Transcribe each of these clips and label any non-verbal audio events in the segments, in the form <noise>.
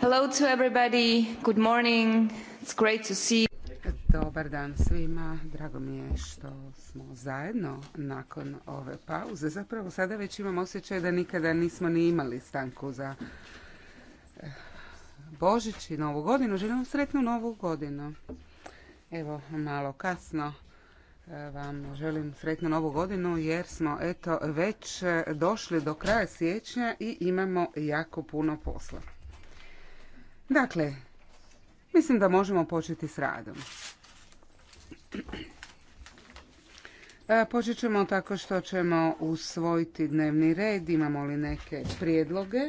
Hello Dobar dan svima, drago mi je što smo zajedno nakon ove pauze. Zapravo sada već imam osjećaj da nikada nismo ni imali stanku za eh, Božić i Novu godinu. Želim vam sretnu Novu godinu. Evo, malo kasno eh, vam želim sretnu Novu godinu jer smo eto već eh, došli do kraja siječnja i imamo jako puno posla. Dakle, mislim da možemo početi s radom. E, počet ćemo tako što ćemo usvojiti dnevni red. Imamo li neke prijedloge?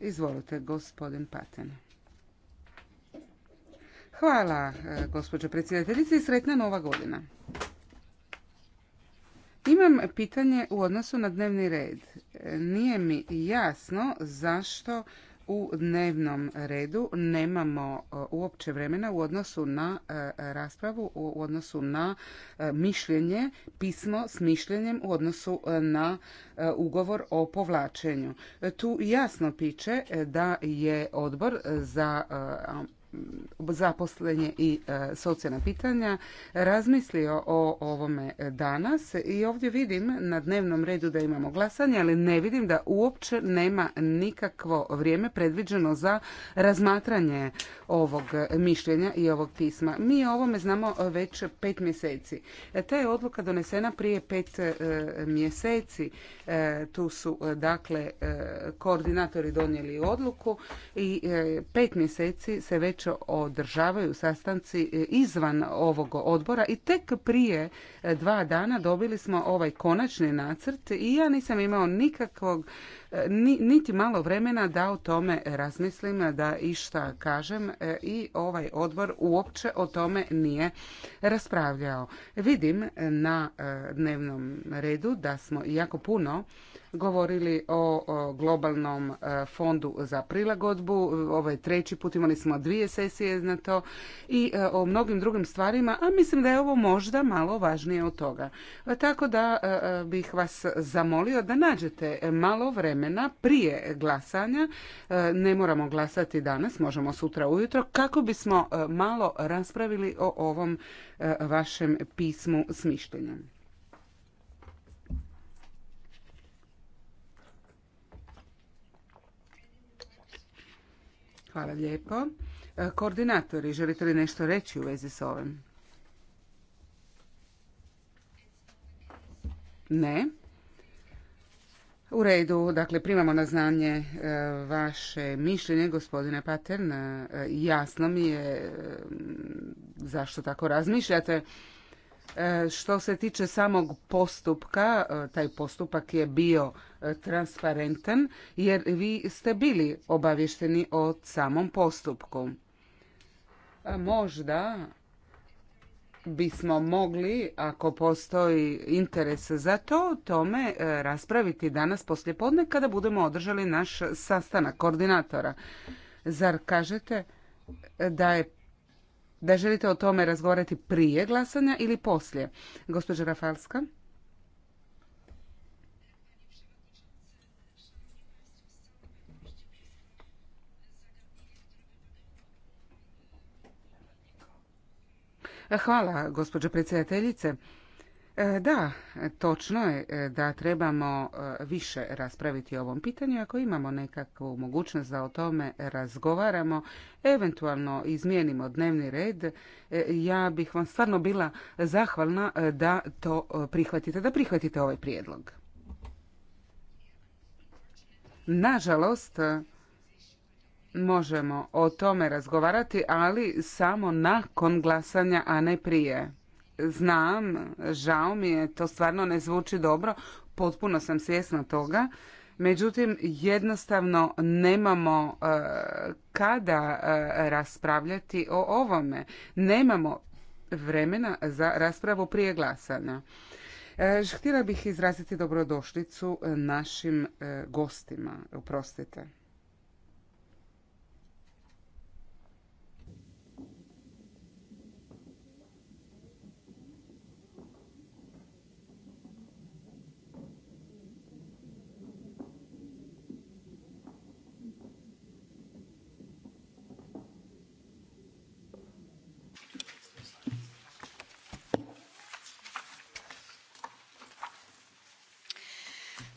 Izvolite, gospodin Paten. Hvala, e, gospođo predsjedateljice, i sretna nova godina. Imam pitanje u odnosu na dnevni red. Nije mi jasno zašto u dnevnom redu nemamo e, uopće vremena u odnosu na e, raspravu, u odnosu na e, mišljenje, pismo s mišljenjem u odnosu na ugovor o povlačenju. Tu jasno piče da je odbor za zaposlenje i e, socijalna pitanja razmislio o ovome danas i ovdje vidim na dnevnom redu da imamo glasanje, ali ne vidim da uopće nema nikakvo vrijeme predviđeno za razmatranje ovog mišljenja i ovog pisma. Mi o ovome znamo već pet mjeseci. E, ta je odluka donesena prije pet e, mjeseci. Tu su dakle koordinatori donijeli odluku i pet mjeseci se već već održavaju sastanci e, izvan ovog odbora i tek prije e, dva dana dobili smo ovaj konačni nacrt i ja nisam imao nikakvog e, niti malo vremena da o tome razmislim, da išta kažem i ovaj odbor uopće o tome nije raspravljao. Vidim na dnevnom redu da smo jako puno govorili o globalnom e, fondu za prilagodbu. Ovaj treći put imali smo dvije sesije na to i e, o mnogim drugim stvarima, a mislim da je ovo možda malo važnije od toga. E, tako da bih vas zamolio da nađete malo vremena prije glasanja. Ne moramo glasati danas, možemo sutra ujutro, kako bismo malo raspravili o ovom vašem pismu s mišljenjem. Hvala lijepo. E, koordinatori, želite li nešto reći u vezi s ovim? Ne. U redu, dakle primamo na znanje e, vaše mišljenje, gospodine Patern. E, jasno mi je zašto tako razmišljate. E, što se tiče samog postupka, e, taj postupak je bio e, transparentan jer vi ste bili obavješteni o samom postupku. Možda bismo mogli, ako postoji interes za to, tome raspraviti danas podne, kada budemo održali naš sastanak koordinatora. Zar kažete da je da želite o tome razgovarati prije glasanja ili poslije. Gospođa Rafalska. Hvala, gospođo predsjedateljice. E, da, točno je e, da trebamo e, više raspraviti o ovom pitanju. Ako imamo nekakvu mogućnost da o tome razgovaramo, eventualno izmijenimo dnevni red, ja bih vam stvarno bila zahvalna da to prihvatite, da prihvatite ovaj prijedlog. Nažalost, možemo o tome razgovarati, ali samo nakon glasanja, a ne prije znam, žao mi je, to stvarno ne zvuči dobro, potpuno sam svjesna toga. Međutim, jednostavno nemamo e, kada e, raspravljati o ovome. Nemamo vremena za raspravu prije glasanja. E, htjela bih izraziti dobrodošlicu našim gostima, oprostite.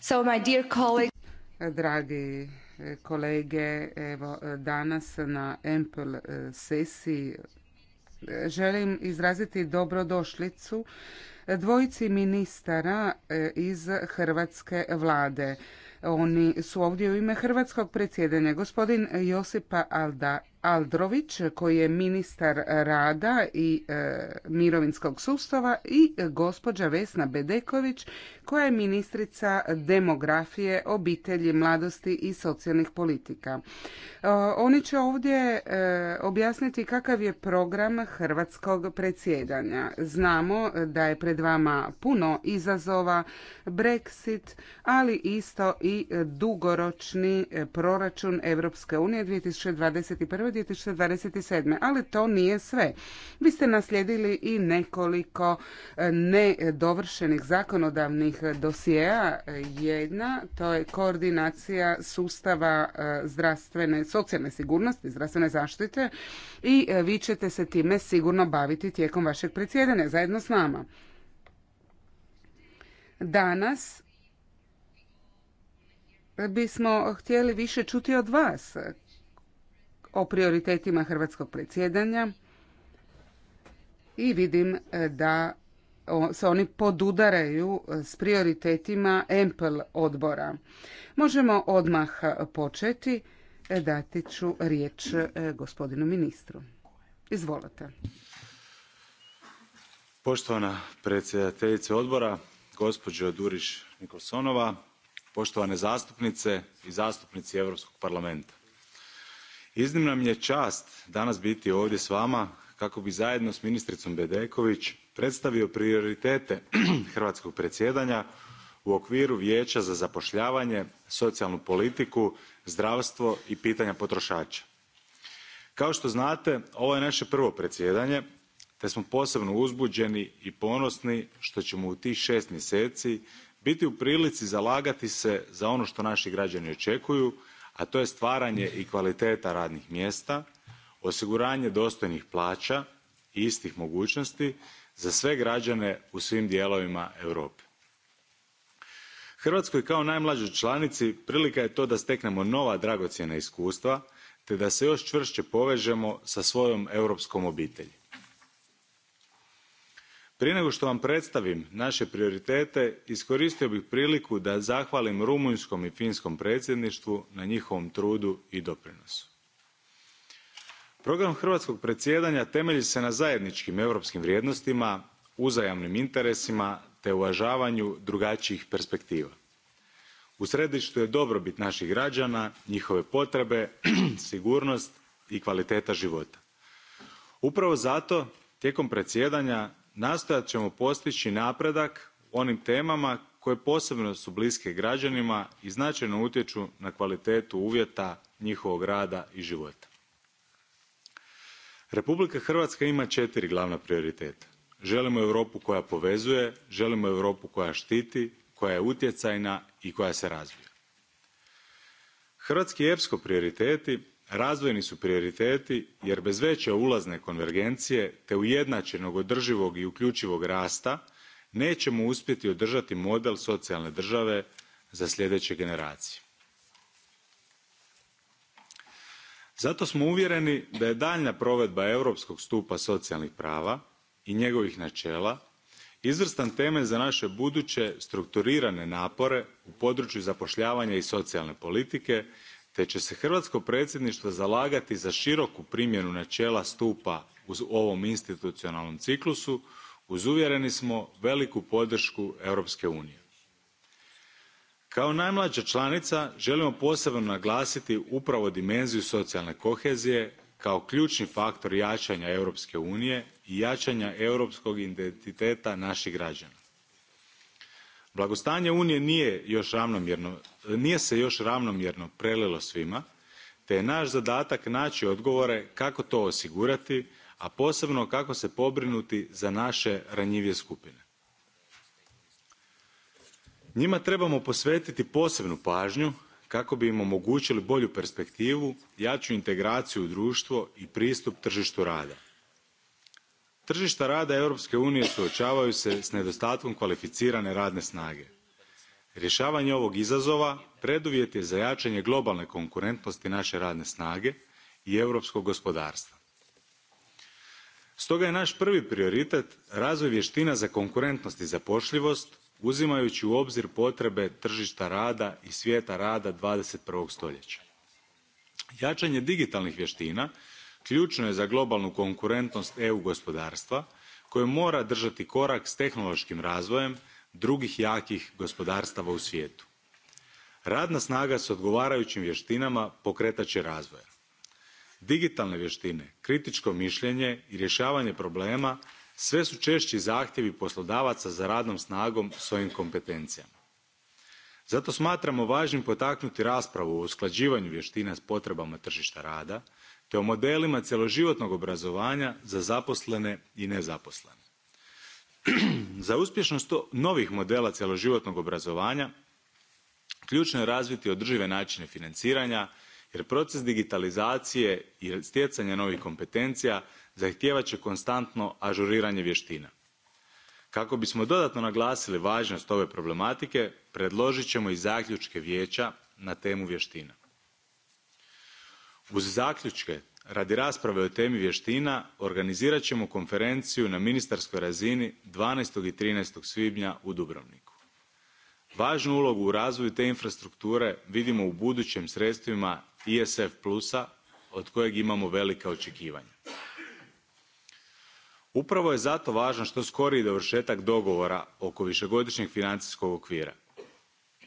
So Dragi eh, kolege, evo eh, danas na MPL eh, sesiji želim izraziti dobrodošlicu dvojici ministara iz hrvatske vlade. Oni su ovdje u ime hrvatskog predsjedanja, gospodin Josipa Alda Aldrović koji je ministar rada i e, mirovinskog sustava i gospođa Vesna Bedeković koja je ministrica demografije, obitelji, mladosti i socijalnih politika. E, oni će ovdje e, objasniti kakav je program hrvatskog predsjedanja. Znamo da je pred vama puno izazova, Brexit, ali isto i dugoročni proračun Europske unije 2021 2027. Ali to nije sve. Vi ste naslijedili i nekoliko e, nedovršenih zakonodavnih dosijeja. Jedna, to je koordinacija sustava e, zdravstvene, socijalne sigurnosti, zdravstvene zaštite i e, vi ćete se time sigurno baviti tijekom vašeg predsjedanja zajedno s nama. Danas bismo htjeli više čuti od vas o prioritetima hrvatskog predsjedanja i vidim e, da se oni podudaraju s prioritetima EMPL odbora. Možemo odmah početi. E, dati ću riječ e, gospodinu ministru. Izvolite. Poštovana predsjedateljice odbora, gospođo Duriš Nikolsonova, poštovane zastupnice i zastupnici Europskog parlamenta iznimna mi je čast danas biti ovdje s vama kako bi zajedno s ministricom bedeković predstavio prioritete <clears throat> hrvatskog predsjedanja u okviru vijeća za zapošljavanje socijalnu politiku zdravstvo i pitanja potrošača. kao što znate ovo je naše prvo predsjedanje te smo posebno uzbuđeni i ponosni što ćemo u tih šest mjeseci biti u prilici zalagati se za ono što naši građani očekuju a to je stvaranje i kvaliteta radnih mjesta osiguranje dostojnih plaća i istih mogućnosti za sve građane u svim dijelovima europe. hrvatskoj kao najmlađoj članici prilika je to da steknemo nova dragocjena iskustva te da se još čvršće povežemo sa svojom europskom obitelji prije nego što vam predstavim naše prioritete iskoristio bih priliku da zahvalim rumunjskom i finskom predsjedništvu na njihovom trudu i doprinosu. program hrvatskog predsjedanja temelji se na zajedničkim europskim vrijednostima uzajamnim interesima te uvažavanju drugačijih perspektiva. u središtu je dobrobit naših građana njihove potrebe <clears throat> sigurnost i kvaliteta života. upravo zato tijekom predsjedanja nastojat ćemo postići napredak u onim temama koje posebno su bliske građanima i značajno utječu na kvalitetu uvjeta njihovog rada i života. Republika Hrvatska ima četiri glavna prioriteta. Želimo Europu koja povezuje, želimo Europu koja štiti, koja je utjecajna i koja se razvija. Hrvatski epsko prioriteti razvojni su prioriteti jer bez veće ulazne konvergencije te ujednačenog održivog i uključivog rasta nećemo uspjeti održati model socijalne države za sljedeće generacije zato smo uvjereni da je daljnja provedba europskog stupa socijalnih prava i njegovih načela izvrstan temelj za naše buduće strukturirane napore u području zapošljavanja i socijalne politike te će se hrvatsko predsjedništvo zalagati za široku primjenu načela stupa u ovom institucionalnom ciklusu uz uvjereni smo veliku podršku europske unije. kao najmlađa članica želimo posebno naglasiti upravo dimenziju socijalne kohezije kao ključni faktor jačanja europske unije i jačanja europskog identiteta naših građana blagostanje unije nije još ravnomjerno nije se još ravnomjerno prelilo svima te je naš zadatak naći odgovore kako to osigurati a posebno kako se pobrinuti za naše ranjivije skupine njima trebamo posvetiti posebnu pažnju kako bi im omogućili bolju perspektivu jaču integraciju u društvo i pristup tržištu rada tržišta rada europske unije suočavaju se s nedostatkom kvalificirane radne snage. rješavanje ovog izazova preduvjet je za jačanje globalne konkurentnosti naše radne snage i europskog gospodarstva. stoga je naš prvi prioritet razvoj vještina za konkurentnost i zapošljivost uzimajući u obzir potrebe tržišta rada i svijeta rada. twenty stoljeća. jačanje digitalnih vještina ključno je za globalnu konkurentnost eu gospodarstva koje mora držati korak s tehnološkim razvojem drugih jakih gospodarstava u svijetu. radna snaga s odgovarajućim vještinama pokretač je razvoja. digitalne vještine kritičko mišljenje i rješavanje problema sve su češći zahtjevi poslodavaca za radnom snagom s ovim kompetencijama. zato smatramo važnim potaknuti raspravu o usklađivanju vještina s potrebama tržišta rada o modelima cjeloživotnog obrazovanja za zaposlene i nezaposlene. <clears throat> za uspješnost novih modela cjeloživotnog obrazovanja ključno je razviti održive načine financiranja jer proces digitalizacije i stjecanja novih kompetencija zahtijevat će konstantno ažuriranje vještina. Kako bismo dodatno naglasili važnost ove problematike, predložit ćemo i zaključke vijeća na temu vještina uz zaključke radi rasprave o temi vještina organizirat ćemo konferenciju na ministarskoj razini 12. i 13. svibnja u Dubrovniku. Važnu ulogu u razvoju te infrastrukture vidimo u budućim sredstvima ISF plusa od kojeg imamo velika očekivanja. Upravo je zato važno što skoriji dovršetak dogovora oko višegodišnjeg financijskog okvira.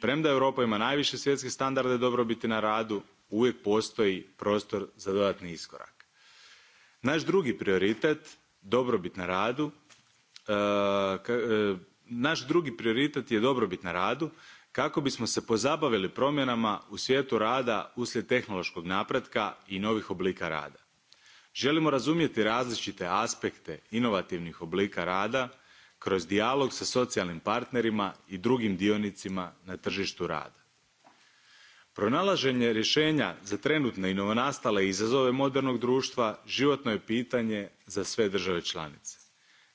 Premda Europa ima najviše svjetske standarde dobrobiti na radu, uvijek postoji prostor za dodatni iskorak. Naš drugi prioritet, dobrobit na radu, e, e, naš drugi prioritet je dobrobit na radu kako bismo se pozabavili promjenama u svijetu rada uslijed tehnološkog napretka i novih oblika rada. Želimo razumjeti različite aspekte inovativnih oblika rada kroz dijalog sa socijalnim partnerima i drugim dionicima na tržištu rada pronalaženje rješenja za trenutne i novonastale izazove modernog društva životno je pitanje za sve države članice.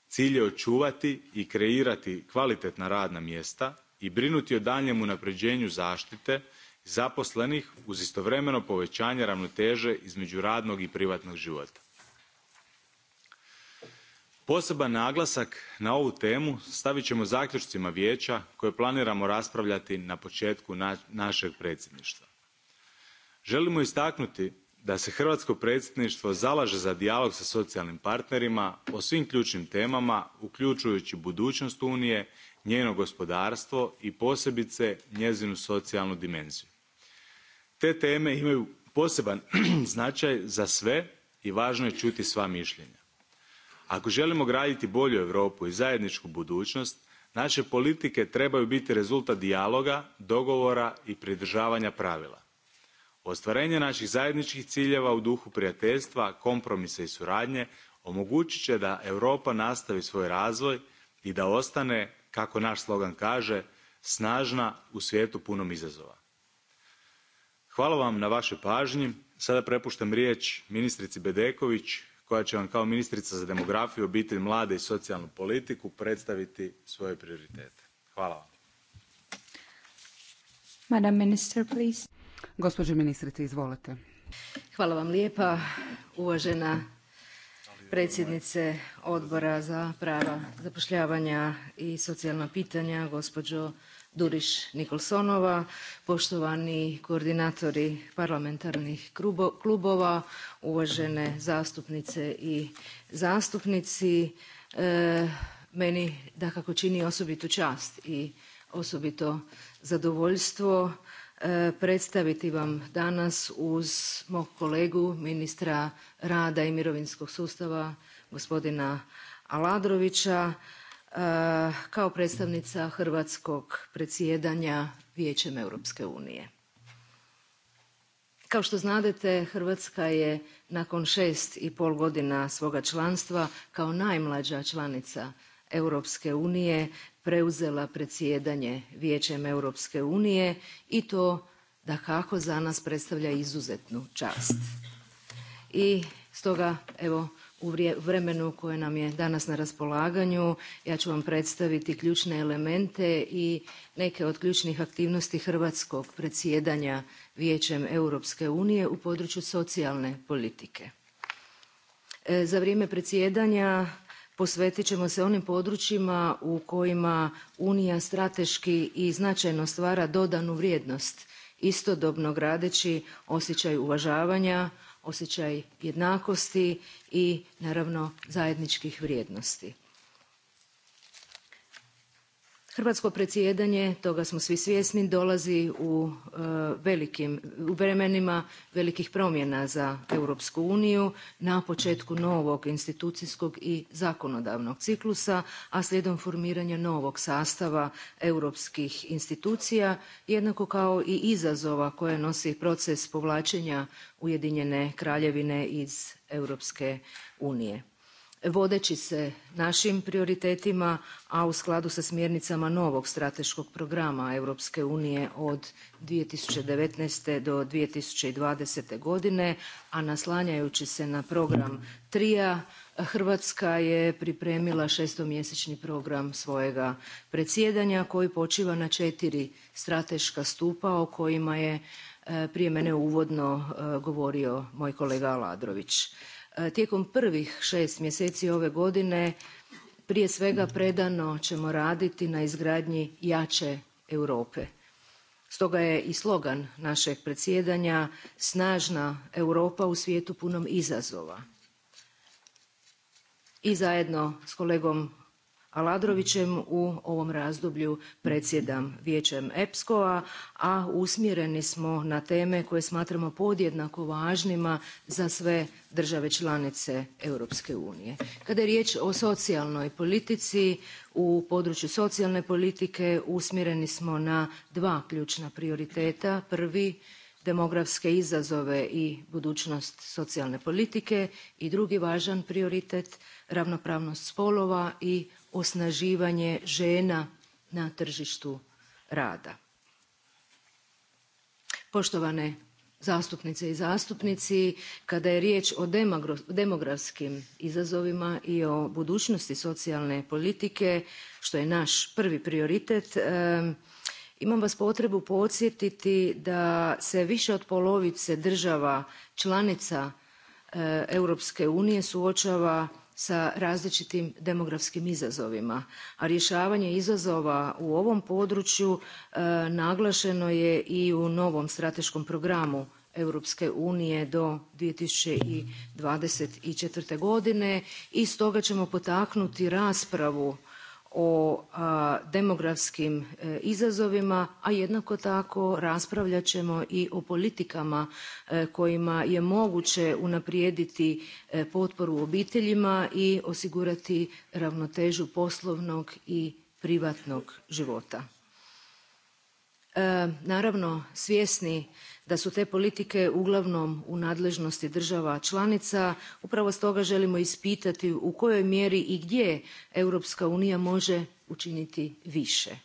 cilj je očuvati i kreirati kvalitetna radna mjesta i brinuti o daljnjem unapređenju zaštite zaposlenih uz istovremeno povećanje ravnoteže između radnog i privatnog života poseban naglasak na ovu temu stavit ćemo zaključcima vijeća koje planiramo raspravljati na početku našeg predsjedništva. želimo istaknuti da se hrvatsko predsjedništvo zalaže za dijalog sa socijalnim partnerima o svim ključnim temama uključujući budućnost unije njeno gospodarstvo i posebice njezinu socijalnu dimenziju. te teme imaju poseban <clears throat> značaj za sve i važno je čuti sva mišljenja ako želimo graditi bolju europu i zajedničku budućnost naše politike trebaju biti rezultat dijaloga dogovora i pridržavanja pravila. ostvarenje naših zajedničkih ciljeva u duhu prijateljstva kompromisa i suradnje omogućit će da europa nastavi svoj razvoj i da ostane kako naš slogan kaže snažna u svijetu punom izazova. hvala vam na vašoj pažnji. sada prepuštam riječ ministrici bedeković koja će vam kao ministrica za demografiju, obitelj, mlade i socijalnu politiku predstaviti svoje prioritete. Hvala vam. Madam Minister, please. Gospođo ministrice, izvolite. Hvala vam lijepa, uvažena predsjednice Odbora za prava zapošljavanja i socijalna pitanja, gospođo Duriš Nikolsonova, poštovani koordinatori parlamentarnih klubova, uvažene zastupnice i zastupnici. E, meni kako čini osobitu čast i osobito zadovoljstvo e, predstaviti vam danas uz mog kolegu ministra rada i mirovinskog sustava gospodina Aladrovića Eh, kao predstavnica hrvatskog predsjedanja Vijećem Europske unije. Kao što znadete, Hrvatska je nakon šest i pol godina svoga članstva kao najmlađa članica Europske unije preuzela predsjedanje Vijećem Europske unije i to dakako za nas predstavlja izuzetnu čast. I stoga evo u vremenu koje nam je danas na raspolaganju ja ću vam predstaviti ključne elemente i neke od ključnih aktivnosti hrvatskog predsjedanja Vijećem Europske unije u području socijalne politike. E, za vrijeme predsjedanja posvetit ćemo se onim područjima u kojima Unija strateški i značajno stvara dodanu vrijednost istodobno gradeći osjećaj uvažavanja osjećaj jednakosti i naravno zajedničkih vrijednosti hrvatsko predsjedanje toga smo svi svjesni dolazi u e, velikim u vremenima velikih promjena za europsku uniju na početku novog institucijskog i zakonodavnog ciklusa a slijedom formiranja novog sastava europskih institucija jednako kao i izazova koje nosi proces povlačenja ujedinjene kraljevine iz europske unije vodeći se našim prioritetima, a u skladu sa smjernicama novog strateškog programa Europske unije od 2019. do 2020. godine, a naslanjajući se na program TRIA, Hrvatska je pripremila šestomjesečni program svojega predsjedanja koji počiva na četiri strateška stupa o kojima je e, prije mene uvodno e, govorio moj kolega Aladrović. E, tijekom prvih šest mjeseci ove godine prije svega predano ćemo raditi na izgradnji jače europe stoga je i slogan našeg predsjedanja snažna europa u svijetu punom izazova i zajedno s kolegom Aladrovićem u ovom razdoblju predsjedam Vijećem EPSCO-a, a usmjereni smo na teme koje smatramo podjednako važnima za sve države članice Europske unije. Kada je riječ o socijalnoj politici, u području socijalne politike usmjereni smo na dva ključna prioriteta. Prvi demografske izazove i budućnost socijalne politike i drugi važan prioritet ravnopravnost spolova i osnaživanje žena na tržištu rada. Poštovane zastupnice i zastupnici, kada je riječ o demografskim izazovima i o budućnosti socijalne politike, što je naš prvi prioritet, imam vas potrebu podsjetiti da se više od polovice država članica e, Europske unije suočava sa različitim demografskim izazovima a rješavanje izazova u ovom području e, naglašeno je i u novom strateškom programu Europske unije do 2024. godine i stoga ćemo potaknuti raspravu o demografskim e, izazovima a jednako tako raspravljat ćemo i o politikama e, kojima je moguće unaprijediti e, potporu obiteljima i osigurati ravnotežu poslovnog i privatnog života. E, naravno svjesni da su te politike uglavnom u nadležnosti država članica upravo stoga želimo ispitati u kojoj mjeri i gdje europska unija može učiniti više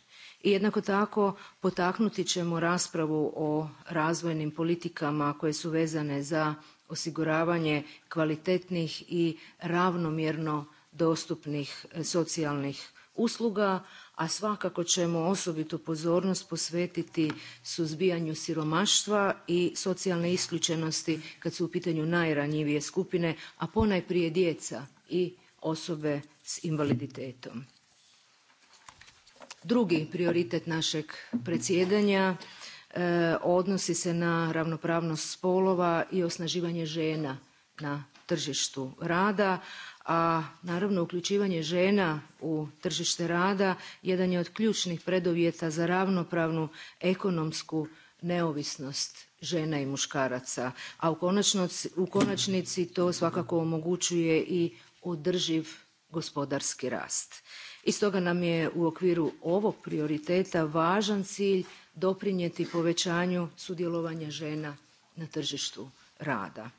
i jednako tako potaknuti ćemo raspravu o razvojnim politikama koje su vezane za osiguravanje kvalitetnih i ravnomjerno dostupnih socijalnih usluga, a svakako ćemo osobitu pozornost posvetiti suzbijanju siromaštva i socijalne isključenosti kad su u pitanju najranjivije skupine, a ponajprije djeca i osobe s invaliditetom. Drugi prioritet našeg predsjedanja e, odnosi se na ravnopravnost spolova i osnaživanje žena na tržištu rada a naravno uključivanje žena u tržište rada jedan je od ključnih preduvjeta za ravnopravnu ekonomsku neovisnost žena i muškaraca a u konačnici to svakako omogućuje i održiv gospodarski rast. i stoga nam je u okviru ovog prioriteta važan cilj doprinijeti povećanju sudjelovanja žena na tržištu rada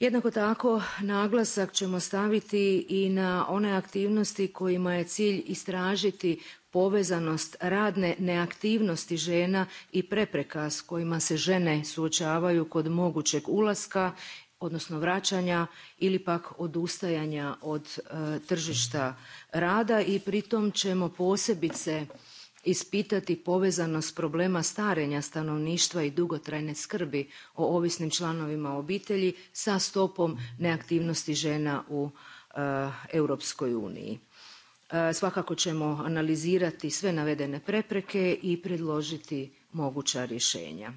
jednako tako naglasak ćemo staviti i na one aktivnosti kojima je cilj istražiti povezanost radne neaktivnosti žena i prepreka s kojima se žene suočavaju kod mogućeg ulaska odnosno vraćanja ili pak odustajanja od e, tržišta rada i pritom ćemo posebice ispitati povezanost problema starenja stanovništva i dugotrajne skrbi o ovisnim članovima obitelji sa stopom neaktivnosti žena u e, Europskoj uniji. E, svakako ćemo analizirati sve navedene prepreke i predložiti moguća rješenja.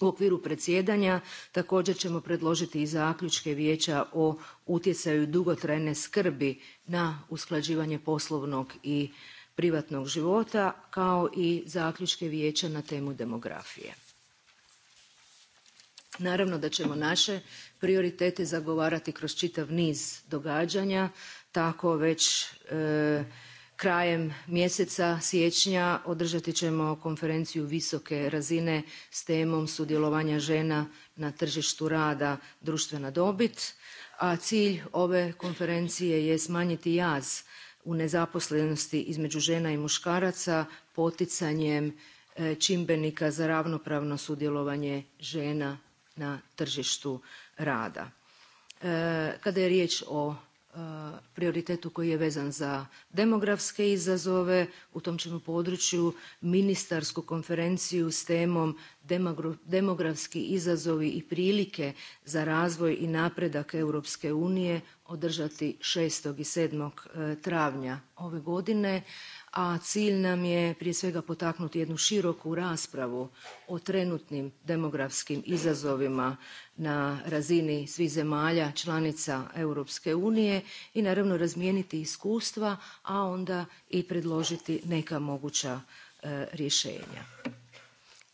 U okviru predsjedanja također ćemo predložiti i zaključke vijeća o utjecaju dugotrajne skrbi na usklađivanje poslovnog i privatnog života kao i zaključke vijeća na temu demografije. Naravno da ćemo naše prioritete zagovarati kroz čitav niz događanja, tako već e, krajem mjeseca siječnja održati ćemo konferenciju visoke razine s temom sudjelovanja žena na tržištu rada društvena dobit, a cilj ove konferencije je smanjiti jaz u nezaposlenosti između žena i muškaraca poticanjem e, čimbenika za ravnopravno sudjelovanje žena na tržištu rada. E, kada je riječ o prioritetu koji je vezan za demografske izazove. U tom ćemo području ministarsku konferenciju s temom demografski izazovi i prilike za razvoj i napredak Europske unije održati 6. i 7. travnja ove godine a cilj nam je prije svega potaknuti jednu široku raspravu o trenutnim demografskim izazovima na razini svih zemalja članica Europske unije i naravno razmijeniti iskustva, a onda i predložiti neka moguća e, rješenja.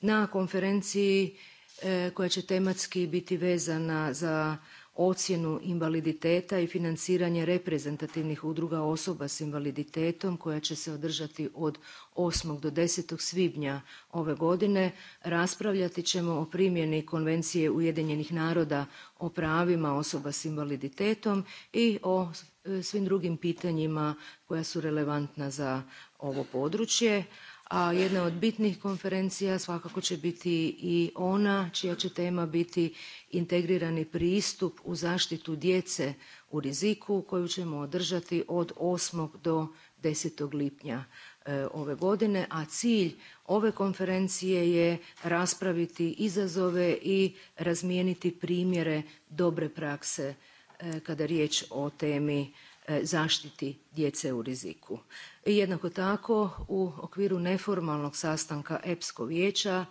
Na konferenciji e, koja će tematski biti vezana za ocjenu invaliditeta i financiranje reprezentativnih udruga osoba s invaliditetom koja će se održati od 8. do 10. svibnja ove godine. Raspravljati ćemo o primjeni Konvencije Ujedinjenih naroda o pravima osoba s invaliditetom i o e, svim drugim pitanjima koja su relevantna za ovo područje a jedna od bitnih konferencija svakako će biti i ona čija će tema biti integrirani pristup u zaštitu djece u riziku koju ćemo održati od 8. do 10. lipnja e, ove godine, a cilj ove konferencije je raspraviti izazove i razmijeniti primjere dobre prakse e, kada je riječ o temi E, zaštiti djece u riziku. Jednako tako u okviru neformalnog sastanka EPSKO vijeća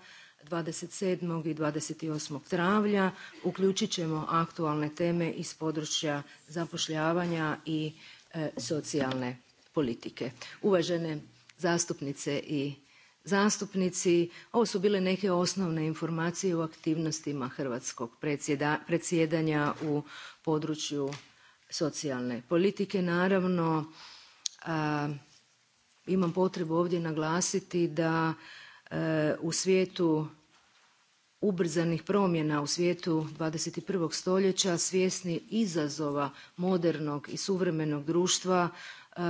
27. i 28. travnja uključit ćemo aktualne teme iz područja zapošljavanja i e, socijalne politike. Uvažene zastupnice i zastupnici, ovo su bile neke osnovne informacije o aktivnostima hrvatskog predsjedanja u području socijalne politike. Naravno, imam potrebu ovdje naglasiti da e, u svijetu ubrzanih promjena u svijetu 21. stoljeća svjesni izazova modernog i suvremenog društva E,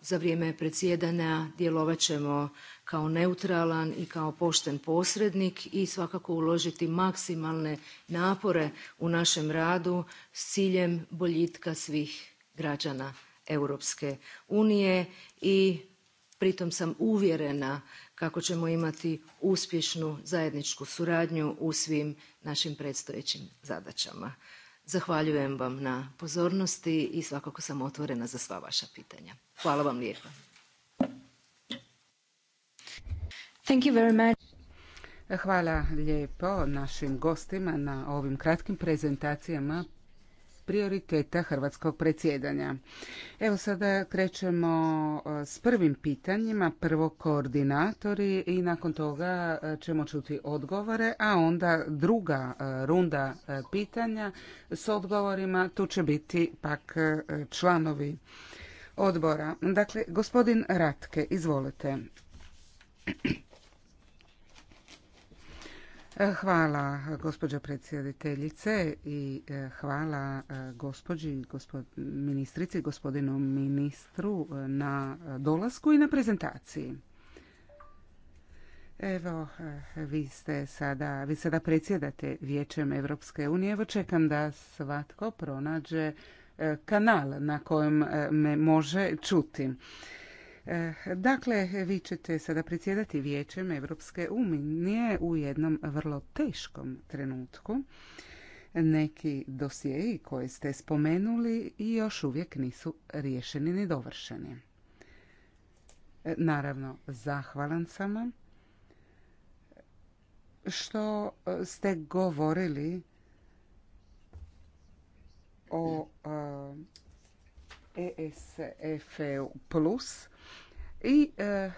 za vrijeme predsjedanja djelovat ćemo kao neutralan i kao pošten posrednik i svakako uložiti maksimalne napore u našem radu s ciljem boljitka svih građana Europske unije i pritom sam uvjerena kako ćemo imati uspješnu zajedničku suradnju u svim našim predstojećim zadaćama. Zahvaljujem vam na pozornosti i svakako sam otvorena za sva vaša pitanja. Hvala vam lijepa. Thank you very much. Hvala lijepo našim gostima na ovim kratkim prezentacijama prioriteta hrvatskog predsjedanja. Evo sada krećemo e, s prvim pitanjima, prvo koordinatori i nakon toga e, ćemo čuti odgovore, a onda druga e, runda pitanja s odgovorima, tu će biti pak članovi odbora. Dakle, gospodin Ratke, izvolite. Hvala gospođo predsjediteljice i e, hvala e, gospođi gospod, ministrici, gospodinu ministru e, na dolasku i na prezentaciji. Evo, vi ste sada, vi sada predsjedate Vijećem Europske unije. Evo čekam da svatko pronađe kanal na kojem me može čuti. Eh, dakle, vi ćete sada predsjedati vijećem Evropske unije u jednom vrlo teškom trenutku. Neki dosjeji koje ste spomenuli i još uvijek nisu riješeni ni dovršeni. Eh, naravno, zahvalan sam vam što eh, ste govorili o ESF e e plus i eh,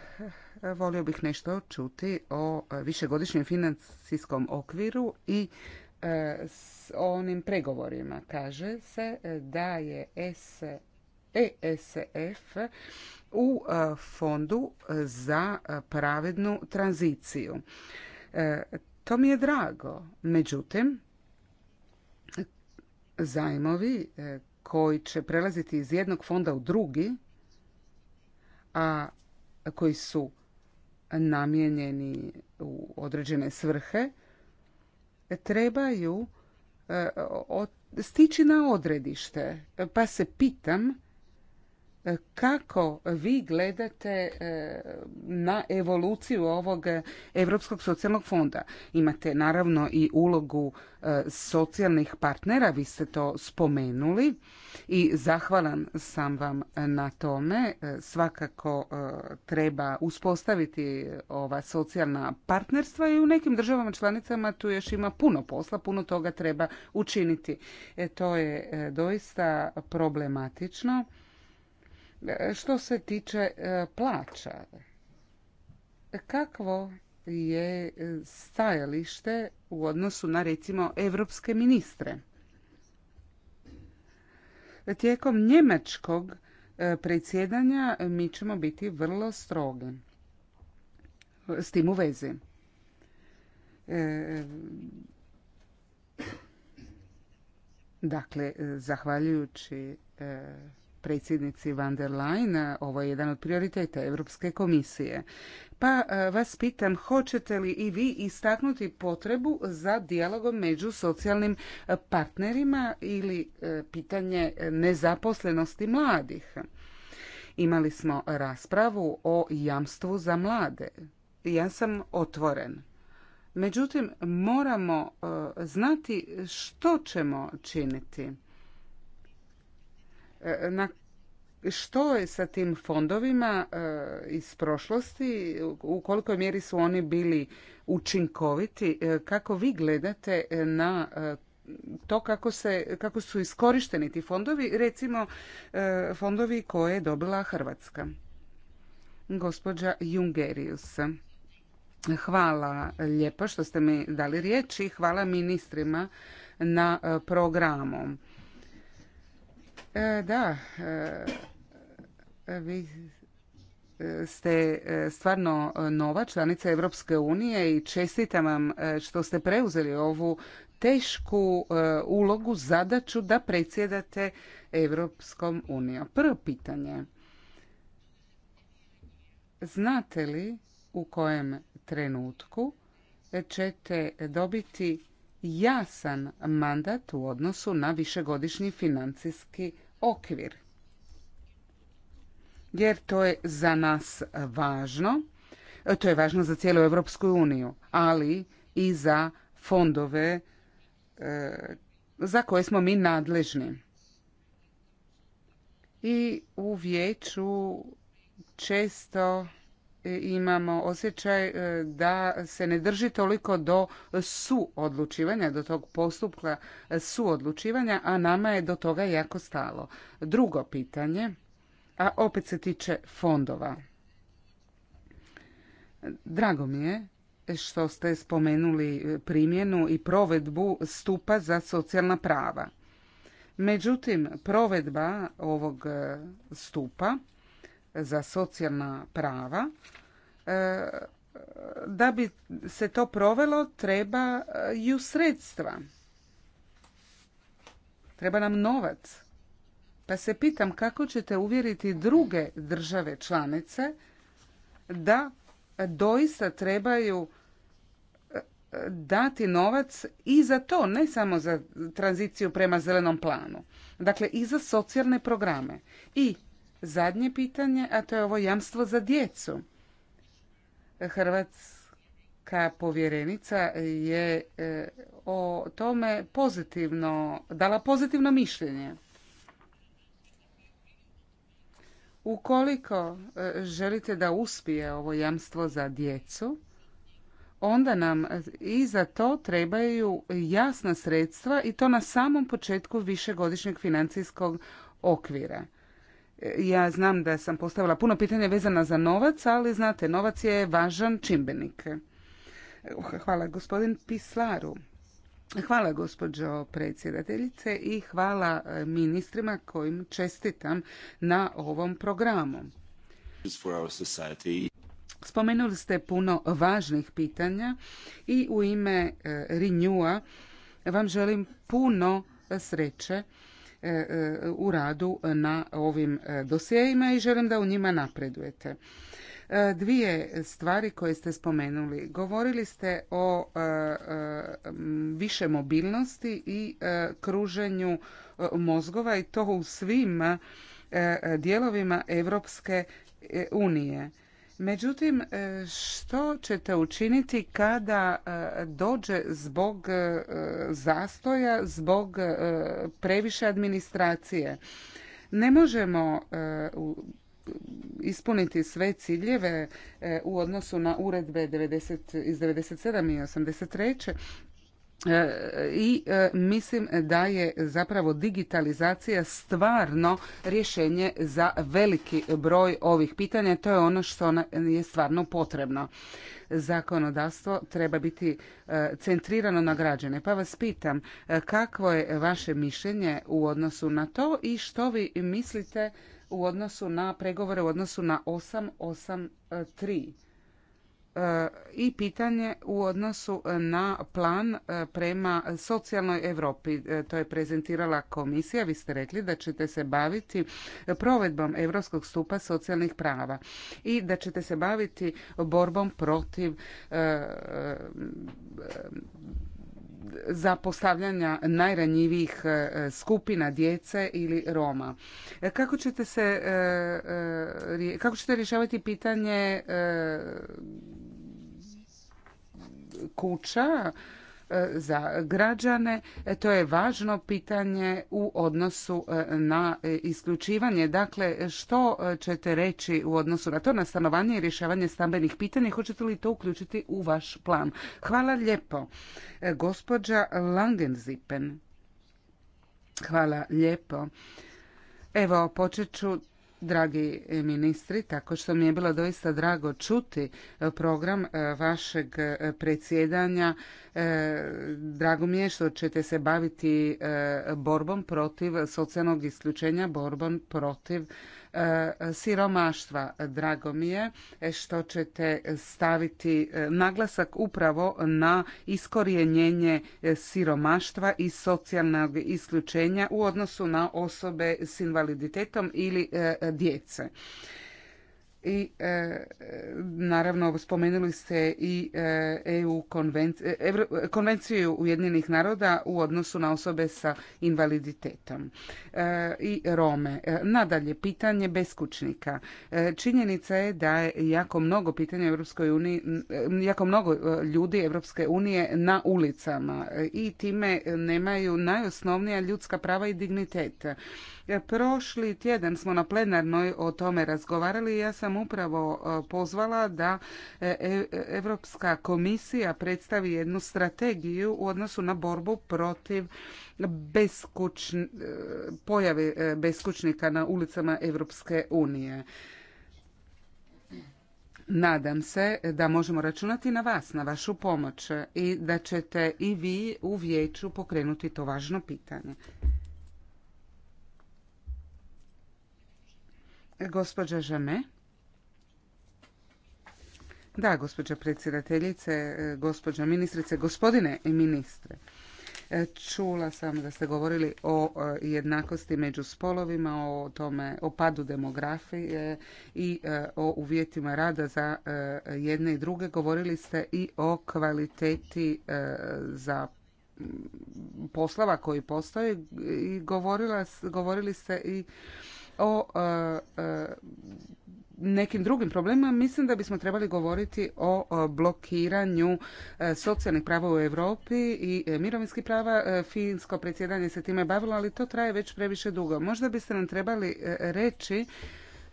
volio bih nešto čuti o višegodišnjem financijskom okviru i e, s onim pregovorima. Kaže se eh, da je ESF u fondu za pravednu tranziciju. to mi je drago. Međutim, zajmovi koji će prelaziti iz jednog fonda u drugi a koji su namijenjeni u određene svrhe trebaju e, stići na odredište. Pa se pitam E, kako vi gledate e, na evoluciju ovog Europskog socijalnog fonda. Imate naravno i ulogu e, socijalnih partnera, vi ste to spomenuli i zahvalan sam vam na tome. Svakako treba uspostaviti ova socijalna partnerstva i u nekim državama članicama tu još ima puno posla, puno toga treba učiniti. to je doista problematično što se tiče e, plaća, kakvo je e, stajalište u odnosu na recimo evropske ministre? Tijekom njemačkog e, predsjedanja mi ćemo biti vrlo strogi s tim u vezi. Dakle, zahvaljujući predsjednici van der Leyen, ovo je jedan od prioriteta Europske komisije. Pa e, vas pitam, hoćete li i vi istaknuti potrebu za dijalogom među socijalnim e, partnerima ili e, pitanje nezaposlenosti mladih? Imali smo raspravu o jamstvu za mlade. Ja sam otvoren. Međutim, moramo znati što ćemo činiti. E, na što je sa tim fondovima e, iz prošlosti, u kolikoj mjeri su oni bili učinkoviti, e, kako vi gledate na to kako, se, kako su iskorišteni ti fondovi, recimo fondovi koje je dobila Hrvatska. Gospođa Jungerius. Hvala lijepa što ste mi dali riječ i hvala ministrima na programu. E, da, e, vi ste e, stvarno nova članica Europske unije i čestitam vam što ste preuzeli ovu tešku ulogu, zadaću da predsjedate Europskom unijom. Prvo pitanje. Znate li u kojem trenutku ćete dobiti jasan mandat u odnosu na višegodišnji financijski okvir. Jer to je za nas važno, to je važno za cijelu Europsku uniju, ali i za fondove e, za koje smo mi nadležni. I u vijeću često imamo osjećaj e, da se ne drži toliko do suodlučivanja, do tog postupka suodlučivanja, a nama je do toga jako stalo. Drugo pitanje, a opet se tiče fondova. Drago mi je što ste spomenuli primjenu i provedbu stupa za socijalna prava. Međutim, provedba ovog e, stupa za socijalna prava e, da bi se to provelo trebaju sredstva. Treba nam novac. Pa se pitam kako ćete uvjeriti druge države članice da doista trebaju e, dati novac i za to, ne samo za tranziciju prema zelenom planu. Dakle, i za socijalne programe. I zadnje pitanje, a to je ovo jamstvo za djecu. Hrvatska povjerenica je e, o tome pozitivno, dala pozitivno mišljenje. Ukoliko e, želite da uspije ovo jamstvo za djecu, onda nam i za to trebaju jasna sredstva i to na samom početku višegodišnjeg financijskog okvira ja znam da sam postavila puno pitanja vezana za novac, ali znate, novac je važan čimbenik. Hvala gospodin Pislaru. Hvala gospođo predsjedateljice i hvala eh, ministrima kojim čestitam na ovom programu. Spomenuli ste puno važnih pitanja i u ime eh, Renewa vam želim puno eh, sreće E, e, u radu na ovim e, dosjejima i želim da u njima napredujete. Dvije stvari koje ste spomenuli. Govorili ste o više mobilnosti i kruženju mozgova i to u svim dijelovima Europske unije. Međutim, e, što ćete učiniti kada e, dođe zbog e, zastoja, zbog previše administracije? Ne možemo ispuniti sve ciljeve u odnosu na uredbe 90, iz 97. i 83. E, i e, mislim da je zapravo digitalizacija stvarno rješenje za veliki broj ovih pitanja. To je ono što je stvarno potrebno. Zakonodavstvo treba biti e, centrirano na građane. Pa vas pitam kakvo je vaše mišljenje u odnosu na to i što vi mislite u odnosu na pregovore u odnosu na 883 E, i pitanje u odnosu na plan e, prema socijalnoj Europi. E, to je prezentirala komisija. Vi ste rekli da ćete se baviti provedbom Europskog stupa socijalnih prava i da ćete se baviti borbom protiv zapostavljanja najranjivijih skupina djece ili Roma. Kako ćete kako ćete rješavati pitanje kuća e, za građane. E, to je važno pitanje u odnosu e, na isključivanje. Dakle, što ćete reći u odnosu na to, na stanovanje i rješavanje stambenih pitanja? Hoćete li to uključiti u vaš plan? Hvala lijepo. Gospođa Langenzipen. Hvala lijepo. Evo, počet ću dragi ministri, tako što mi je bilo doista drago čuti e, program e, vašeg e, predsjedanja. Drago mi je što ćete se baviti borbom protiv socijalnog isključenja, borbom protiv siromaštva. Drago mi je što ćete staviti e, naglasak upravo na iskorjenjenje e, siromaštva i socijalnog isključenja u odnosu na osobe s invaliditetom ili e, djece i e, naravno spomenuli ste i EU e e, konvenciju, Evro, Ujedinjenih naroda u odnosu na osobe sa invaliditetom e, i Rome. E, nadalje, pitanje beskućnika. Činjenica je da je jako mnogo pitanja Europskoj uniji, jako mnogo ljudi Europske unije na ulicama i time nemaju najosnovnija ljudska prava i dignitet. Prošli tjedan smo na plenarnoj o tome razgovarali i ja sam upravo e, pozvala da Europska e, komisija predstavi jednu strategiju u odnosu na borbu protiv e, pojave beskućnika na ulicama Europske unije. Nadam se da možemo računati na vas, na vašu pomoć i da ćete i vi u vijeću pokrenuti to važno pitanje. Gospođa Žame. Da, gospođa predsjedateljice, e, gospođa ministrice, gospodine ministre. E, čula sam da ste govorili o e, jednakosti među spolovima, o tome, o padu demografije i o uvjetima rada za jedne i druge. Govorili ste i o kvaliteti za poslova koji postoje i govorili ste i o e, e, nekim drugim problemima, mislim da bismo trebali govoriti o blokiranju e, socijalnih prava u Europi i mirovinskih prava. Finsko predsjedanje se time bavilo, ali to traje već previše dugo. Možda biste nam trebali reći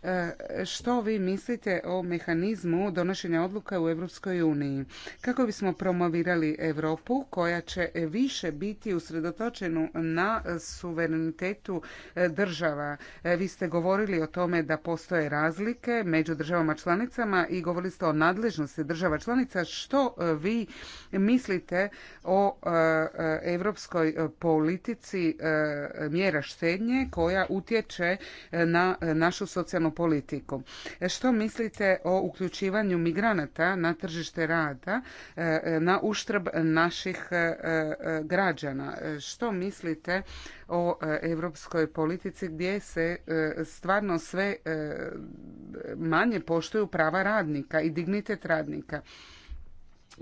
E, što vi mislite o mehanizmu donošenja odluka u Europskoj uniji? Kako bismo promovirali Europu koja će više biti usredotočenu na suverenitetu e, država? E, vi ste govorili o tome da postoje razlike među državama članicama i govorili ste o nadležnosti država članica. Što vi mislite o europskoj politici mjera štednje koja utječe na našu socijalnu socijalnu politiku. E, što mislite o uključivanju migranata na tržište rada e, na uštrb naših e, građana? Što mislite o europskoj politici gdje se stvarno sve manje poštuju prava radnika i dignitet radnika?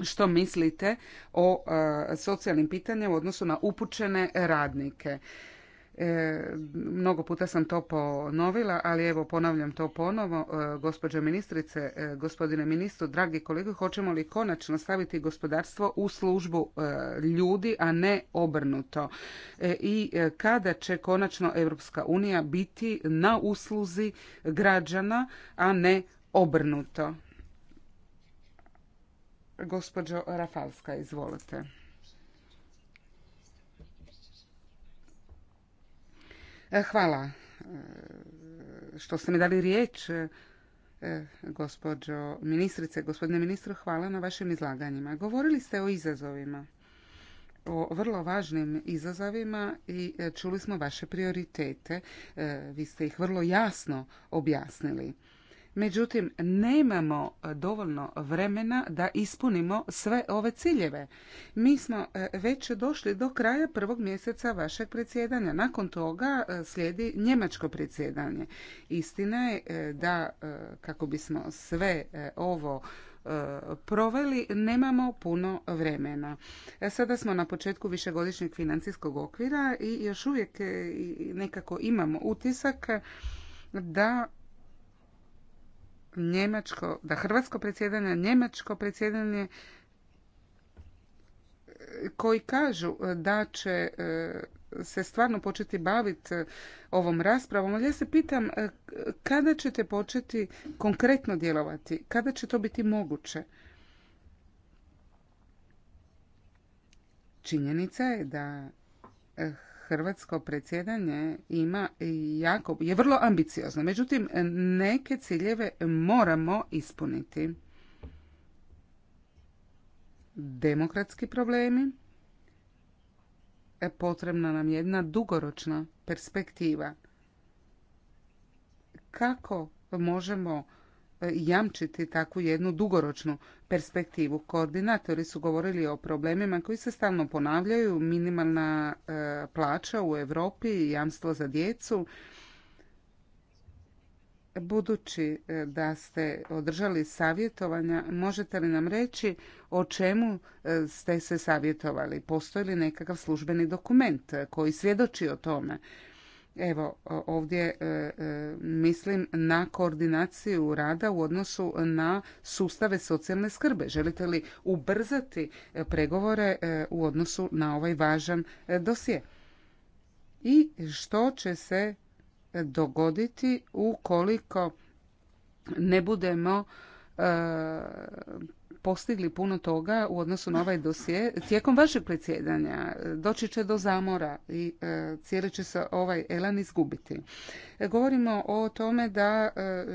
što mislite o socijalnim pitanjima u odnosu na upućene radnike. E, mnogo puta sam to ponovila, ali evo ponavljam to ponovo. E, gospođo ministrice, e, gospodine ministru, dragi kolege, hoćemo li konačno staviti gospodarstvo u službu e, ljudi, a ne obrnuto? E, I kada će konačno Europska unija biti na usluzi građana, a ne obrnuto? Gospođo Rafalska, izvolite. E, hvala e, što ste mi dali riječ, e, gospođo ministrice, gospodine ministru, hvala na vašim izlaganjima. Govorili ste o izazovima, o vrlo važnim izazovima i čuli smo vaše prioritete. Vi ste ih vrlo jasno objasnili. Međutim, nemamo e, dovoljno vremena da ispunimo sve ove ciljeve. Mi smo e, već došli do kraja prvog mjeseca vašeg predsjedanja. Nakon toga e, slijedi njemačko predsjedanje. Istina je da kako bismo sve ovo proveli, nemamo puno vremena. Sada smo na početku višegodišnjeg financijskog okvira i još uvijek nekako imamo utisak da njemačko, da hrvatsko predsjedanje, njemačko predsjedanje e, koji kažu e, da će e, se stvarno početi baviti ovom raspravom, ali ja se pitam kada ćete početi konkretno djelovati, kada će to biti moguće? Činjenica je da hrvatsko predsjedanje ima jako, je vrlo ambiciozno. Međutim, neke ciljeve moramo ispuniti. Demokratski problemi, e, potrebna nam jedna dugoročna perspektiva. Kako možemo E, jamčiti takvu jednu dugoročnu perspektivu. Koordinatori su govorili o problemima koji se stalno ponavljaju, minimalna e, plaća u Europi, jamstvo za djecu. Budući e, da ste održali savjetovanja, možete li nam reći o čemu ste se savjetovali? Postoji li nekakav službeni dokument koji svjedoči o tome? Evo, ovdje e, e, mislim na koordinaciju rada u odnosu na sustave socijalne skrbe. Želite li ubrzati e, pregovore u odnosu na ovaj važan dosje? I što će se dogoditi ukoliko ne budemo postigli puno toga u odnosu na ovaj dosje. Tijekom vašeg predsjedanja e, doći će do zamora i e, cijeli će se ovaj elan izgubiti. E, govorimo o tome da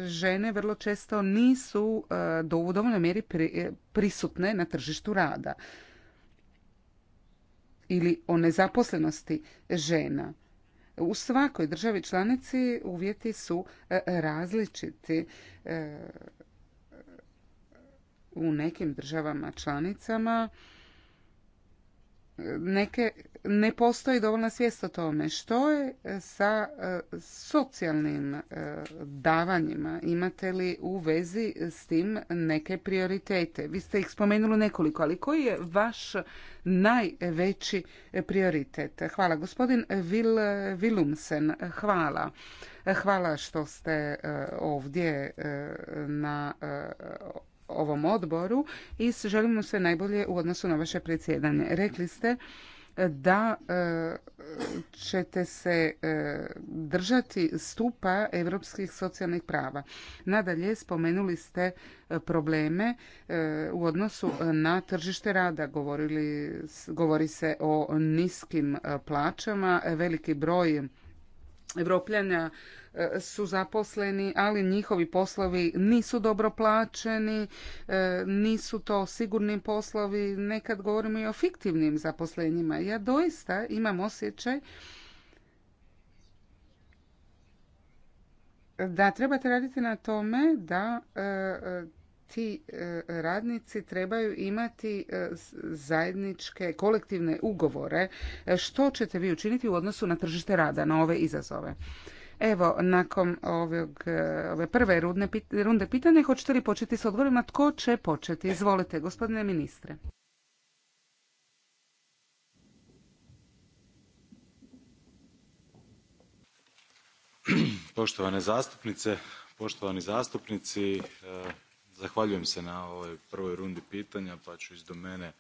žene vrlo često nisu do u dovoljnoj mjeri prisutne na tržištu rada ili o nezaposlenosti žena. U svakoj državi članici uvjeti su različiti u nekim državama članicama neke ne postoji dovoljna svijest o tome što je sa e, socijalnim e, davanjima. Imate li u vezi s tim neke prioritete? Vi ste ih spomenuli nekoliko, ali koji je vaš najveći prioritet? Hvala. Gospodin Vil, Vilumsen, hvala. Hvala što ste e, ovdje na ovom odboru i želimo sve najbolje u odnosu na vaše predsjedanje. Rekli ste e, da e, ćete se e, držati stupa europskih socijalnih prava. Nadalje, spomenuli ste probleme u odnosu na tržište rada. govori se o niskim plaćama, veliki broj Evropljana e, su zaposleni, ali njihovi poslovi nisu dobro plaćeni, e, nisu to sigurni poslovi, nekad govorimo i o fiktivnim zaposlenjima. Ja doista imam osjećaj da trebate raditi na tome da e, ti e, radnici trebaju imati e, zajedničke kolektivne ugovore. E, što ćete vi učiniti u odnosu na tržište rada, na ove izazove? Evo, nakon ovog, ove prve rudne, runde pitanja, hoćete li početi s odgovorima? Tko će početi? Izvolite, gospodine ministre. Poštovane zastupnice, poštovani zastupnici, zahvaljujem se na ovoj prvoj rundi pitanja pa ću iz domene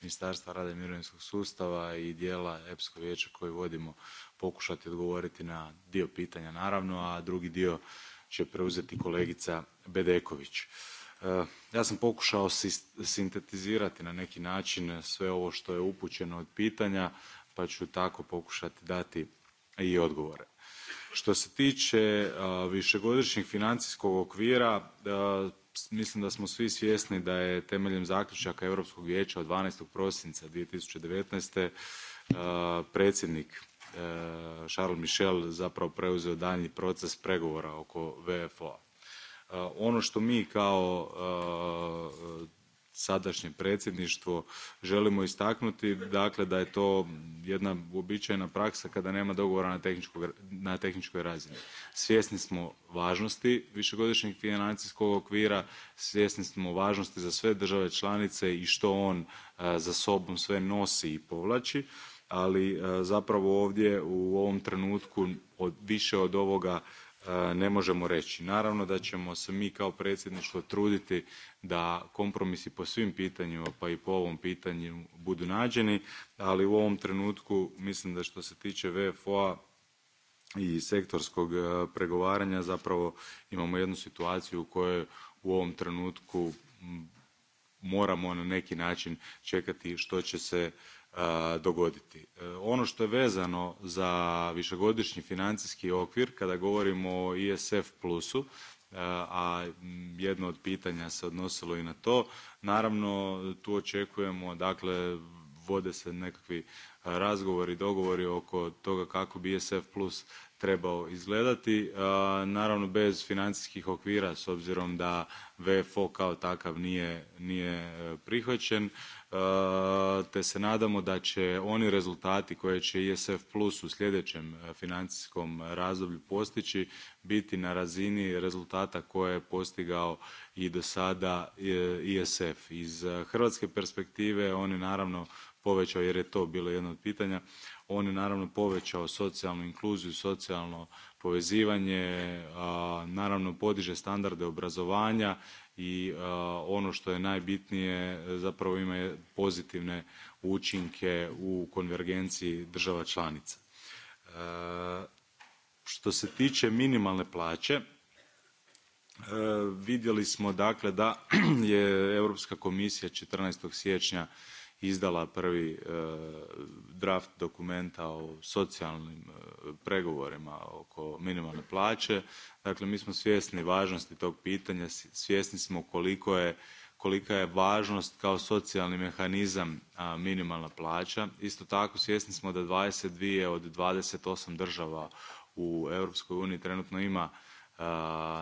ministarstva rada i mirovinskog sustava i dijela EPSKO vijeća koji vodimo pokušati odgovoriti na dio pitanja naravno a drugi dio će preuzeti kolegica bedeković. E, ja sam pokušao sintetizirati na neki način sve ovo što je upućeno od pitanja pa ću tako pokušati dati i odgovore. što se tiče višegodišnjeg financijskog okvira mislim da smo svi svjesni da je temeljem zaključaka europskog vijeća od. 12. prosinca. 2019. E, predsjednik e, charles michel zapravo preuzeo daljnji proces pregovora oko vfo a. E, ono što mi kao sadašnje predsjedništvo želimo istaknuti dakle da je to jedna uobičajena praksa kada nema dogovora na tehničkoj razini. svjesni smo važnosti višegodišnjeg financijskog okvira svjesni smo važnosti za sve države članice i što on e, za sobom sve nosi i povlači ali e, zapravo ovdje u ovom trenutku više od ovoga E, ne možemo reći. Naravno da ćemo se mi kao predsjedništvo truditi da kompromisi po svim pitanjima pa i po ovom pitanju budu nađeni, ali u ovom trenutku mislim da što se tiče VFO-a i sektorskog e, pregovaranja zapravo imamo jednu situaciju u kojoj u ovom trenutku moramo na neki način čekati što će se E, dogoditi. E, ono što je vezano za višegodišnji financijski okvir, kada govorimo o ISF plusu, e, a jedno od pitanja se odnosilo i na to, naravno tu očekujemo, dakle vode se nekakvi razgovori, dogovori oko toga kako bi ISF plus trebao izgledati. Naravno bez financijskih okvira s obzirom da VFO kao takav nije, nije prihvaćen te se nadamo da će oni rezultati koje će ISF e Plus u sljedećem e, financijskom razdoblju postići biti na razini rezultata koje je postigao i do sada ISF. E, Iz hrvatske perspektive on je naravno povećao, jer je to bilo jedno od pitanja, on je naravno povećao socijalnu inkluziju, socijalno povezivanje, naravno podiže standarde obrazovanja i e, ono što je najbitnije e, zapravo ima pozitivne učinke u konvergenciji država članica. E, što se tiče minimalne plaće, vidjeli smo dakle da <clears throat> je Europska komisija 14. siječnja izdala prvi e, draft dokumenta o socijalnim e, pregovorima oko minimalne plaće. Dakle, mi smo svjesni važnosti tog pitanja, svjesni smo koliko je kolika je važnost kao socijalni mehanizam minimalna plaća. Isto tako svjesni smo da 22 od 28 država u EU trenutno ima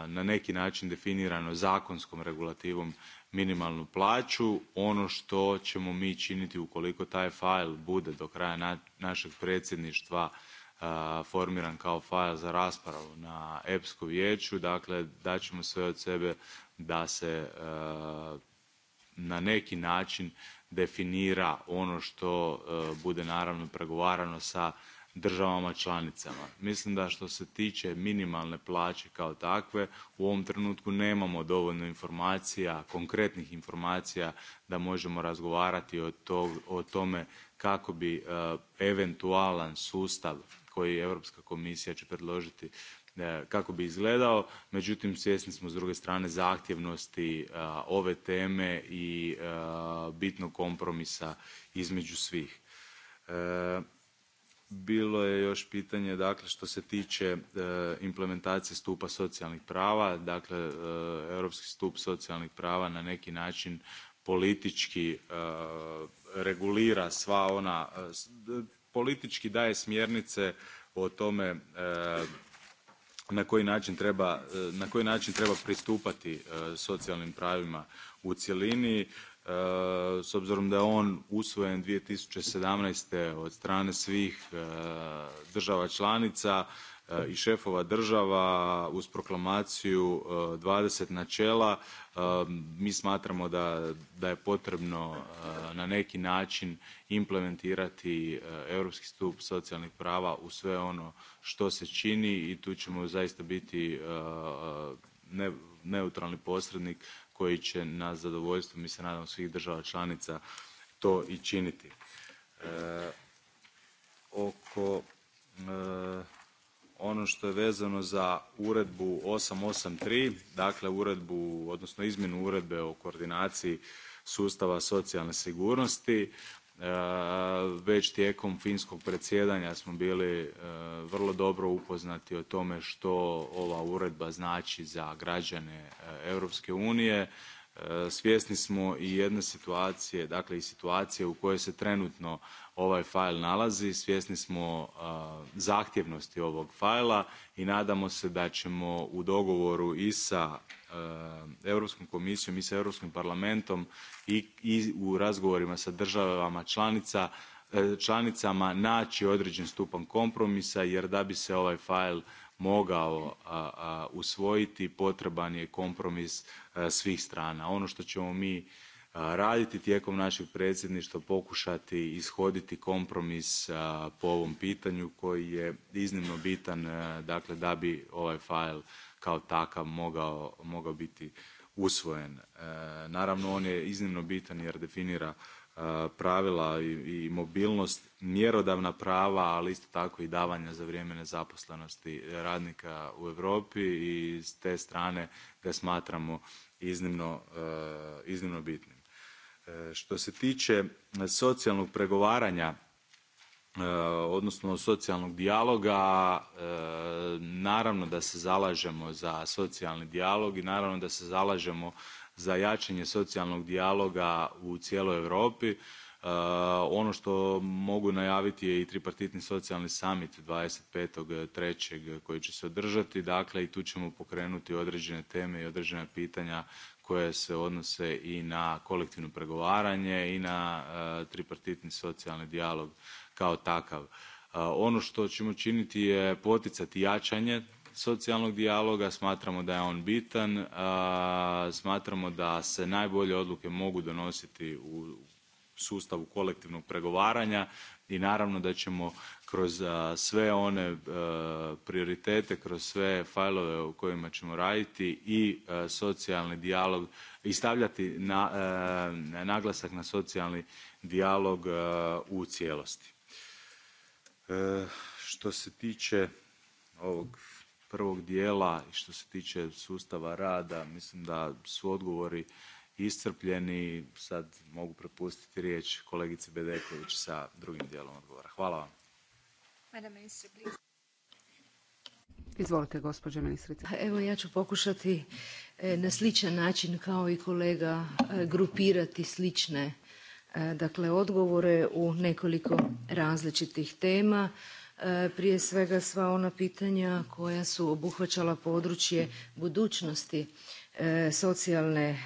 na neki način definirano zakonskom regulativom minimalnu plaću. Ono što ćemo mi činiti ukoliko taj fajl bude do kraja našeg predsjedništva formiran kao fajl za raspravu na EPSKO vijeću, dakle daćemo sve od sebe da se na neki način definira ono što bude naravno pregovarano sa državama članicama. Mislim da što se tiče minimalne plaće kao takve, u ovom trenutku nemamo dovoljno informacija, konkretnih informacija da možemo razgovarati o, o tome kako bi e, eventualan sustav koji Europska komisija će predložiti e, kako bi izgledao, međutim svjesni smo s druge strane zahtjevnosti e, ove teme i e, bitnog kompromisa između svih bilo je još pitanje dakle što se tiče e, implementacije stupa socijalnih prava dakle e, europski stup socijalnih prava na neki način politički e, regulira sva ona politički daje smjernice o tome na koji način treba, na koji način treba pristupati socijalnim pravima u cjelini s obzirom da je on usvojen. 2017. thousand od strane svih e, država članica e, i šefova država uz proklamaciju e, dvadeset načela mi smatramo da, je potrebno na neki način implementirati europski stup socijalnih prava u sve ono što se čini i tu ćemo zaista biti neutralni posrednik koji će na zadovoljstvo mi se nadamo svih država članica to i činiti. E, oko e, ono što je vezano za uredbu 883, dakle uredbu, odnosno izmjenu uredbe o koordinaciji sustava socijalne sigurnosti, E, već tijekom finskog predsjedanja smo bili e, vrlo dobro upoznati o tome što ova uredba znači za građane e, Europske unije. Svjesni smo i jedne situacije, dakle i situacije u kojoj se trenutno ovaj fajl nalazi, svjesni smo zahtjevnosti ovog fajla i nadamo se da ćemo u dogovoru i sa Eh, Europskom komisijom i sa Europskim parlamentom i, u razgovorima sa državama članica, eh, članicama naći određen stupanj kompromisa jer da bi se ovaj fajl mogao usvojiti potreban je kompromis eh, svih strana. Ono što ćemo mi raditi tijekom našeg predsjedništva pokušati ishoditi kompromis po ovom pitanju koji je iznimno bitan dakle da bi ovaj fajl kao takav mogao, mogao biti usvojen. E, naravno, on je iznimno bitan jer definira e, pravila i, i mobilnost, mjerodavna prava, ali isto tako i davanja za vrijeme nezaposlenosti radnika u Europi i s te strane ga smatramo iznimno, e, iznimno bitnim. Što se tiče socijalnog pregovaranja E, odnosno socijalnog dijaloga. E, naravno da se zalažemo za socijalni dijalog i naravno da se zalažemo za jačanje socijalnog dijaloga u cijeloj Europi. E, ono što mogu najaviti je i tripartitni socijalni summit 25.3. koji će se održati. Dakle, i tu ćemo pokrenuti određene teme i određena pitanja koje se odnose i na kolektivno pregovaranje i na tripartitni socijalni dijalog kao takav. E, ono što ćemo činiti je poticati jačanje socijalnog dijaloga, smatramo da je on bitan, e, smatramo da se najbolje odluke mogu donositi u sustavu kolektivnog pregovaranja i naravno da ćemo kroz e, sve one prioritete, kroz sve fajlove u kojima ćemo raditi i socijalni dijalog i stavljati na, naglasak na socijalni dijalog u cijelosti. E, što se tiče ovog prvog dijela i što se tiče sustava rada mislim da su odgovori iscrpljeni sad mogu prepustiti riječ kolegici bedeković sa drugim dijelom odgovora hvala vam Izvolite, gospođo ministrice. Pa evo ja ću pokušati e, na sličan način kao i kolega e, grupirati slične E, dakle odgovore u nekoliko različitih tema. E, prije svega sva ona pitanja koja su obuhvaćala područje budućnosti e, socijalne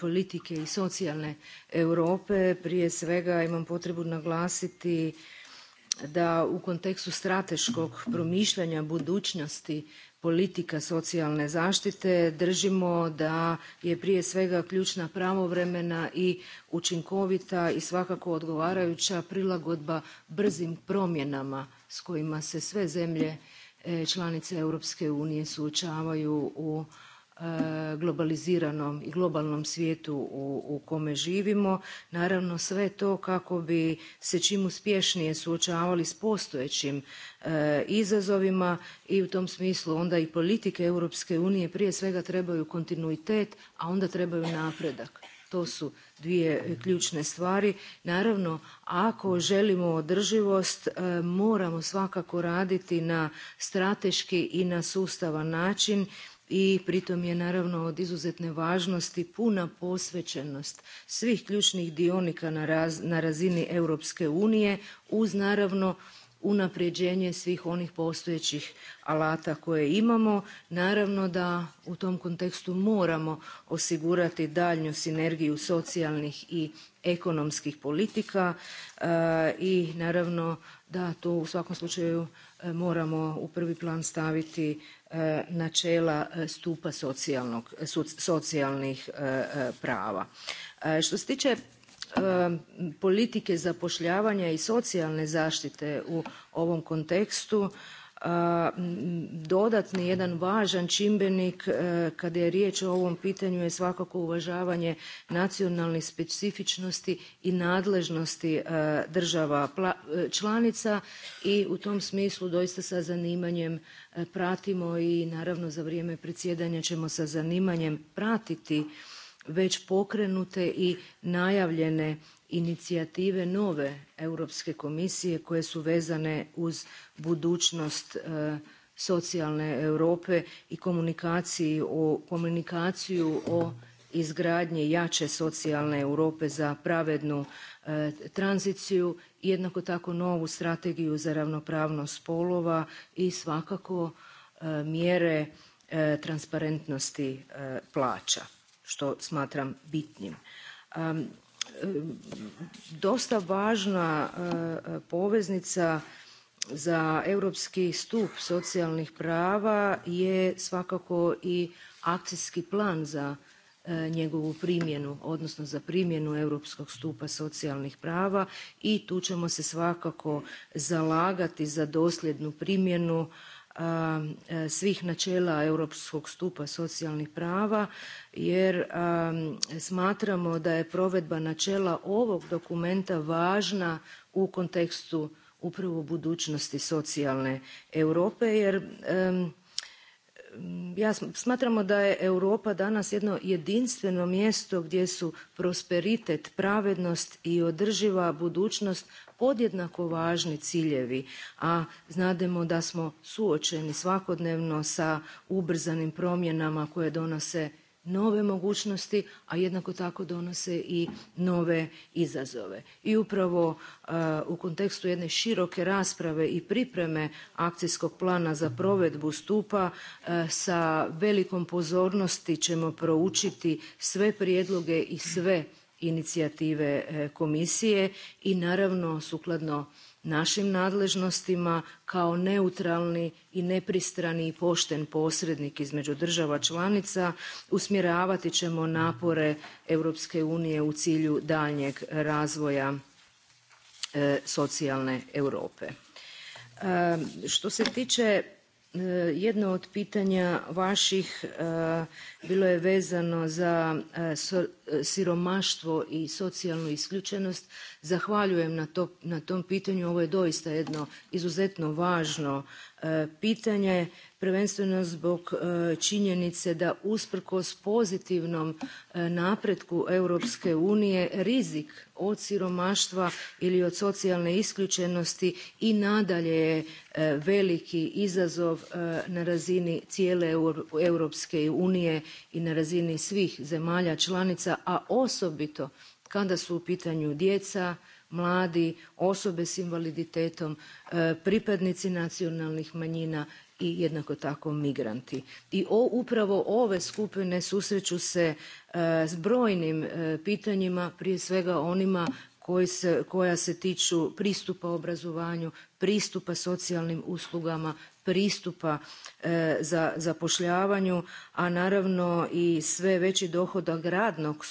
politike i socijalne Europe. Prije svega imam potrebu naglasiti da u kontekstu strateškog promišljanja budućnosti politika socijalne zaštite držimo da je prije svega ključna pravovremena i učinkovita i svakako odgovarajuća prilagodba brzim promjenama s kojima se sve zemlje e, članice Europske unije suočavaju u Eh, globaliziranom i globalnom svijetu u, kome živimo. Naravno sve to kako bi se čim uspješnije suočavali s postojećim eh, izazovima i u tom smislu onda i politike Europske unije prije svega trebaju kontinuitet, a onda trebaju napredak. To su dvije eh, ključne stvari. Naravno, ako želimo održivost, moramo svakako raditi na strateški i na sustavan način i pritom je naravno od izuzetne važnosti puna posvećenost svih ključnih dionika na, na razini Europske unije uz naravno unapređenje svih onih postojećih alata koje imamo. Naravno da u tom kontekstu moramo osigurati daljnju sinergiju socijalnih i ekonomskih politika e, i naravno da tu u svakom slučaju e, moramo u prvi plan staviti e, načela stupa socijalnih prava. Što se tiče politike zapošljavanja i socijalne zaštite u ovom kontekstu dodatni jedan važan čimbenik kada je riječ o ovom pitanju je svakako uvažavanje nacionalnih specifičnosti i nadležnosti država e, članica i u tom smislu doista sa zanimanjem e, pratimo i naravno za vrijeme predsjedanja ćemo sa zanimanjem pratiti već pokrenute i najavljene inicijative nove Europske komisije koje su vezane uz budućnost e, socijalne Europe i komunikaciji o, komunikaciju o izgradnji jače socijalne Europe za pravednu e, tranziciju, jednako tako novu strategiju za ravnopravnost spolova i svakako e, mjere transparentnosti plaća što smatram bitnim. Dosta važna e, poveznica za europski stup socijalnih prava je svakako i akcijski plan za e, njegovu primjenu odnosno za primjenu europskog stupa socijalnih prava i tu ćemo se svakako zalagati za dosljednu primjenu E, svih načela europskog stupa socijalnih prava jer smatramo da je provedba načela ovog dokumenta važna u kontekstu upravo budućnosti socijalne Europe jer smatramo da je Europa danas jedno jedinstveno mjesto gdje su prosperitet, pravednost i održiva budućnost podjednako važni ciljevi, a znademo da smo suočeni svakodnevno sa ubrzanim promjenama koje donose nove mogućnosti, a jednako tako donose i nove izazove. I upravo e, u kontekstu jedne široke rasprave i pripreme akcijskog plana za provedbu stupa e, sa velikom pozornosti ćemo proučiti sve prijedloge i sve inicijative e, komisije i naravno sukladno našim nadležnostima kao neutralni i nepristrani i pošten posrednik između država članica usmjeravati ćemo napore Europske unije u cilju daljnjeg razvoja e, socijalne Europe. E, što se tiče E, jedno od pitanja vaših e, bilo je vezano za e, siromaštvo i socijalnu isključenost. Zahvaljujem na, tom pitanju. Ovo je doista jedno izuzetno važno pitanje prvenstveno zbog e, činjenice da usprkos pozitivnom e, napretku Europske unije rizik od siromaštva ili od socijalne isključenosti i nadalje je e, veliki izazov na razini cijele Europske unije i na razini svih zemalja članica, a osobito kada su u pitanju djeca, mladi, osobe s invaliditetom, pripadnici nacionalnih manjina i jednako tako migranti. I o, upravo ove skupine susreću se e, s brojnim e, pitanjima, prije svega onima koji se, koja se tiču pristupa obrazovanju, pristupa socijalnim uslugama, pristupa e, za zapošljavanju a naravno i sve veći dohodak radnog,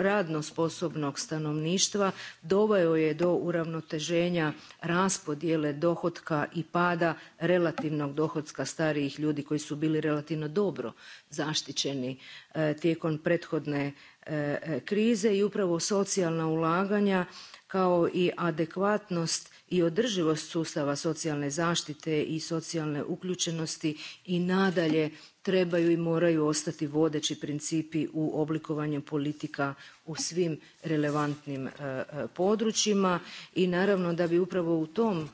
radno sposobnog stanovništva doveo je do uravnoteženja raspodjele dohotka i pada relativnog dohotka starijih ljudi koji su bili relativno dobro zaštićeni e, tijekom prethodne e, krize i upravo socijalna ulaganja kao i adekvatnost i održivost sustava socijalne zaštite i socijalne uključenosti i nadalje trebaju i moraju ostati vodeći principi u oblikovanju politika u svim relevantnim e, e, područjima i naravno da bi upravo u tom e,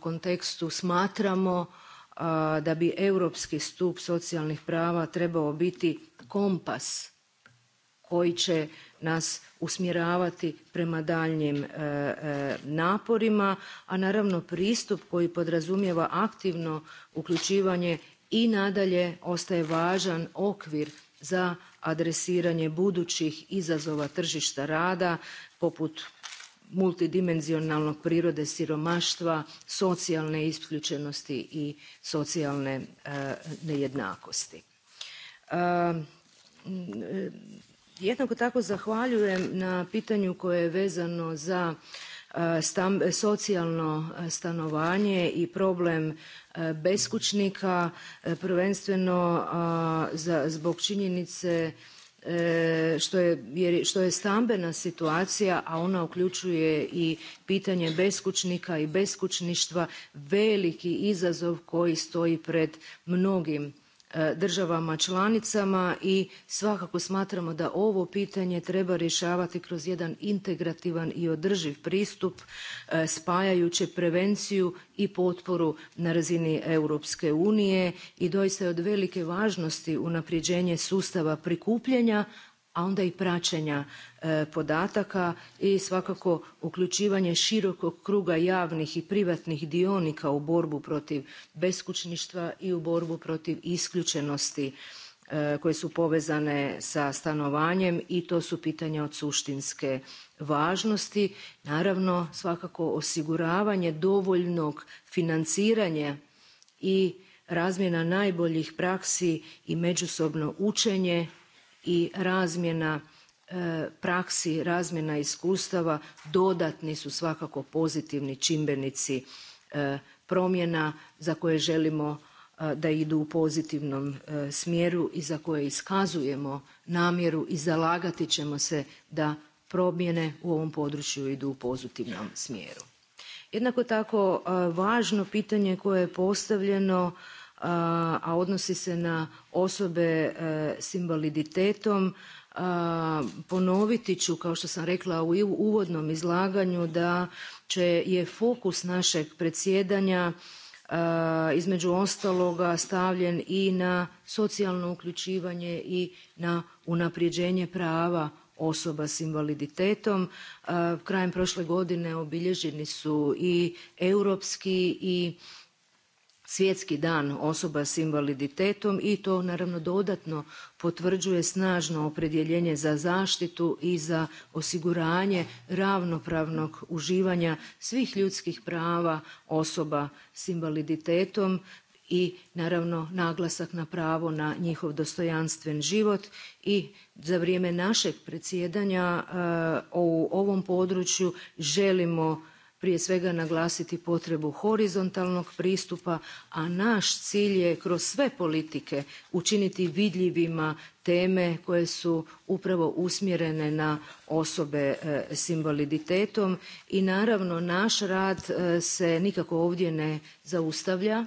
kontekstu smatramo da bi europski stup socijalnih prava trebao biti kompas koji će nas usmjeravati prema daljnjim e, e, naporima, a naravno pristup koji podrazumijeva aktivno uključivanje i nadalje ostaje važan okvir za adresiranje budućih izazova tržišta rada poput multidimenzionalnog prirode siromaštva, socijalne isključenosti i socijalne e, nejednakosti jednako tako zahvaljujem na pitanju koje je vezano za e, socijalno e, stanovanje i problem e, beskućnika prvenstveno za, zbog činjenice što je, što je stambena situacija, a ona uključuje i pitanje beskućnika i beskućništva veliki izazov koji stoji pred mnogim E, državama članicama i svakako smatramo da ovo pitanje treba rješavati kroz jedan integrativan i održiv pristup e, spajajući prevenciju i potporu na razini Europske unije i doista je od velike važnosti unapređenje sustava prikupljanja a onda i praćenja e, podataka i svakako uključivanje širokog kruga javnih i privatnih dionika u borbu protiv beskućništva i u borbu protiv isključenosti e, koje su povezane sa stanovanjem i to su pitanja od suštinske važnosti. Naravno, svakako osiguravanje dovoljnog financiranja i razmjena najboljih praksi i međusobno učenje i razmjena e, praksi, razmjena iskustava dodatni su svakako pozitivni čimbenici e, promjena za koje želimo e, da idu u pozitivnom smjeru i za koje iskazujemo namjeru i zalagati ćemo se da promjene u ovom području idu u pozitivnom smjeru. Jednako tako važno pitanje koje je postavljeno a odnosi se na osobe e, s invaliditetom e, ponoviti ću kao što sam rekla u uvodnom izlaganju da će je fokus našeg predsjedanja e, između ostaloga stavljen i na socijalno uključivanje i na unapređenje prava osoba s invaliditetom. Krajem prošle godine obilježeni su i europski i svjetski dan osoba s invaliditetom i to naravno dodatno potvrđuje snažno opredjeljenje za zaštitu i za osiguranje ravnopravnog uživanja svih ljudskih prava osoba s invaliditetom i naravno naglasak na pravo na njihov dostojanstven život i za vrijeme našeg predsjedanja e, u ovom području želimo prije svega naglasiti potrebu horizontalnog pristupa a naš cilj je kroz sve politike učiniti vidljivima teme koje su upravo usmjerene na osobe e, s invaliditetom i naravno naš rad e, se nikako ovdje ne zaustavlja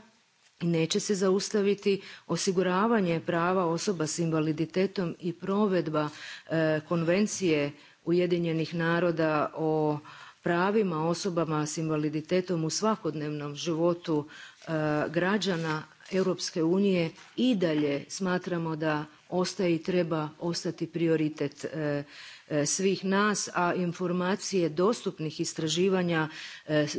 i neće se zaustaviti osiguravanje prava osoba s invaliditetom i provedba e, konvencije ujedinjenih naroda o pravima osobama s invaliditetom u svakodnevnom životu e, građana Europske unije i dalje smatramo da ostaje i treba ostati prioritet e, e, svih nas, a informacije dostupnih istraživanja,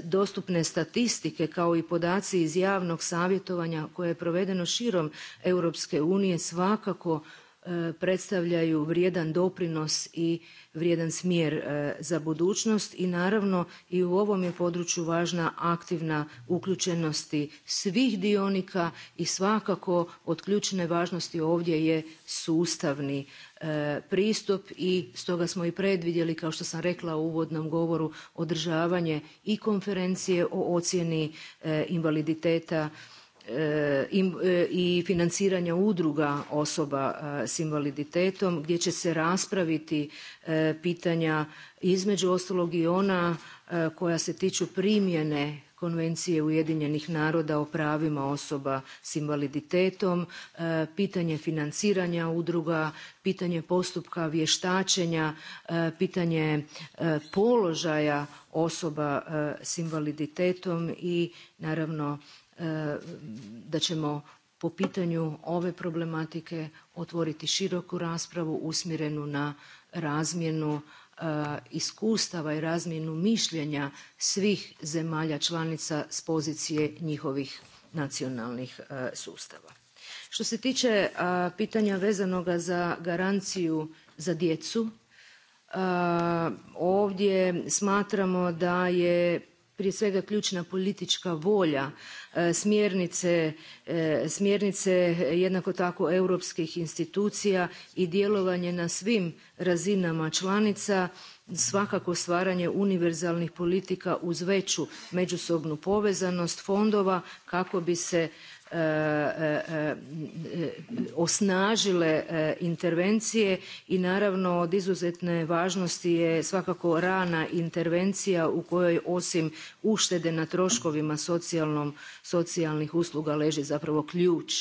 dostupne statistike kao i podaci iz javnog savjetovanja koje je provedeno širom Europske unije svakako E, predstavljaju vrijedan doprinos i vrijedan smjer e, za budućnost i naravno i u ovom je području važna aktivna uključenosti svih dionika i svakako od ključne važnosti ovdje je sustavni e, pristup i stoga smo i predvidjeli kao što sam rekla u uvodnom govoru održavanje i konferencije o ocjeni invaliditeta Eh, eh, i financiranja udruga osoba eh, s invaliditetom gdje će se raspraviti pitanja između ostalog i ona koja se tiču primjene Konvencije Ujedinjenih naroda o pravima osoba s invaliditetom, pitanje financiranja udruga, pitanje postupka vještačenja, pitanje položaja osoba s invaliditetom i naravno E, da ćemo po pitanju ove problematike otvoriti široku raspravu usmjerenu na razmjenu e, iskustava i razmjenu mišljenja svih zemalja članica s pozicije njihovih nacionalnih e, sustava. Što se tiče pitanja vezanoga za garanciju za djecu, ovdje smatramo da je prije svega ključna politička volja, e, smjernice, e, smjernice jednako tako europskih institucija i djelovanje na svim razinama članica svakako stvaranje univerzalnih politika uz veću međusobnu povezanost fondova kako bi se osnažile e, intervencije i naravno od izuzetne važnosti je svakako rana intervencija u kojoj osim uštede na troškovima socijalnom, socijalnih usluga leži zapravo ključ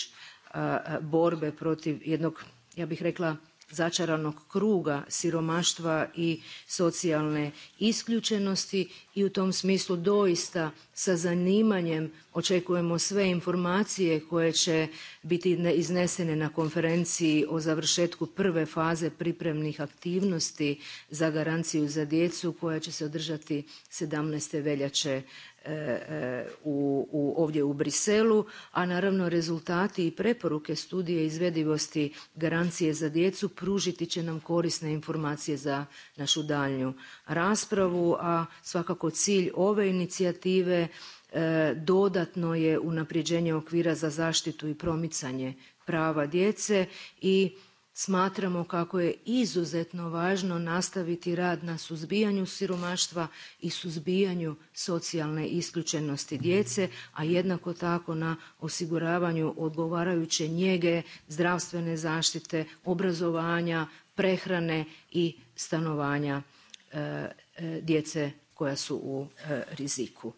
borbe protiv jednog ja bih rekla začaranog kruga siromaštva i socijalne isključenosti i u tom smislu doista sa zanimanjem očekujemo sve informacije koje će biti iznesene na konferenciji o završetku prve faze pripremnih aktivnosti za garanciju za djecu koja će se održati 17. veljače E, e, u, ovdje u Briselu, a naravno rezultati i preporuke studije izvedivosti garancije za djecu pružiti će nam korisne informacije za našu daljnju raspravu, a svakako cilj ove inicijative e, dodatno je unapređenje okvira za zaštitu i promicanje prava djece i smatramo kako je izuzetno važno nastaviti rad na suzbijanju siromaštva i suzbijanju socijalne isključenosti djece, a jednako tako na osiguravanju odgovarajuće njege, zdravstvene zaštite, obrazovanja, prehrane i stanovanja e, e, djece koja su u e, riziku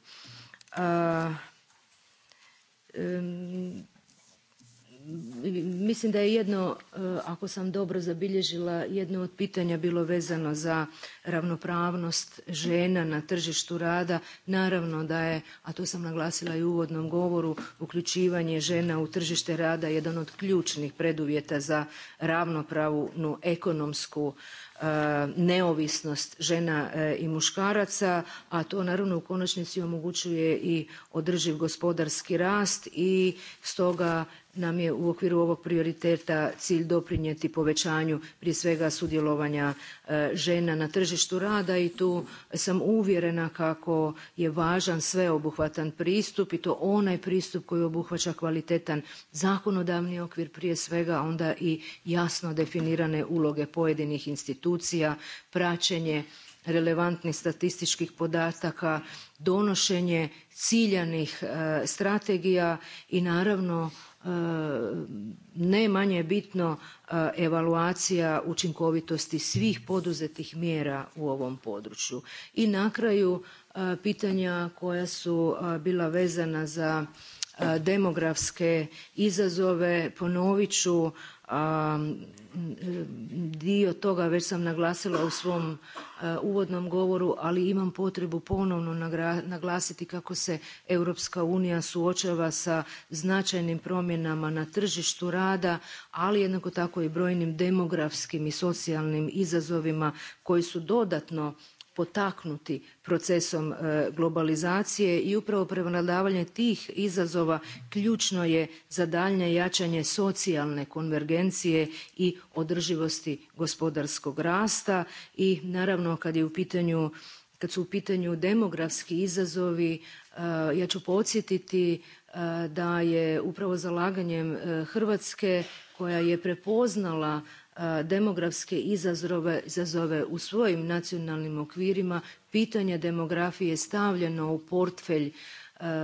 mislim da je jedno, e, ako sam dobro zabilježila, jedno od pitanja bilo vezano za ravnopravnost žena na tržištu rada. Naravno da je, a to sam naglasila i u uvodnom govoru, uključivanje žena u tržište rada jedan od ključnih preduvjeta za ravnopravnu ekonomsku E, neovisnost žena e, i muškaraca a to naravno u konačnici omogućuje i održiv gospodarski rast i stoga nam je u okviru ovog prioriteta cilj doprinijeti povećanju prije svega sudjelovanja e, žena na tržištu rada i tu sam uvjerena kako je važan sveobuhvatan pristup i to onaj pristup koji obuhvaća kvalitetan zakonodavni okvir prije svega a onda i jasno definirane uloge pojedinih institucija institucija praćenje relevantnih statističkih podataka donošenje ciljanih e, strategija i naravno e, ne manje bitno e, evaluacija učinkovitosti svih poduzetih mjera u ovom području i na kraju pitanja koja su bila vezana za demografske izazove ponovit ću dio toga već sam naglasila u svom e, uvodnom govoru, ali imam potrebu ponovno naglasiti kako se Europska unija suočava sa značajnim promjenama na tržištu rada, ali jednako tako i brojnim demografskim i socijalnim izazovima koji su dodatno potaknuti procesom e, globalizacije i upravo prevladavanje tih izazova ključno je za daljnje jačanje socijalne konvergencije i održivosti gospodarskog rasta i naravno kad je u pitanju kad su u pitanju demografski izazovi e, ja ću podsjetiti e, da je upravo zalaganjem Hrvatske koja je prepoznala demografske izazove, u svojim nacionalnim okvirima pitanje demografije stavljeno u portfelj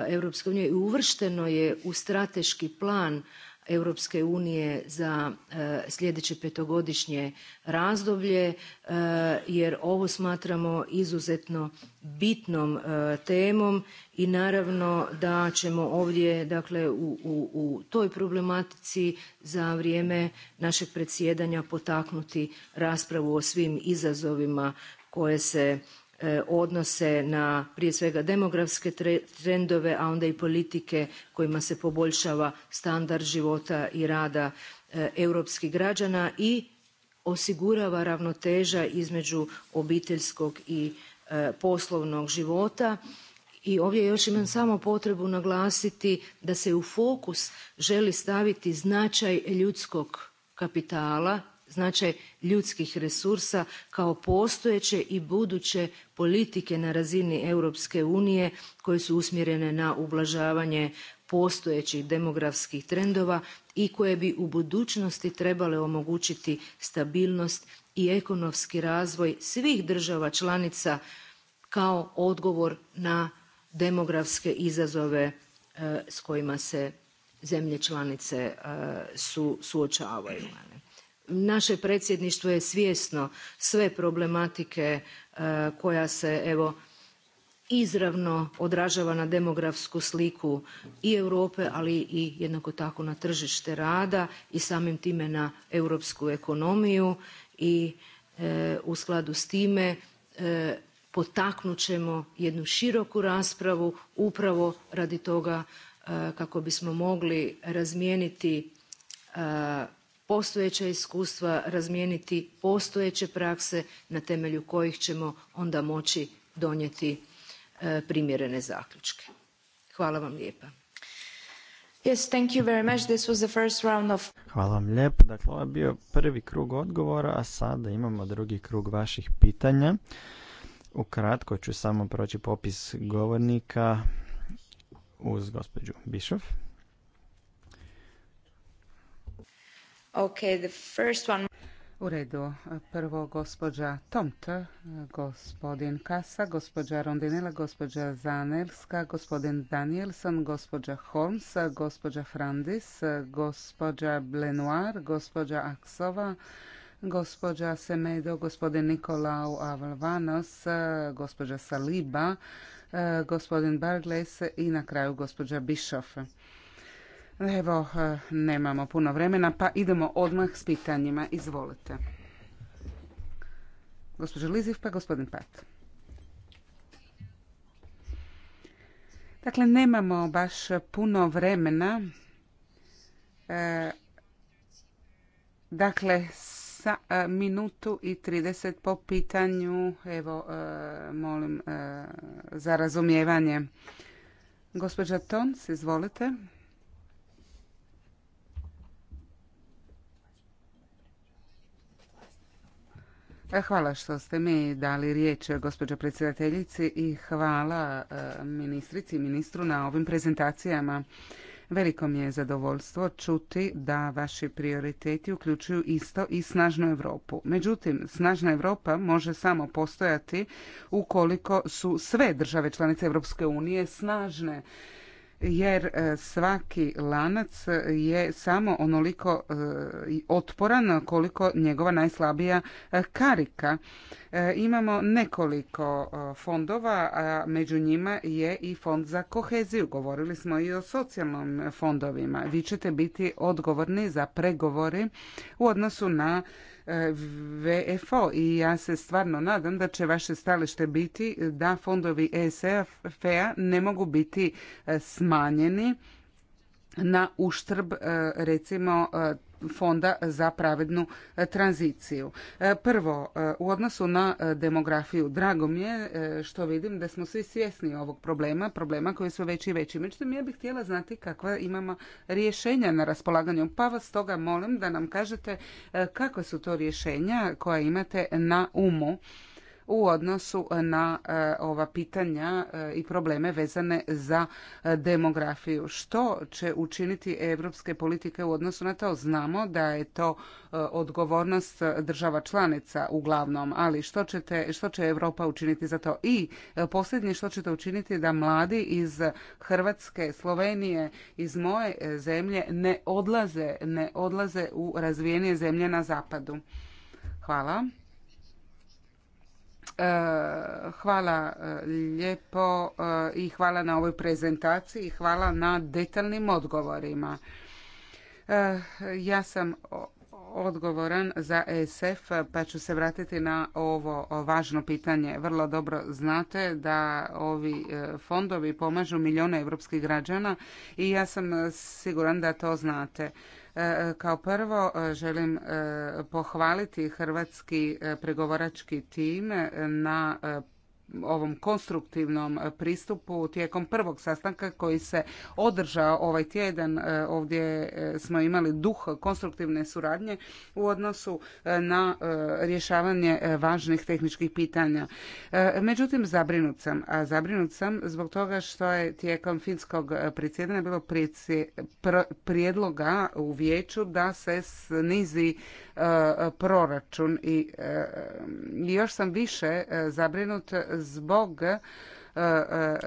Europske unije i uvršteno je u strateški plan Europske unije za e, sljedeće petogodišnje razdoblje e, jer ovo smatramo izuzetno bitnom e, temom i naravno da ćemo ovdje dakle u, u toj problematici za vrijeme našeg predsjedanja potaknuti raspravu o svim izazovima koje se E, odnose na prije svega demografske trendove, a onda i politike kojima se poboljšava standard života i rada e, europskih građana i osigurava ravnoteža između obiteljskog i e, poslovnog života. I ovdje još imam samo potrebu naglasiti da se u fokus želi staviti značaj ljudskog kapitala značaj ljudskih resursa kao postojeće i buduće politike na razini Europske unije koje su usmjerene na ublažavanje postojećih demografskih trendova i koje bi u budućnosti trebale omogućiti stabilnost i ekonomski razvoj svih država članica kao odgovor na demografske izazove e, s kojima se zemlje članice e, suočavaju naše predsjedništvo je svjesno sve problematike e, koja se evo izravno odražava na demografsku sliku i Europe, ali i jednako tako na tržište rada i samim time na europsku ekonomiju i e, u skladu s time e, potaknut ćemo jednu široku raspravu upravo radi toga kako bismo mogli razmijeniti postojeća iskustva razmijeniti postojeće prakse na temelju kojih ćemo onda moći donijeti e, primjerene zaključke. Hvala vam lijepa. Yes, Hvala vam lijepo. Dakle, ovo je bio prvi krug odgovora, a sada imamo drugi krug vaših pitanja. Ukratko ću samo proći popis govornika uz gospođu Bišov. U redu. Prvo gospođa Tomt, gospodin Kasa, gospođa Rondinela, gospođa Zanelska, gospodin Danielson, gospođa Holmes, gospođa Frandis, gospođa Blenoir, gospođa Aksova, gospođa Semedo, gospodin Nikolao Avalvanos, gospođa Saliba, gospodin Bargles i na kraju gospođa Bischoff. Evo, e, nemamo puno vremena, pa idemo odmah s pitanjima. Izvolite. Gospođa Liziv, pa gospodin Pat. Dakle, nemamo baš puno vremena. E, dakle, sa e, minutu i 30 po pitanju, evo, molim za razumijevanje. Gospođa Tons, izvolite. E, hvala što ste mi dali riječ, gospođo predsjedateljici, i hvala e, ministrici i ministru na ovim prezentacijama. Veliko mi je zadovoljstvo čuti da vaši prioriteti uključuju isto i snažnu Europu. Međutim, snažna Europa može samo postojati ukoliko su sve države članice Europske unije snažne jer e, svaki lanac je samo onoliko e, otporan koliko njegova najslabija e, karika. Imamo nekoliko fondova, a među njima je i fond za koheziju. Govorili smo i o socijalnim fondovima. Vi ćete biti odgovorni za pregovori u odnosu na VFO i ja se stvarno nadam da će vaše stalište biti da fondovi esf ne mogu biti e, smanjeni na uštrb e, recimo e, fonda za pravednu e, tranziciju. E, prvo, e, u odnosu na demografiju, drago mi je što vidim da smo svi svjesni ovog problema, problema koji su veći i veći. Međutim, ja bih htjela znati kakva imamo rješenja na raspolaganju, pa vas toga molim da nam kažete kakve su to rješenja koja imate na umu u odnosu na e, ova pitanja e, i probleme vezane za e, demografiju. Što će učiniti europske politike u odnosu na to? Znamo da je to odgovornost država članica uglavnom, ali što, ćete, što će Europa učiniti za to? I posljednje što ćete učiniti da mladi iz Hrvatske, Slovenije, iz moje zemlje ne odlaze, ne odlaze u razvijenije zemlje na zapadu. Hvala. Eh, hvala eh, lijepo eh, i hvala na ovoj prezentaciji i hvala na detaljnim odgovorima. Ja sam odgovoran za ESF, pa ću se vratiti na ovo važno pitanje. Vrlo dobro znate da ovi fondovi pomažu milijone europskih građana i ja sam siguran da to znate. E, kao prvo e, želim e, pohvaliti hrvatski pregovorački tim na ovom konstruktivnom e, pristupu tijekom prvog sastanka koji se održao ovaj tjedan. E, ovdje e, smo imali duh konstruktivne suradnje u odnosu na rješavanje važnih tehničkih pitanja. Međutim, zabrinut sam. A zabrinut sam zbog toga što je tijekom finskog predsjedanja bilo prijedloga u vijeću da se snizi proračun i e, još sam više e, zabrinut zbog e,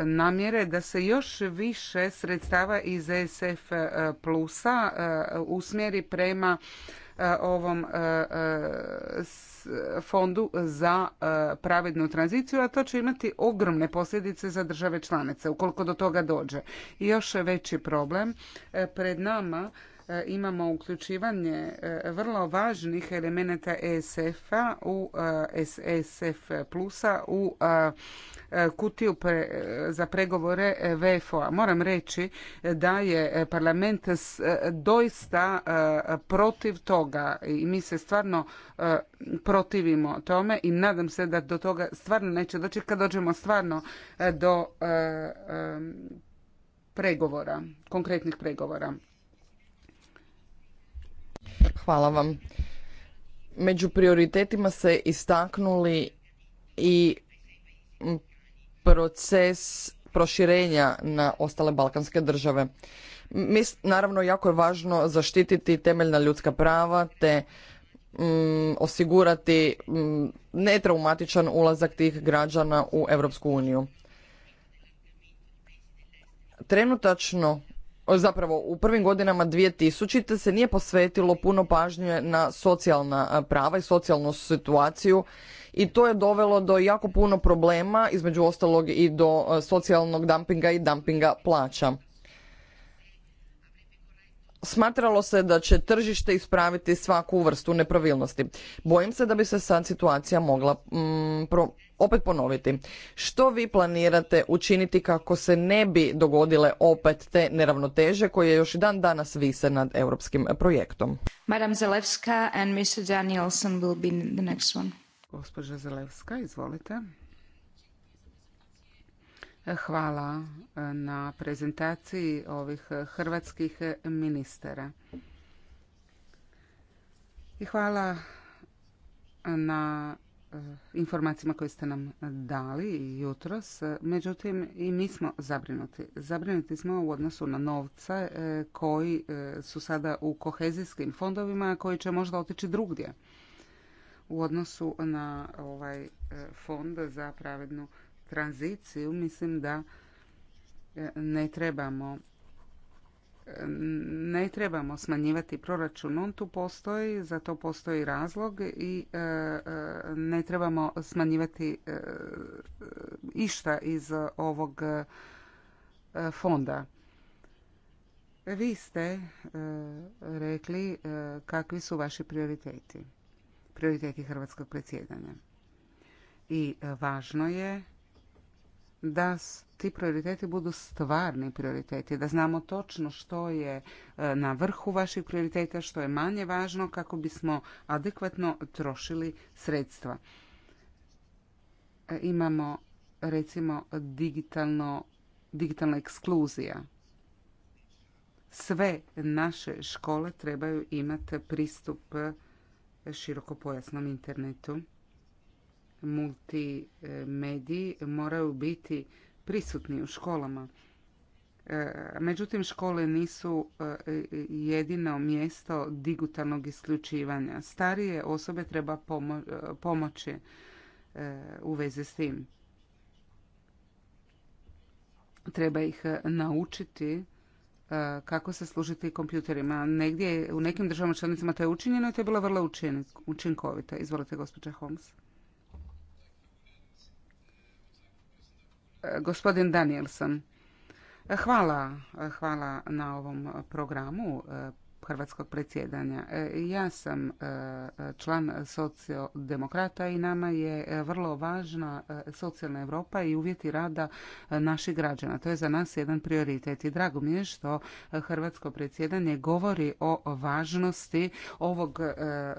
namjere da se još više sredstava iz SF plusa usmjeri prema ovom fondu za pravednu tranziciju, a to će imati ogromne posljedice za države članice, ukoliko do toga dođe. I još veći problem, pred nama E, imamo uključivanje e, vrlo važnih elemenata ESF-a u e, SF plusa u kutiju za pregovore VFO-a. Moram reći da je parlament doista protiv toga i mi se stvarno protivimo tome i nadam se da do toga stvarno neće doći kad dođemo stvarno do pregovora, konkretnih pregovora. Hvala vam. Među prioritetima se istaknuli i proces proširenja na ostale balkanske države. naravno, jako je važno zaštititi temeljna ljudska prava te mm, osigurati mm, netraumatičan ulazak tih građana u Europsku uniju. Trenutačno zapravo u prvim godinama 2000. se nije posvetilo puno pažnje na socijalna e, prava i socijalnu situaciju i to je dovelo do jako puno problema, između ostalog i do e, socijalnog dumpinga i dumpinga plaća smatralo se da će tržište ispraviti svaku vrstu nepravilnosti. Bojim se da bi se sad situacija mogla mm, opet ponoviti. Što vi planirate učiniti kako se ne bi dogodile opet te neravnoteže koje još i dan danas vise nad europskim projektom? Madam Zelevska and Mr. Danielson will be the next one. Gospođa Zelevska, izvolite. Hvala e, na prezentaciji ovih e, hrvatskih e, ministara. I hvala na informacijama koje ste nam dali jutros. Međutim, i mi smo zabrinuti. Zabrinuti smo u odnosu na novce koji su sada u kohezijskim fondovima, koji će možda otići drugdje u odnosu na ovaj fond za pravednu tranziciju, mislim da e, ne trebamo ne trebamo smanjivati proračun. On tu postoji, za to postoji razlog i e, e, ne trebamo smanjivati išta iz ovog fonda. Vi ste rekli kakvi su vaši prioriteti, prioriteti hrvatskog predsjedanja. I važno je da ti prioriteti budu stvarni prioriteti, da znamo točno što je e, na vrhu vaših prioriteta, što je manje važno kako bismo adekvatno trošili sredstva. E, imamo recimo digitalno, digitalna ekskluzija. Sve naše škole trebaju imati pristup e, širokopojasnom internetu multimediji moraju biti prisutni u školama. E, međutim, škole nisu e, jedino mjesto digitalnog isključivanja. Starije osobe treba e, pomoći u vezi s tim. Treba ih naučiti kako se služiti kompjuterima. Negdje, u nekim državama članicama to je učinjeno i to je bilo vrlo učinkovito. Izvolite, gospođa Holmes. Gospodin Danielson. Hvala, hvala na ovom programu hrvatskog predsjedanja. E, ja sam e, član socijaldemokrata i nama je e, vrlo važna socijalna Europa i uvjeti rada naših građana. To je za nas jedan prioritet i drago mi je što hrvatsko predsjedanje govori o važnosti ovog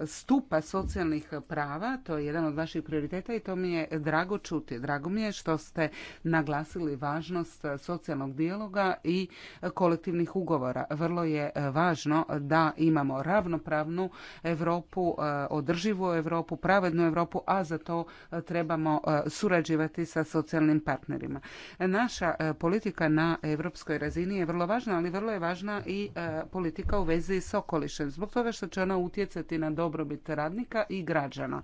stupa socijalnih prava. To je jedan od vaših prioriteta i to mi je drago čuti. Drago mi je što ste naglasili važnost socijalnog dijaloga i kolektivnih ugovora. Vrlo je važno da imamo ravnopravnu Europu, e, održivu Europu, pravednu Europu, a za to e, trebamo e, surađivati sa socijalnim partnerima. Naša politika na europskoj razini je vrlo važna, ali vrlo je važna i politika u vezi s okolišem, zbog toga što će ona utjecati na dobrobit radnika i građana.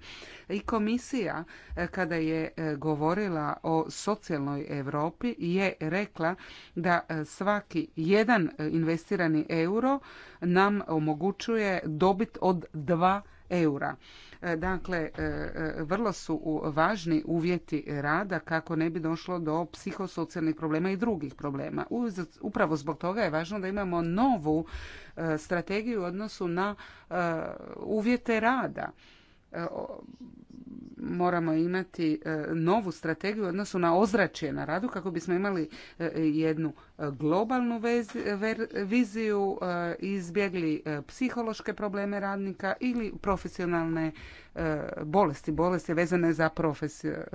I komisija kada je govorila o socijalnoj Europi je rekla da svaki jedan investirani euro nam omogućuje dobit od 2 eura. E, dakle, e, e, vrlo su važni uvjeti rada kako ne bi došlo do psihosocijalnih problema i drugih problema. Upravo zbog toga je važno da imamo novu strategiju u odnosu na uvjete rada E, moramo imati e, novu strategiju u odnosu na ozračje na radu kako bismo imali e, jednu globalnu viziju, izbjegli psihološke probleme radnika ili profesionalne bolesti, bolesti vezane za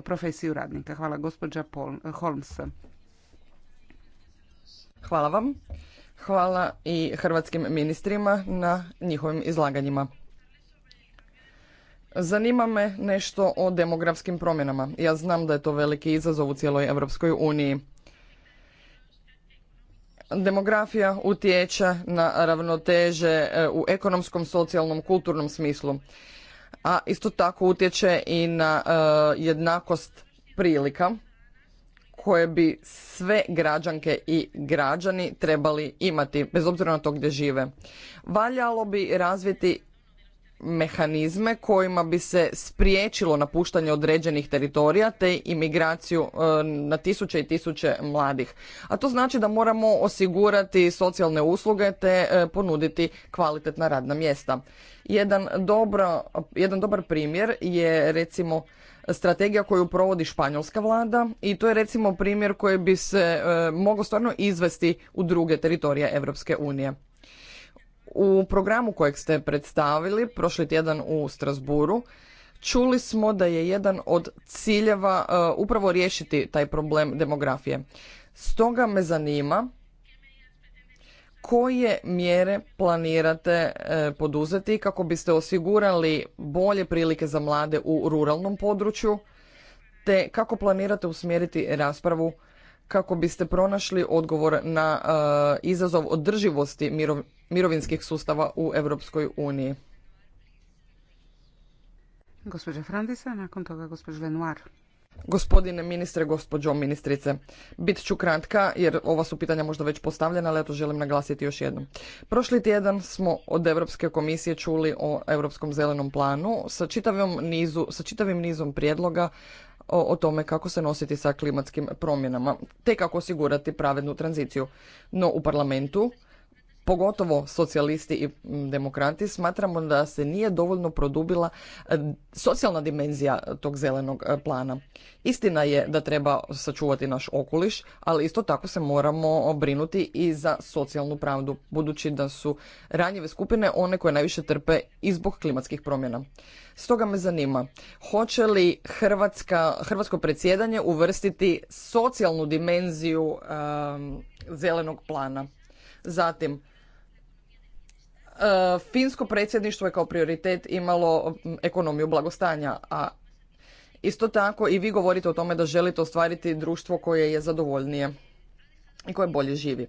profesiju, radnika. Hvala gospođa Holmes. Hvala vam. Hvala i hrvatskim ministrima na njihovim izlaganjima. Zanima me nešto o demografskim promjenama. Ja znam da je to veliki izazov u cijeloj Europskoj uniji. Demografija utječe na ravnoteže e, u ekonomskom, socijalnom, kulturnom smislu. A isto tako utječe i na e, jednakost prilika koje bi sve građanke i građani trebali imati, bez obzira na to gdje žive. Valjalo bi razviti mehanizme kojima bi se spriječilo napuštanje određenih teritorija te imigraciju e, na tisuće i tisuće mladih. A to znači da moramo osigurati socijalne usluge te e, ponuditi kvalitetna radna mjesta. Jedan, dobro, jedan dobar primjer je recimo strategija koju provodi španjolska vlada i to je recimo primjer koji bi se e, mogao stvarno izvesti u druge teritorije Europske unije. U programu kojeg ste predstavili prošli tjedan u Strasburu čuli smo da je jedan od ciljeva e, upravo riješiti taj problem demografije. Stoga me zanima koje mjere planirate e, poduzeti kako biste osigurali bolje prilike za mlade u ruralnom području te kako planirate usmjeriti raspravu kako biste pronašli odgovor na eh, izazov održivosti mirovinskih sustava u Europskoj uniji. Frandisa, nakon toga Gospodine ministre, gospođo ministrice, bit ću kratka jer ova su pitanja možda već postavljena, ali ja to želim naglasiti još jednom. Prošli tjedan smo od Europske komisije čuli o Europskom zelenom planu sa, nizu, sa čitavim nizom prijedloga o tome kako se nositi sa klimatskim promjenama te kako osigurati pravednu tranziciju. No u parlamentu pogotovo socijalisti i demokrati smatramo da se nije dovoljno produbila e, socijalna dimenzija tog zelenog e, plana. Istina je da treba sačuvati naš okoliš, ali isto tako se moramo brinuti i za socijalnu pravdu, budući da su ranjive skupine one koje najviše trpe i zbog klimatskih promjena. Stoga me zanima, hoće li Hrvatska, hrvatsko predsjedanje uvrstiti socijalnu dimenziju e, zelenog plana? Zatim, E, finsko predsjedništvo je kao prioritet imalo ekonomiju blagostanja, a isto tako i vi govorite o tome da želite ostvariti društvo koje je zadovoljnije i koje bolje živi.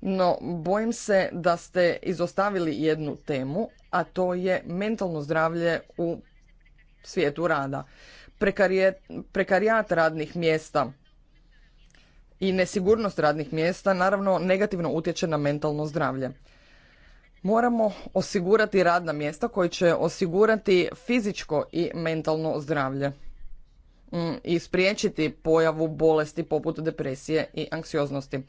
No, bojim se da ste izostavili jednu temu, a to je mentalno zdravlje u svijetu rada. Prekarijat radnih mjesta i nesigurnost radnih mjesta naravno negativno utječe na mentalno zdravlje. Moramo osigurati radna mjesta koji će osigurati fizičko i mentalno zdravlje mm, i spriječiti pojavu bolesti poput depresije i anksioznosti.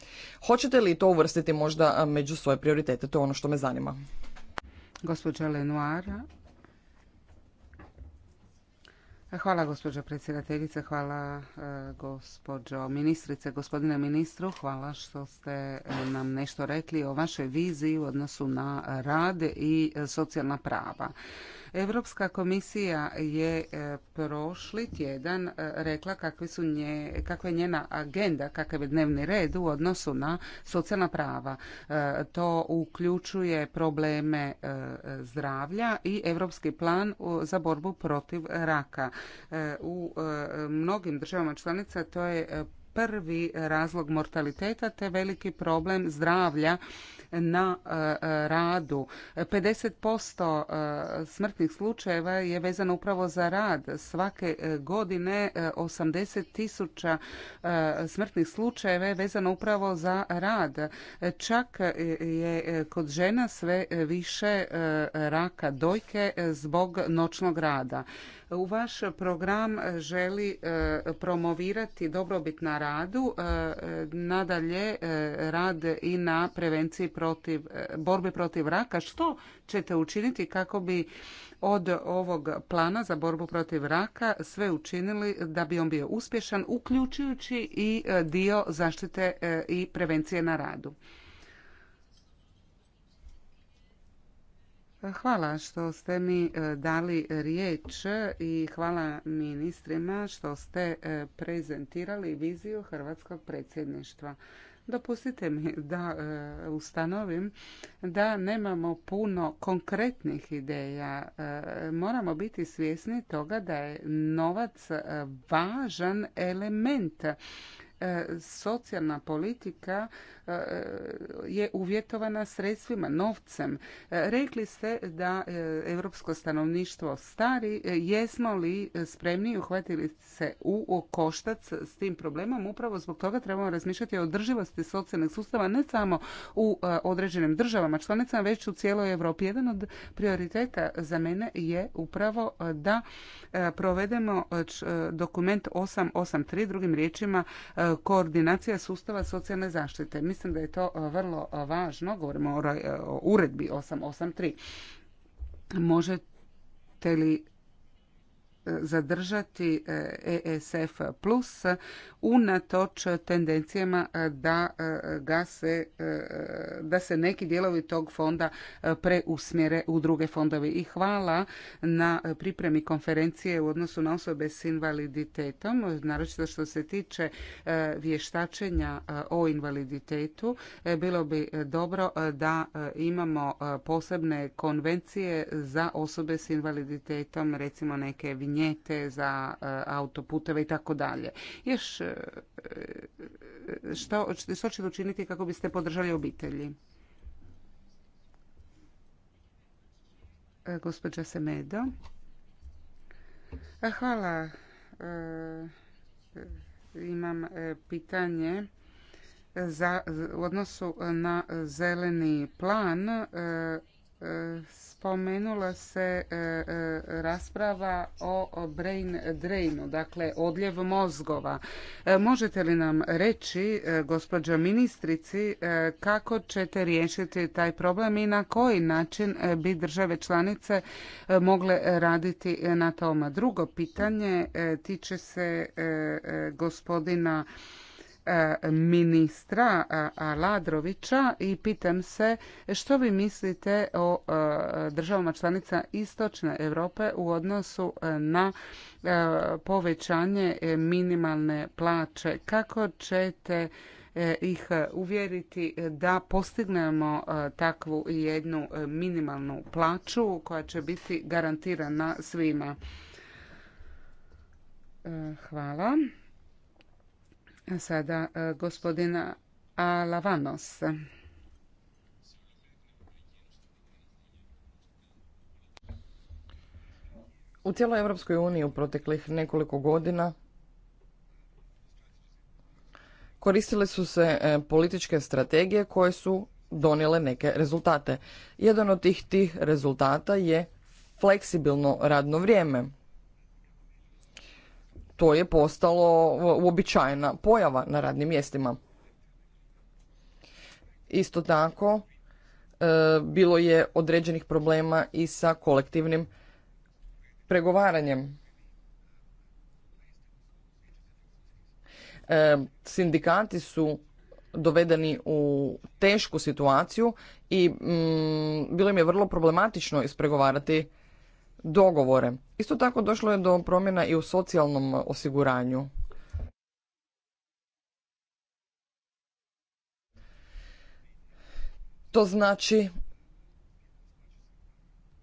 Hoćete li to uvrstiti možda među svoje prioritete? To je ono što me zanima. Gospođa Lenoir, Hvala gospođo predsjedateljice, hvala e, gospođo ministrice, gospodine ministru, hvala što ste e, nam nešto rekli o vašoj viziji u odnosu na rad i e, socijalna prava. Europska komisija je e, prošli tjedan e, rekla kakvi su nje, kakva je njena agenda, kakav je dnevni red u odnosu na socijalna prava. E, to uključuje probleme zdravlja i Europski plan za borbu protiv raka. U mnogim državama članica to je prvi razlog mortaliteta te veliki problem zdravlja na e, e, radu. 50% e, smrtnih slučajeva je vezano upravo za rad. Svake godine 80 tisuća smrtnih slučajeva je vezano upravo za rad. Čak je kod žena sve više raka dojke zbog noćnog rada. U vaš program želi e, promovirati dobrobit na radu, e, nadalje e, rad i na prevenciji protiv, borbi protiv raka. Što ćete učiniti kako bi od ovog plana za borbu protiv raka sve učinili da bi on bio uspješan, uključujući i dio zaštite i prevencije na radu? Hvala što ste mi e, dali riječ i hvala ministrima što ste e, prezentirali viziju Hrvatskog predsjedništva. Dopustite mi da e, ustanovim da nemamo puno konkretnih ideja. Moramo biti svjesni toga da je novac važan element socijalna politika E, je uvjetovana sredstvima, novcem. E, rekli ste da e, europsko stanovništvo stari, jesmo li spremni uhvatili se u koštac s tim problemom? Upravo zbog toga trebamo razmišljati o održivosti socijalnih sustava ne samo u određenim državama članicama, već u cijeloj Europi. Jedan od prioriteta za mene je upravo da provedemo dokument 883, drugim riječima koordinacija sustava socijalne zaštite. Mislim mislim da je to e, vrlo e, važno. Govorimo o e, uredbi 883. Možete li zadržati ESF e plus unatoč tendencijama e, da e, ga se, da se neki dijelovi tog fonda preusmjere u druge fondove. I hvala na pripremi konferencije u odnosu na osobe s invaliditetom, naročito što se tiče vještačenja o invaliditetu. Bilo bi dobro da imamo posebne konvencije za osobe s invaliditetom, recimo neke vinjete za e, autoputeve i tako dalje. Još e, što, što ćete učiniti kako biste podržali obitelji? E, gospođa Semedo. Hvala. Imam pitanje za, u odnosu na zeleni plan spomenula se e, e, rasprava o brain drainu, dakle odljev mozgova. E, možete li nam reći, gospođo ministrici, kako ćete riješiti taj problem i na koji način bi države članice mogle raditi na tome? Drugo pitanje tiče se gospodina E, ministra e, Aladrovića i pitam se što vi mislite o e, državama članica Istočne Europe u odnosu na povećanje minimalne plaće. Kako ćete ih uvjeriti da postignemo takvu jednu minimalnu plaću koja će biti garantirana svima. Hvala. Sada e, gospodina Alavanos. U cijeloj Europskoj uniji u proteklih nekoliko godina koristile su se e, političke strategije koje su donijele neke rezultate. Jedan od tih tih rezultata je fleksibilno radno vrijeme to je postalo e, uobičajena pojava na radnim mjestima. Isto tako, e, bilo je određenih problema i sa kolektivnim pregovaranjem. E, sindikati su dovedeni u tešku situaciju i mm, bilo im je vrlo problematično ispregovarati dogovore. Isto tako došlo je do promjena i u socijalnom osiguranju. To znači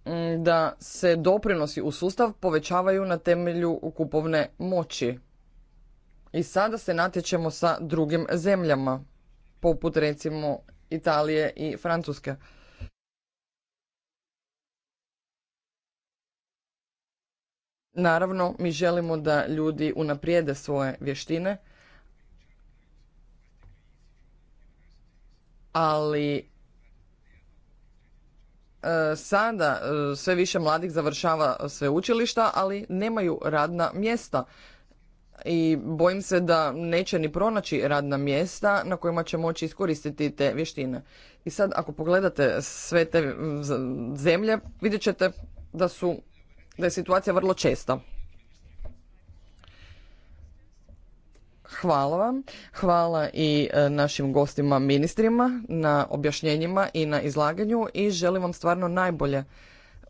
mm, da se doprinosi u sustav povećavaju na temelju kupovne moći. I sada se natječemo sa drugim zemljama, poput recimo Italije i Francuske. Naravno, mi želimo da ljudi unaprijede svoje vještine, ali e, sada e, sve više mladih završava sve učilišta, ali nemaju radna mjesta. I bojim se da neće ni pronaći radna mjesta na kojima će moći iskoristiti te vještine. I sad ako pogledate sve te zemlje, vidjet ćete da su da je situacija vrlo česta. Hvala vam. Hvala i e, našim gostima ministrima na objašnjenjima i na izlaganju i želim vam stvarno najbolje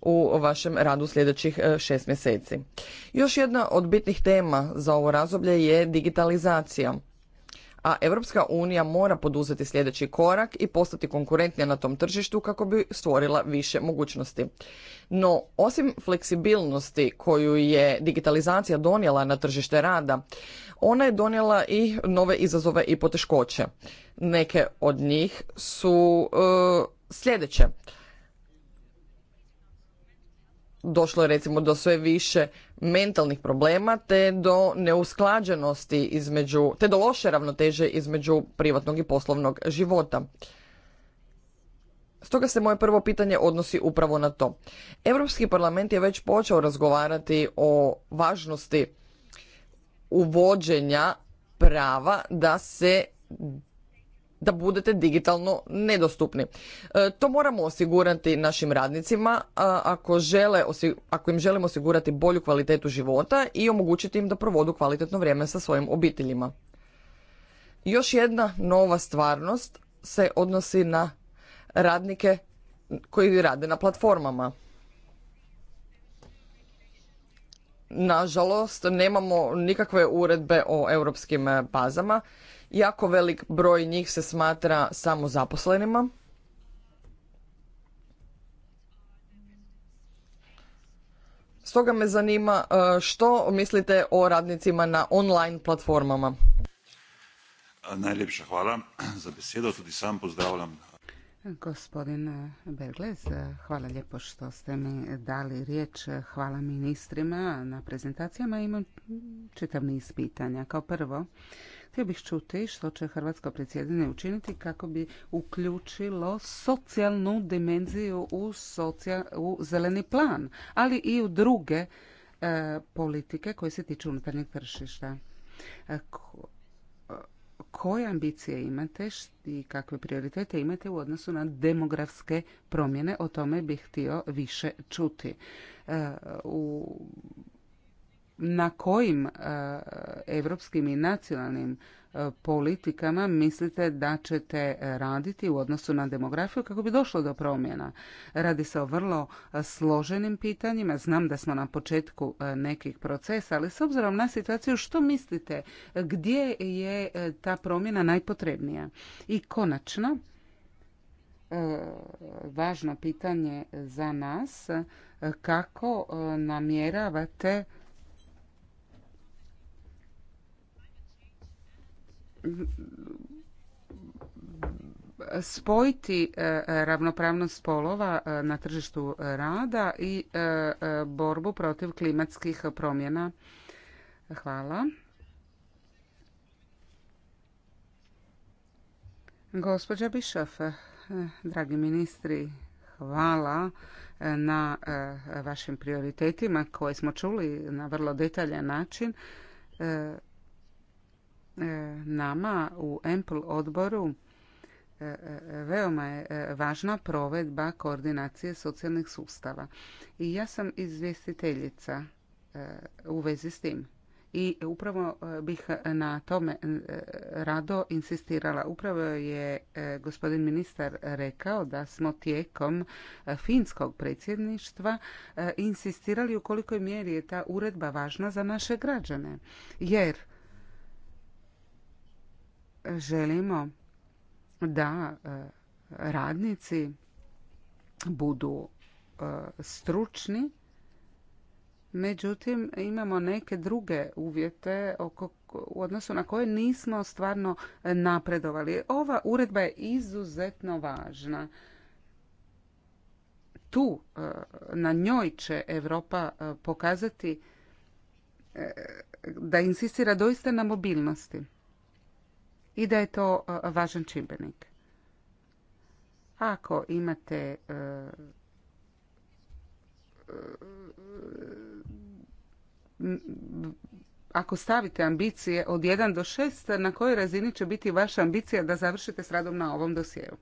u vašem radu sljedećih e, šest mjeseci. Još jedna od bitnih tema za ovo razoblje je digitalizacija a Europska unija mora poduzeti sljedeći korak i postati konkurentnija na tom tržištu kako bi stvorila više mogućnosti. No, osim fleksibilnosti koju je digitalizacija donijela na tržište rada, ona je donijela i nove izazove i poteškoće. Neke od njih su e, sljedeće došlo je recimo do sve više mentalnih problema te do neusklađenosti između, te do loše ravnoteže između privatnog i poslovnog života. Stoga se moje prvo pitanje odnosi upravo na to. Europski parlament je već počeo razgovarati o važnosti uvođenja prava da se da budete digitalno nedostupni. E, to moramo osigurati našim radnicima ako, žele, ako im želimo osigurati bolju kvalitetu života i omogućiti im da provodu kvalitetno vrijeme sa svojim obiteljima. Još jedna nova stvarnost se odnosi na radnike koji rade na platformama. Nažalost, nemamo nikakve uredbe o europskim bazama Jako velik broj njih se smatra samozaposlenima. Stoga me zanima e, što mislite o radnicima na online platformama. Najljepša hvala za besedo, tudi sam pozdravljam. Gospodin Berglez, hvala lijepo što ste mi dali riječ. Hvala ministrima na prezentacijama. Imam čitav niz pitanja. Kao prvo, Htio bih čuti što će Hrvatsko predsjedanje učiniti kako bi uključilo socijalnu dimenziju u, zeleni plan, ali i u druge e, politike koje se tiču unutarnjeg tržišta. E, e, koje ambicije imate i kakve prioritete imate u odnosu na demografske promjene? O tome bih htio više čuti. U na kojim europskim i nacionalnim e, politikama mislite da ćete raditi u odnosu na demografiju kako bi došlo do promjena. Radi se o vrlo e, složenim pitanjima. Znam da smo na početku e, nekih procesa, ali s obzirom na situaciju što mislite gdje je ta promjena najpotrebnija? I konačno, važno pitanje za nas, kako namjeravate spojiti e, ravnopravnost spolova e, na tržištu rada i e, borbu protiv klimatskih promjena. Hvala. Gospođa Bišov, dragi ministri, hvala na vašim prioritetima koje smo čuli na vrlo detaljan način. E, nama u EMPL odboru e, e, veoma je važna provedba koordinacije socijalnih sustava. I ja sam izvjestiteljica u vezi s tim. I upravo bih na tome rado insistirala. Upravo je gospodin ministar rekao da smo tijekom finskog predsjedništva insistirali u kolikoj mjeri je ta uredba važna za naše građane. Jer želimo da e, radnici budu e, stručni, međutim imamo neke druge uvjete oko, u odnosu na koje nismo stvarno napredovali. Ova uredba je izuzetno važna. Tu e, na njoj će Europa pokazati da insistira doista na mobilnosti i da je to e, važan čimbenik. Ako imate e, e, ako stavite ambicije od 1 do 6, na kojoj razini će biti vaša ambicija da završite s radom na ovom dosjeu?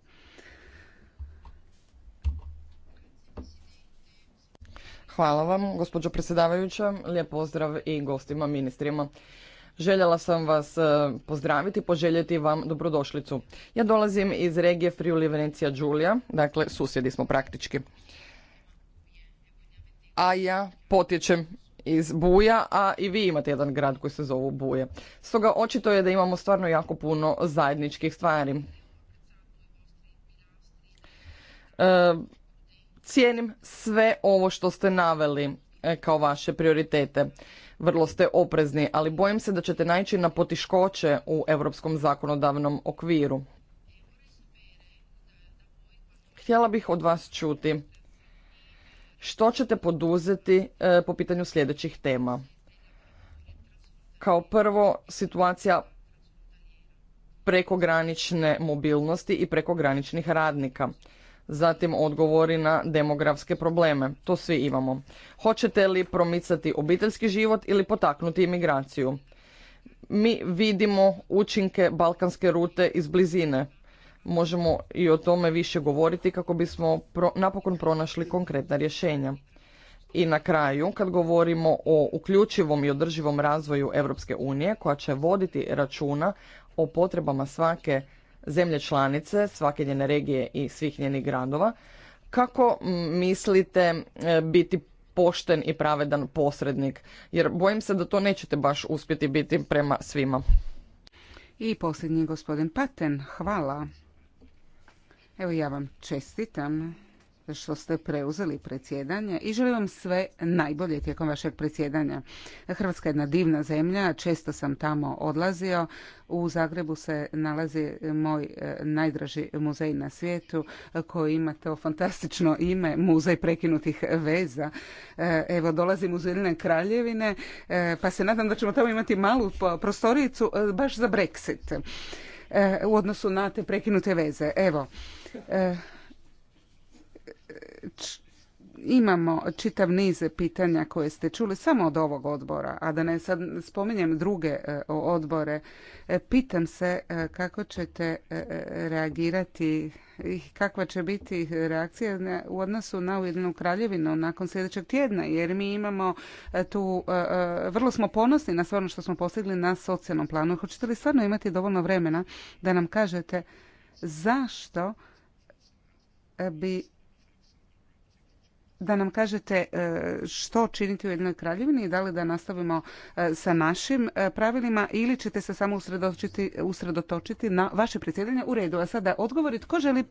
Hvala vam, gospođo predsjedavajuća. Lijep pozdrav i gostima, ministrima. Željela sam vas e, pozdraviti, poželjeti vam dobrodošlicu. Ja dolazim iz regije Friuli Venecija Đulija, dakle susjedi smo praktički. A ja potječem iz Buja, a i vi imate jedan grad koji se zovu Buje. Stoga očito je da imamo stvarno jako puno zajedničkih stvari. E, cijenim sve ovo što ste naveli e, kao vaše prioritete vrlo ste oprezni, ali bojim se da ćete naići na potiškoće u europskom zakonodavnom okviru. Htjela bih od vas čuti što ćete poduzeti e, po pitanju sljedećih tema. Kao prvo, situacija prekogranične mobilnosti i prekograničnih radnika zatim odgovori na demografske probleme. To svi imamo. Hoćete li promicati obiteljski život ili potaknuti imigraciju? Mi vidimo učinke balkanske rute iz blizine. Možemo i o tome više govoriti kako bismo napokon pronašli konkretna rješenja. I na kraju, kad govorimo o uključivom i održivom razvoju Europske unije koja će voditi računa o potrebama svake zemlje članice, svake njene regije i svih njenih gradova. Kako mislite e, biti pošten i pravedan posrednik? Jer bojim se da to nećete baš uspjeti biti prema svima. I posljednji gospodin Paten, hvala. Evo ja vam čestitam što ste preuzeli predsjedanje i želim vam sve najbolje tijekom vašeg predsjedanja. Hrvatska je jedna divna zemlja, često sam tamo odlazio. U Zagrebu se nalazi moj e, najdraži muzej na svijetu koji ima to fantastično ime, muzej prekinutih veza. E, evo, dolazim u Zirine kraljevine e, pa se nadam da ćemo tamo imati malu prostoricu baš za Brexit u odnosu na te prekinute veze. Evo, imamo čitav niz pitanja koje ste čuli samo od ovog odbora, a da ne sad spominjem druge e, odbore. E, pitam se e, kako ćete reagirati i kakva će biti reakcija u odnosu na Ujedinu kraljevinu nakon sljedećeg tjedna, jer mi imamo tu, vrlo smo ponosni na sve ono što smo postigli na socijalnom planu. Hoćete li stvarno imati dovoljno vremena da nam kažete zašto bi da nam kažete e, što činiti u jednoj kraljevini i da li da nastavimo e, sa našim e, pravilima ili ćete se samo usredotočiti, usredotočiti na vaše predsjedanje u redu. A sada odgovori, tko želi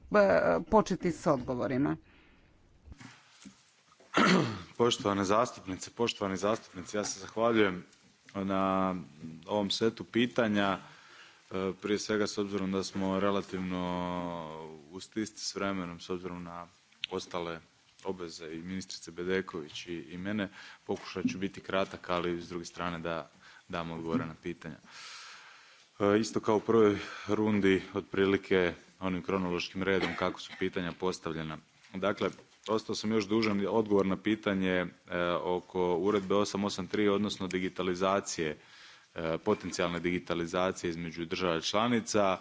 početi s odgovorima? <clears throat> Poštovane zastupnice, poštovani zastupnici, ja se zahvaljujem na ovom setu pitanja. Prije svega s obzirom da smo relativno u stisti s vremenom, s obzirom na ostale obveze i ministrice Bedeković i, mene. Pokušat ću biti kratak, ali s druge strane da dam odgovore na pitanja. E, isto kao u prvoj rundi, otprilike onim kronološkim redom kako su pitanja postavljena. Dakle, ostao sam još dužan odgovor na pitanje e, oko uredbe 883, odnosno digitalizacije, e, potencijalne digitalizacije između država članica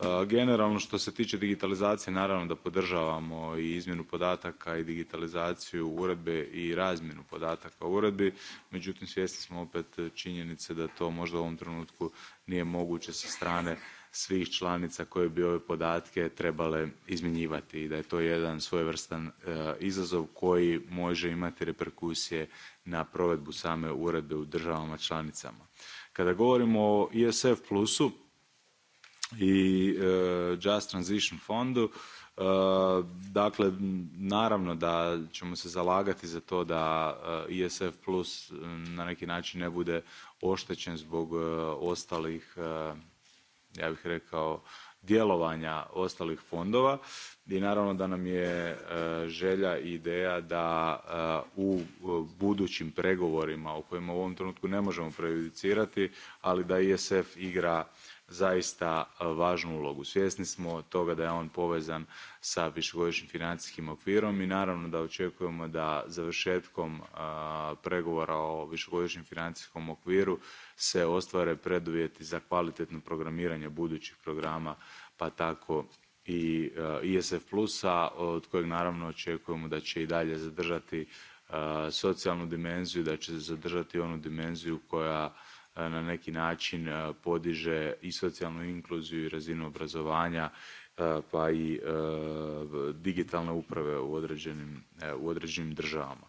E, generalno što se tiče digitalizacije naravno da podržavamo i izmjenu podataka i digitalizaciju uredbe i razmjenu podataka u uredbi, međutim svjesni smo opet činjenice da to možda u ovom trenutku nije moguće sa strane svih članica koje bi ove podatke trebale izmjenjivati i da je to jedan svojevrstan e, izazov koji može imati reperkusije na provedbu same uredbe u državama članicama. Kada govorimo o ISF+, plusu i e, Just Transition fondu. E, dakle, naravno da ćemo se zalagati za to da ISF e, plus na neki način ne bude oštećen zbog ostalih, ja bih rekao, djelovanja ostalih fondova i naravno da nam je želja i ideja da u budućim pregovorima o kojima u ovom trenutku ne možemo prejudicirati, ali da ISF igra zaista e, važnu ulogu. Svjesni smo toga da je on povezan sa višegodišnjim financijskim okvirom i naravno da očekujemo da završetkom e, pregovora o višegodišnjem financijskom okviru se ostvare preduvjeti za kvalitetno programiranje budućih programa pa tako i e, ISF plusa od kojeg naravno očekujemo da će i dalje zadržati socijalnu dimenziju, da će zadržati onu dimenziju koja Eh, na neki način eh, podiže i socijalnu inkluziju i razinu obrazovanja eh, pa i digitalne uprave u određenim, u državama.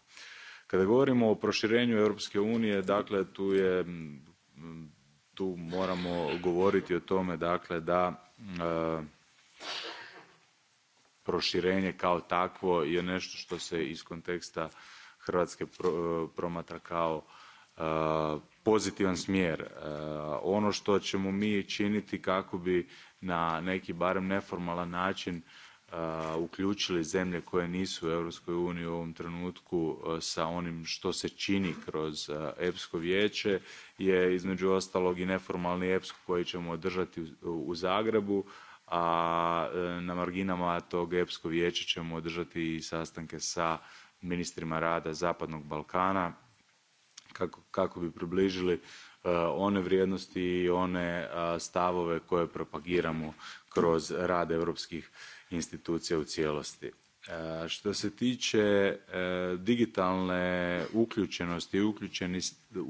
Kada govorimo o proširenju Europske unije, dakle tu je mm, tu moramo govoriti o tome dakle da proširenje kao takvo je nešto što se iz konteksta Hrvatske promatra kao pozitivan smjer. E, ono što ćemo mi činiti kako bi na neki barem neformalan način e, uključili zemlje koje nisu u Europskoj uniji u ovom trenutku e, sa onim što se čini kroz EPSKO vijeće je između ostalog i neformalni EPSKO koji ćemo održati u Zagrebu, a na marginama tog EPSKO vijeća ćemo održati i sastanke sa ministrima rada Zapadnog Balkana kako, kako bi približili eh, one vrijednosti i one eh, stavove koje propagiramo kroz rad europskih institucija u cijelosti. Eh, što se tiče digitalne uključenosti i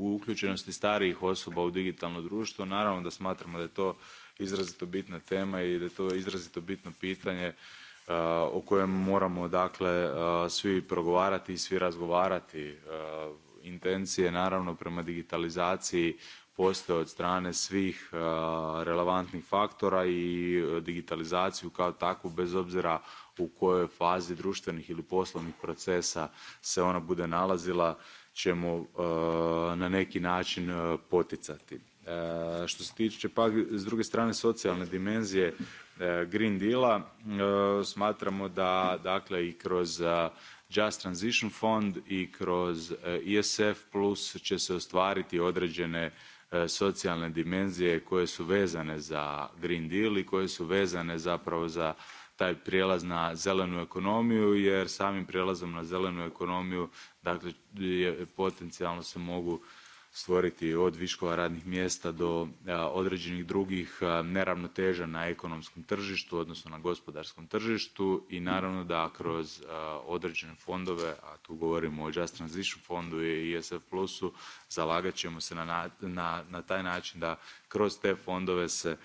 uključenosti starijih osoba u digitalno društvo, naravno da smatramo da je to izrazito bitna tema i da je to izrazito bitno pitanje o kojem moramo dakle svi progovarati i svi razgovarati intencije naravno prema digitalizaciji postoje od strane svih eh, relevantnih faktora i eh, digitalizaciju kao takvu bez obzira u kojoj fazi društvenih ili poslovnih procesa se ona bude nalazila ćemo eh, na neki način poticati. Što se tiče pak s druge strane socijalne dimenzije E, Green Deala. E, smatramo da dakle i kroz e, Just Transition Fond i kroz ISF Plus će se ostvariti određene socijalne dimenzije koje su vezane za Green Deal i koje su vezane zapravo za taj prijelaz na zelenu ekonomiju jer samim prijelazom na zelenu ekonomiju dakle potencijalno se mogu stvoriti od viškova radnih mjesta do određenih drugih neravnoteža na ekonomskom tržištu, odnosno na gospodarskom tržištu i naravno da kroz određene fondove, a tu govorimo o Just Transition fondu i ESF plusu, zalagat ćemo se na, na taj način da kroz te fondove se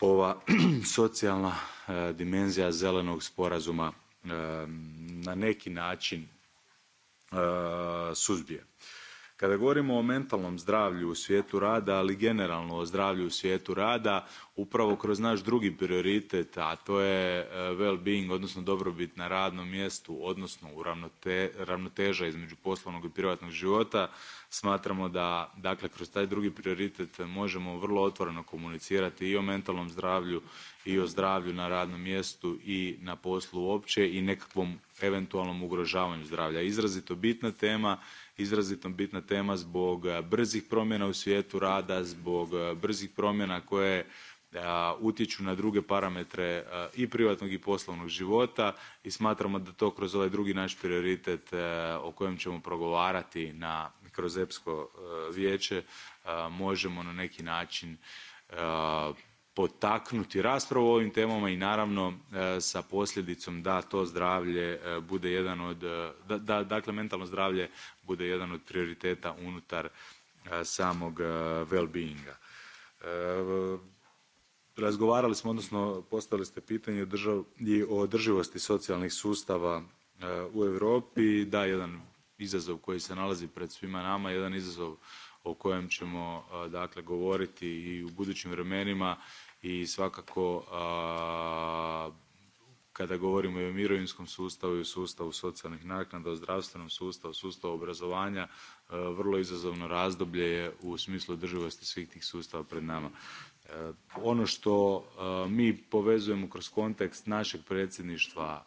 ova <clears throat> socijalna dimenzija zelenog sporazuma na neki način suzbije. Kada govorimo o mentalnom zdravlju u svijetu rada, ali generalno o zdravlju u svijetu rada, upravo kroz naš drugi prioritet, a to je e, well-being, odnosno dobrobit na radnom mjestu, odnosno ravnoteža između poslovnog i privatnog života, smatramo da dakle kroz taj drugi prioritet možemo vrlo otvoreno komunicirati i o mentalnom zdravlju i o zdravlju na radnom mjestu i na poslu uopće i nekakvom eventualnom ugrožavanju zdravlja. Izrazito bitna tema izrazito bitna tema zbog e, brzih promjena u svijetu rada, zbog e, brzih promjena koje e, utječu na druge parametre i privatnog i poslovnog života i smatramo da to kroz ovaj drugi naš prioritet o kojem ćemo progovarati na, kroz EPsko vijeće možemo na neki način potaknuti raspravu o ovim temama i naravno e, sa posljedicom da to zdravlje e, bude jedan od, e, da, dakle mentalno zdravlje bude jedan od prioriteta unutar samog well-beinga. Razgovarali smo, odnosno postavili ste pitanje i o održivosti socijalnih sustava u Europi. Da, jedan izazov koji se nalazi pred svima nama, jedan izazov o kojem ćemo dakle govoriti i u budućim vremenima i svakako kada govorimo i o mirovinskom sustavu i o sustavu socijalnih naknada, o zdravstvenom sustavu, sustavu obrazovanja, vrlo izazovno razdoblje je u smislu održivosti svih tih sustava pred nama. Ono što mi povezujemo kroz kontekst našeg predsjedništva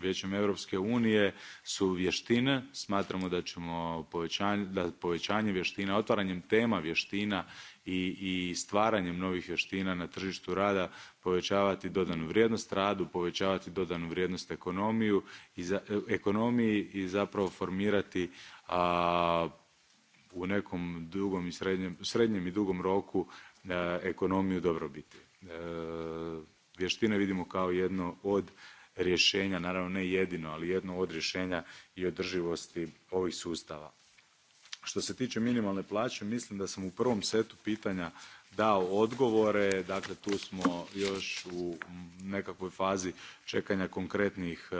Vijećem Europske unije su vještine. Smatramo da ćemo povećanje, da povećanje vještina, otvaranjem tema vještina i, stvaranjem novih vještina na tržištu rada povećavati dodanu vrijednost radu, povećavati dodanu vrijednost ekonomiju i ekonomiji i zapravo formirati u nekom i srednjem, i dugom roku e, ekonomiju dobrobiti. E, vještine vidimo kao jedno od rješenja, naravno ne jedino, ali jedno od rješenja i održivosti ovih sustava. Što se tiče minimalne plaće, mislim da sam u prvom setu pitanja dao odgovore, dakle tu smo još u nekakvoj fazi čekanja konkretnih e,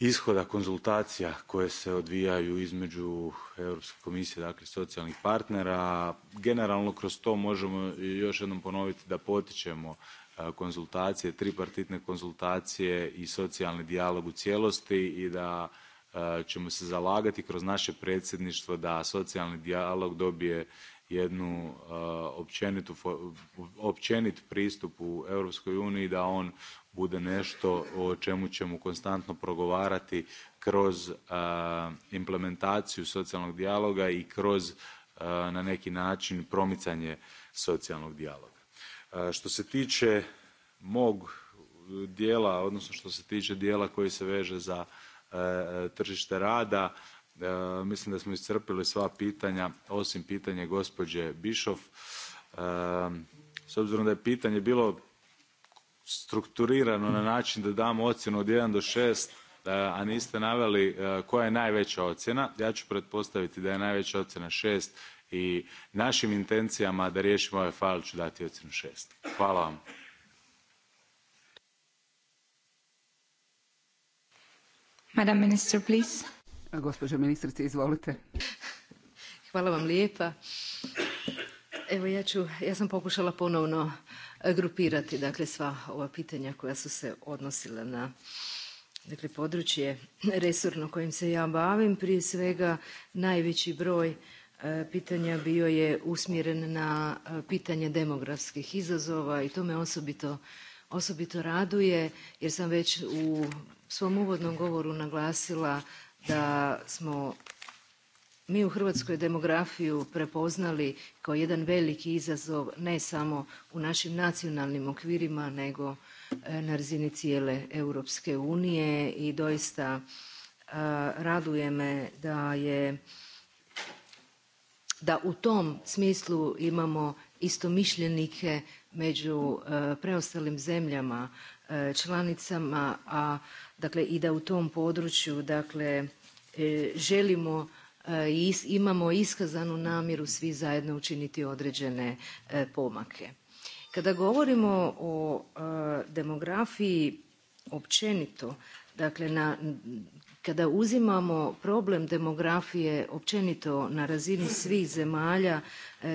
ishoda konzultacija koje se odvijaju između Europske komisije, dakle socijalnih partnera. Generalno kroz to možemo još jednom ponoviti da potičemo konzultacije, tripartitne konzultacije i socijalni dijalog u cijelosti i da ćemo se zalagati kroz naše predsjedništvo da socijalni dijalog dobije jednu općenitu, općenit pristup u Europskoj uniji da on bude nešto o čemu ćemo konstantno progovarati kroz implementaciju socijalnog dijaloga i kroz na neki način promicanje socijalnog dijaloga. Što se tiče mog dijela, odnosno što se tiče dijela koji se veže za e, tržište rada, e, mislim da smo iscrpili sva pitanja, osim pitanje gospođe Bišov. E, s obzirom da je pitanje bilo strukturirano na način da damo ocjenu od 1 do 6, a niste naveli koja je najveća ocjena, ja ću pretpostaviti da je najveća ocjena 6 i našim intencijama da riješimo ovaj fail ću dati ocjenu šest. Hvala vam. Madam Minister, please. Gospođo ministrice, izvolite. Hvala vam lijepa. Evo ja ću, ja sam pokušala ponovno e, grupirati dakle sva ova pitanja koja su se odnosila na dakle područje resorno kojim se ja bavim, prije svega najveći broj E, pitanja bio je usmjeren na e, pitanje demografskih izazova i to me osobito, raduje jer sam već u svom uvodnom govoru naglasila da smo mi u Hrvatskoj demografiju prepoznali kao jedan veliki izazov ne samo u našim nacionalnim okvirima nego e, na razini cijele Europske unije i doista raduje me da je da u tom smislu imamo istomišljenike među e, preostalim zemljama e, članicama, a dakle i da u tom području dakle e, želimo i imamo iskazanu namjeru svi zajedno učiniti određene pomake. Kada govorimo o demografiji općenito, dakle na kada uzimamo problem demografije općenito na razini svih zemalja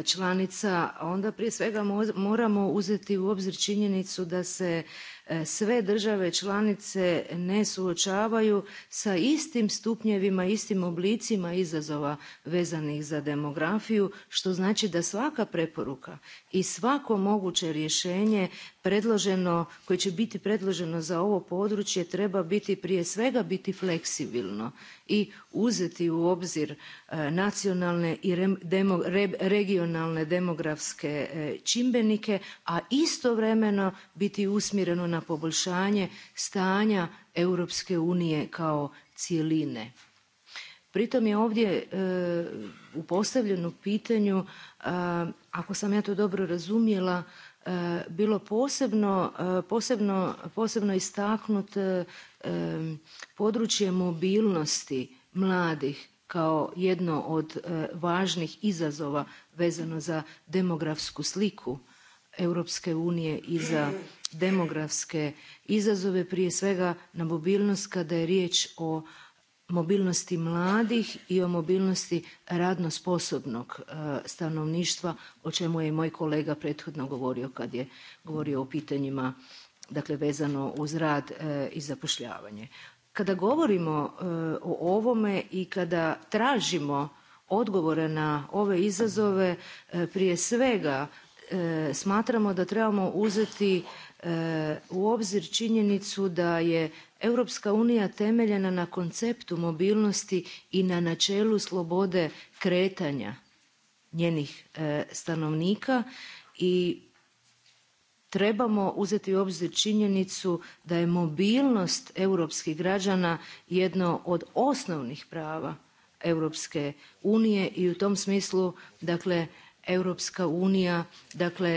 članica onda prije svega moramo uzeti u obzir činjenicu da se e, sve države članice ne suočavaju sa istim stupnjevima istim oblicima izazova vezanih za demografiju što znači da svaka preporuka i svako moguće rješenje predloženo koje će biti predloženo za ovo područje treba biti prije svega biti fleksibilno i uzeti u obzir e, nacionalne i regionalne regionalne demografske e, čimbenike a istovremeno biti usmjereno na poboljšanje stanja europske unije kao cjeline pritom je ovdje e, u postavljenom pitanju e, ako sam ja to dobro razumjela bilo posebno, posebno istaknut područje mobilnosti mladih kao jedno od e, važnih izazova vezano za demografsku sliku Europske unije i za demografske izazove, prije svega na mobilnost kada je riječ o mobilnosti mladih i o mobilnosti radno sposobnog e, stanovništva o čemu je i moj kolega prethodno govorio kad je govorio o pitanjima dakle vezano uz rad e, i zapošljavanje kada govorimo e, o ovome i kada tražimo odgovore na ove izazove e, prije svega e, smatramo da trebamo uzeti u obzir činjenicu da je Europska unija temeljena na konceptu mobilnosti i na načelu slobode kretanja njenih stanovnika i trebamo uzeti u obzir činjenicu da je mobilnost europskih građana jedno od osnovnih prava Europske unije i u tom smislu dakle Europska unija dakle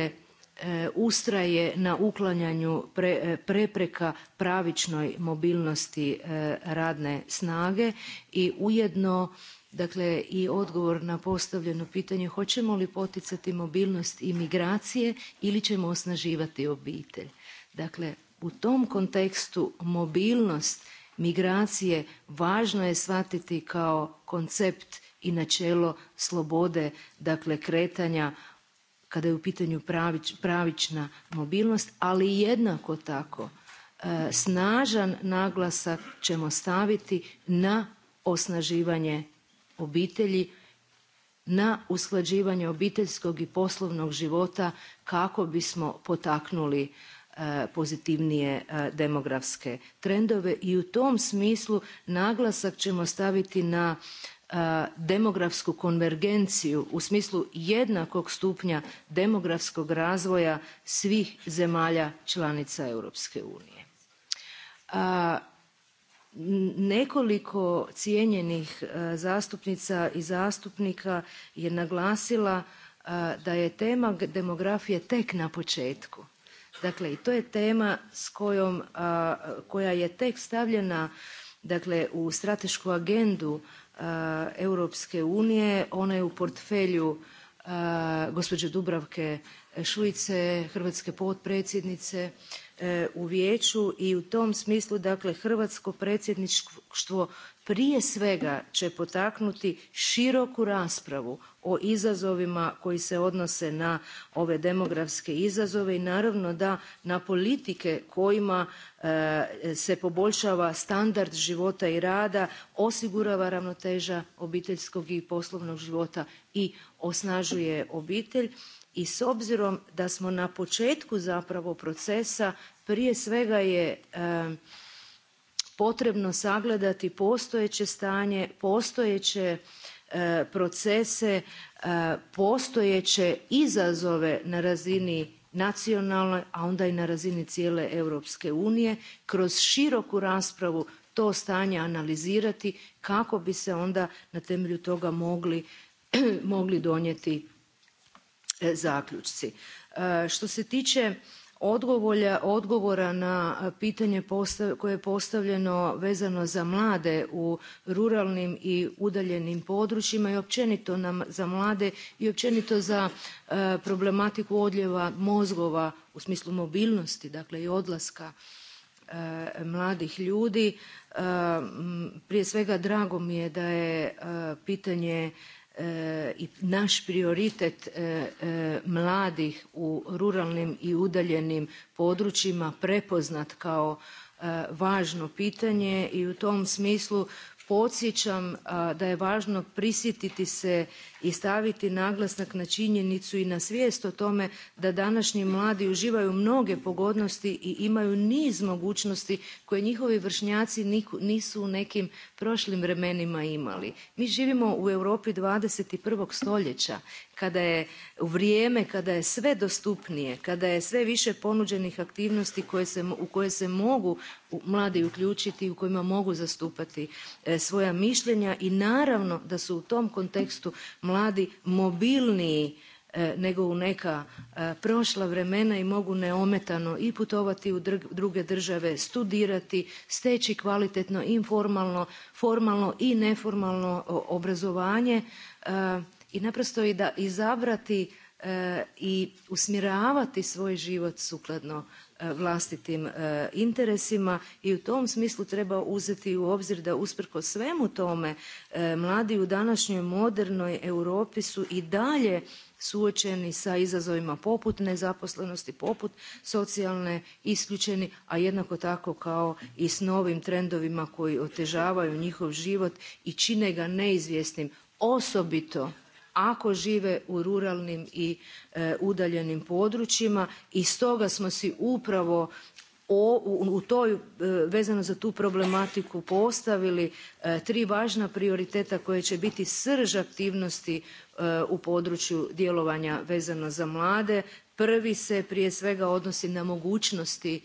e, ustraje na uklanjanju e, prepreka pravičnoj mobilnosti e, radne snage i ujedno dakle i odgovor na postavljeno pitanje hoćemo li poticati mobilnost i migracije ili ćemo osnaživati obitelj. Dakle, u tom kontekstu mobilnost migracije važno je shvatiti kao koncept i načelo slobode dakle kretanja kada je u pitanju pravična mobilnost, ali jednako tako e, snažan naglasak ćemo staviti na osnaživanje obitelji na usklađivanje obiteljskog i poslovnog života kako bismo potaknuli e, pozitivnije e, demografske trendove i u tom smislu naglasak ćemo staviti na e, demografsku konvergenciju u smislu jednakog stupnja demografskog razvoja svih zemalja članica Europske unije nekoliko cijenjenih e, zastupnica i zastupnika je naglasila e, da je tema demografije tek na početku. Dakle, i to je tema s kojom, e, koja je tek stavljena dakle, u stratešku agendu Europske unije. Ona je u portfelju Eh, gospođe Dubravke Šuice, hrvatske potpredsjednice eh, u Vijeću i u tom smislu dakle hrvatsko predsjedništvo prije svega će potaknuti široku raspravu o izazovima koji se odnose na ove demografske izazove i naravno da na politike kojima e, se poboljšava standard života i rada osigurava ravnoteža obiteljskog i poslovnog života i osnažuje obitelj i s obzirom da smo na početku zapravo procesa prije svega je e, potrebno sagledati postojeće stanje, postojeće e, procese, e, postojeće izazove na razini nacionalnoj, a onda i na razini cijele Europske unije, kroz široku raspravu to stanje analizirati kako bi se onda na temelju toga mogli, <clears throat> donijeti e, zaključci. što se tiče odgovora na pitanje koje je postavljeno vezano za mlade u ruralnim i udaljenim područjima i općenito za mlade i općenito za problematiku odljeva mozgova u smislu mobilnosti dakle i odlaska mladih ljudi. Prije svega drago mi je da je pitanje Eh, i naš prioritet eh, eh, mladih u ruralnim i udaljenim područjima prepoznat kao važno pitanje i u tom smislu podsjećam da je važno prisjetiti se i staviti naglasak na činjenicu i na svijest o tome da današnji mladi uživaju mnoge pogodnosti i imaju niz mogućnosti koje njihovi vršnjaci nisu u nekim prošlim vremenima imali. Mi živimo u Europi 21. stoljeća kada je vrijeme kada je sve dostupnije, kada je sve više ponuđenih aktivnosti u koje se mogu mladi uključiti i u kojima mogu zastupati e, svoja mišljenja i naravno da su u tom kontekstu mladi mobilniji e, nego u neka e, prošla vremena i mogu neometano i putovati u druge države, studirati, steći kvalitetno informalno, formalno, i neformalno obrazovanje e, i naprosto i da izabrati i usmjeravati svoj život sukladno E, vlastitim e, interesima i u tom smislu treba uzeti u obzir da usprkos svemu tome e, mladi u današnjoj modernoj Europi su i dalje suočeni sa izazovima poput nezaposlenosti, poput socijalne isključeni, a jednako tako kao i s novim trendovima koji otežavaju njihov život i čine ga neizvjesnim osobito ako žive u ruralnim i e, udaljenim područjima i stoga smo si upravo u, toj, e, vezano za tu problematiku postavili e, tri važna prioriteta koje će biti srž aktivnosti u području djelovanja vezano za mlade. Prvi se prije svega odnosi na mogućnosti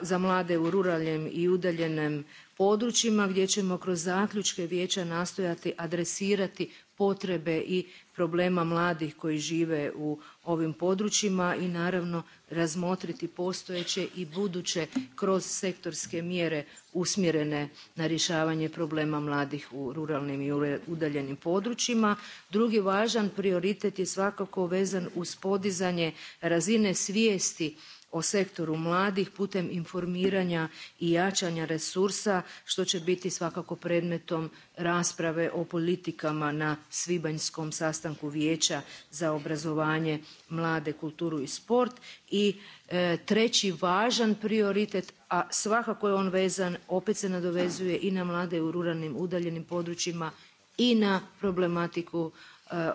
za mlade u ruralnim i udaljenim područjima gdje ćemo kroz zaključke vijeća nastojati adresirati potrebe i problema mladih koji žive u ovim područjima i naravno razmotriti postojeće i buduće kroz sektorske mjere usmjerene na rješavanje problema mladih u ruralnim i udaljenim područjima. Drugi važan prioritet je svakako vezan uz podizanje razine svijesti o sektoru mladih putem informiranja i jačanja resursa što će biti svakako predmetom rasprave o politikama na svibanjskom sastanku Vijeća za obrazovanje, mlade, kulturu i sport. I e, treći važan prioritet, a svakako je on vezan opet se nadovezuje i na mlade u ruralnim udaljenim područjima i na problematiku Eh,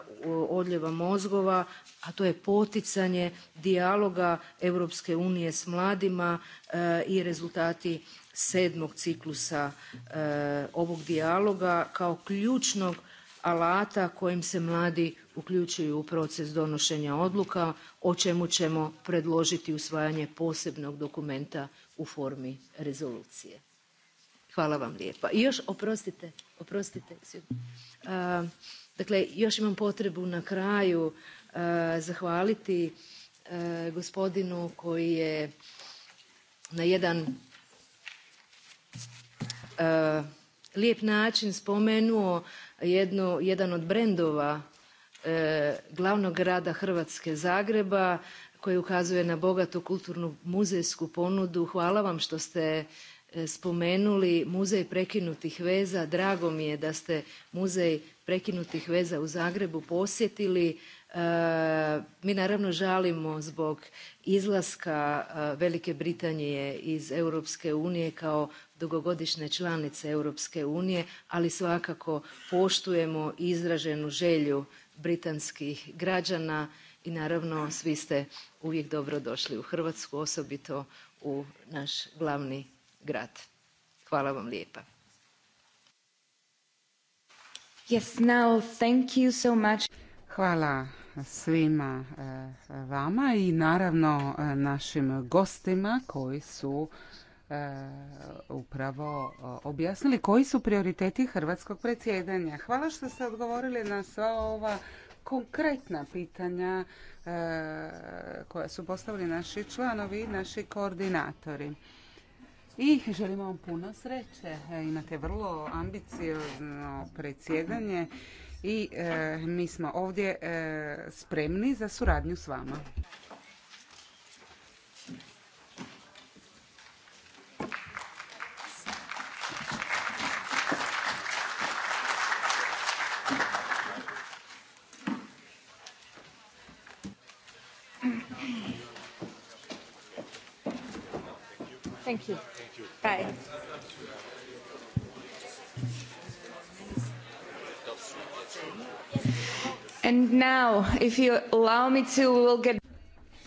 odljeva mozgova, a to je poticanje dijaloga Europske unije s mladima eh, i rezultati sedmog ciklusa eh, ovog dijaloga kao ključnog alata kojim se mladi uključuju u proces donošenja odluka o čemu ćemo predložiti usvajanje posebnog dokumenta u formi rezolucije. Hvala vam lijepa. I još oprostite, oprostite. Dakle, još imam potrebu na kraju eh, zahvaliti eh, gospodinu koji je na jedan eh, lijep način spomenuo jedan od brendova glavnog grada Hrvatske Zagreba koji ukazuje na bogatu kulturnu muzejsku ponudu. Hvala vam što ste E, spomenuli muzej prekinutih veza drago mi je da ste muzej prekinutih veza u zagrebu posjetili e, mi naravno žalimo zbog izlaska e, velike britanije iz europske unije kao dugogodišnje članice europske unije ali svakako poštujemo izraženu želju britanskih građana i naravno svi ste uvijek došli u hrvatsku osobito u naš glavni grad. Hvala vam lijepa. Yes, now, thank you Hvala svima eh, vama i naravno eh, našim gostima koji su eh, upravo objasnili koji su prioriteti hrvatskog predsjedanja. Hvala što ste odgovorili na sva ova konkretna pitanja koja su postavili naši članovi i naši koordinatori. I želim vam puno sreće. E, imate vrlo ambiciozno predsjedanje i e, mi smo ovdje e, spremni za suradnju s vama.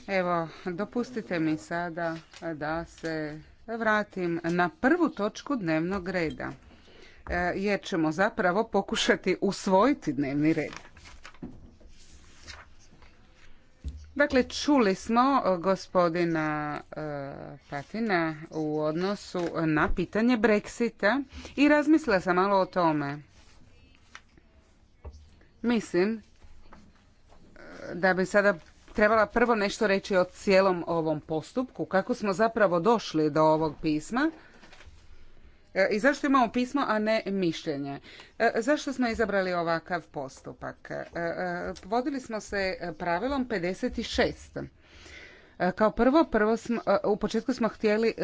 Evo, dopustite mi sada da se vratim na prvu točku dnevnog reda, e, jer ćemo zapravo pokušati usvojiti dnevni red. Dakle, čuli smo eh, gospodina eh, Patina u odnosu na pitanje Brexita i razmislila sam malo o tome. Mislim eh, da bi sada trebala prvo nešto reći o cijelom ovom postupku, kako smo zapravo došli do ovog pisma. E, I zašto imamo pismo, a ne mišljenje? E, zašto smo izabrali ovakav postupak? E, vodili smo se pravilom 56. Kao prvo, prvo smo, u početku smo htjeli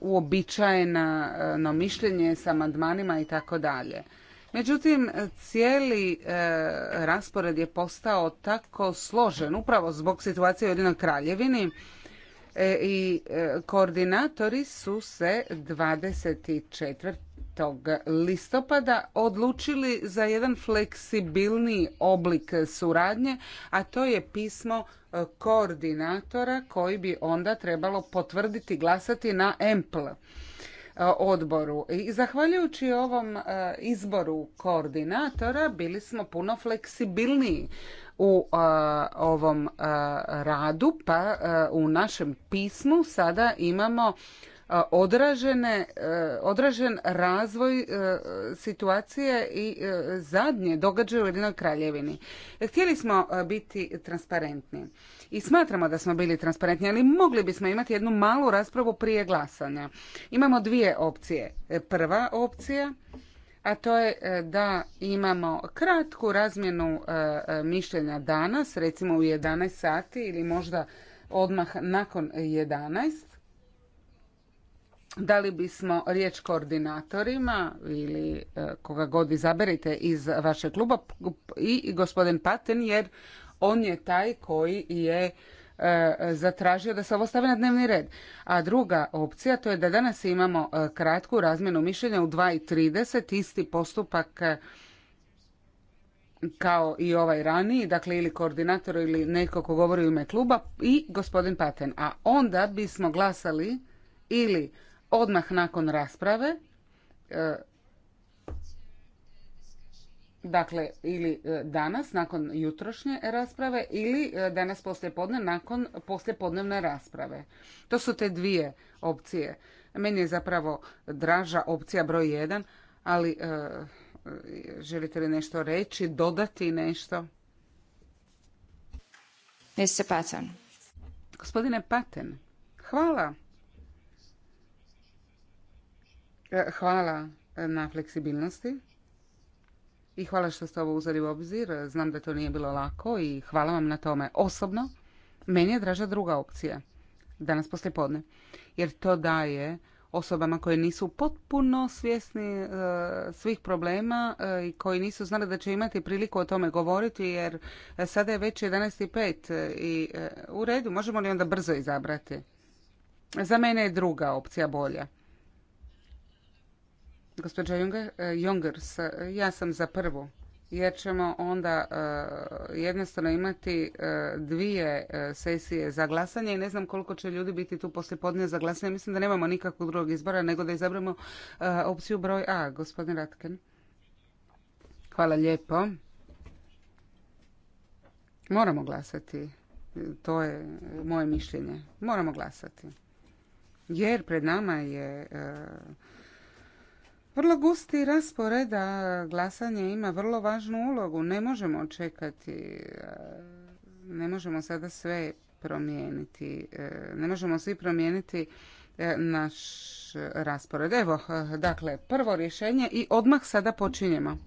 uobičajeno mišljenje sa amandmanima i tako dalje. Međutim, cijeli raspored je postao tako složen upravo zbog situacije u Jedinoj kraljevini E, i e, koordinatori su se 24 listopada odlučili za jedan fleksibilni oblik suradnje, a to je pismo e, koordinatora koji bi onda trebalo potvrditi glasati na EMPL odboru. I zahvaljujući ovom izboru koordinatora bili smo puno fleksibilniji u ovom radu, pa u našem pismu sada imamo odražene, odražen razvoj situacije i zadnje događaje u Jedinoj kraljevini. Htjeli smo biti transparentni i smatramo da smo bili transparentni, ali mogli bismo imati jednu malu raspravu prije glasanja. Imamo dvije opcije. Prva opcija a to je e, da imamo kratku razmjenu e, e, mišljenja danas, recimo u 11 sati ili možda odmah nakon 11. Da li bismo riječ koordinatorima ili koga god izaberite iz vašeg kluba i gospodin Paten jer on je taj koji je E, zatražio da se ovo stavi na dnevni red. A druga opcija to je da danas imamo e, kratku razmjenu mišljenja u 2.30, isti postupak e, kao i ovaj raniji, dakle ili koordinator ili neko ko govori u ime kluba i gospodin Paten. A onda bismo glasali ili odmah nakon rasprave dakle ili e, danas nakon jutrošnje rasprave ili e, danas podne nakon poslijepodnevne rasprave. To su te dvije opcije. Meni je zapravo draža opcija broj jedan, ali e, želite li nešto reći, dodati nešto? Mr. Gospodine Paten, hvala. Hvala na fleksibilnosti i hvala što ste ovo uzeli u obzir. Znam da to nije bilo lako i hvala vam na tome. Osobno, meni je draža druga opcija danas poslije podne. Jer to daje osobama koje nisu potpuno svjesni e, svih problema e, i koji nisu znali da će imati priliku o tome govoriti jer e, sada je već 11.05. i u redu, možemo li onda brzo izabrati? Za mene je druga opcija bolja. Gospođa Jongers, e, ja sam za prvu jer ćemo onda e, jednostavno imati e, dvije sesije za glasanje i ne znam koliko će ljudi biti tu poslije podne za glasanje. Mislim da nemamo nikakvog drugog izbora nego da izabramo opciju broj A. Gospodin Ratken. Hvala lijepo. Moramo glasati. To je moje mišljenje. Moramo glasati. Jer pred nama je vrlo gusti raspored, a glasanje ima vrlo važnu ulogu. Ne možemo čekati, e, ne možemo sada sve promijeniti, e, ne možemo svi promijeniti e, naš raspored. Evo, dakle, prvo rješenje i odmah sada počinjemo.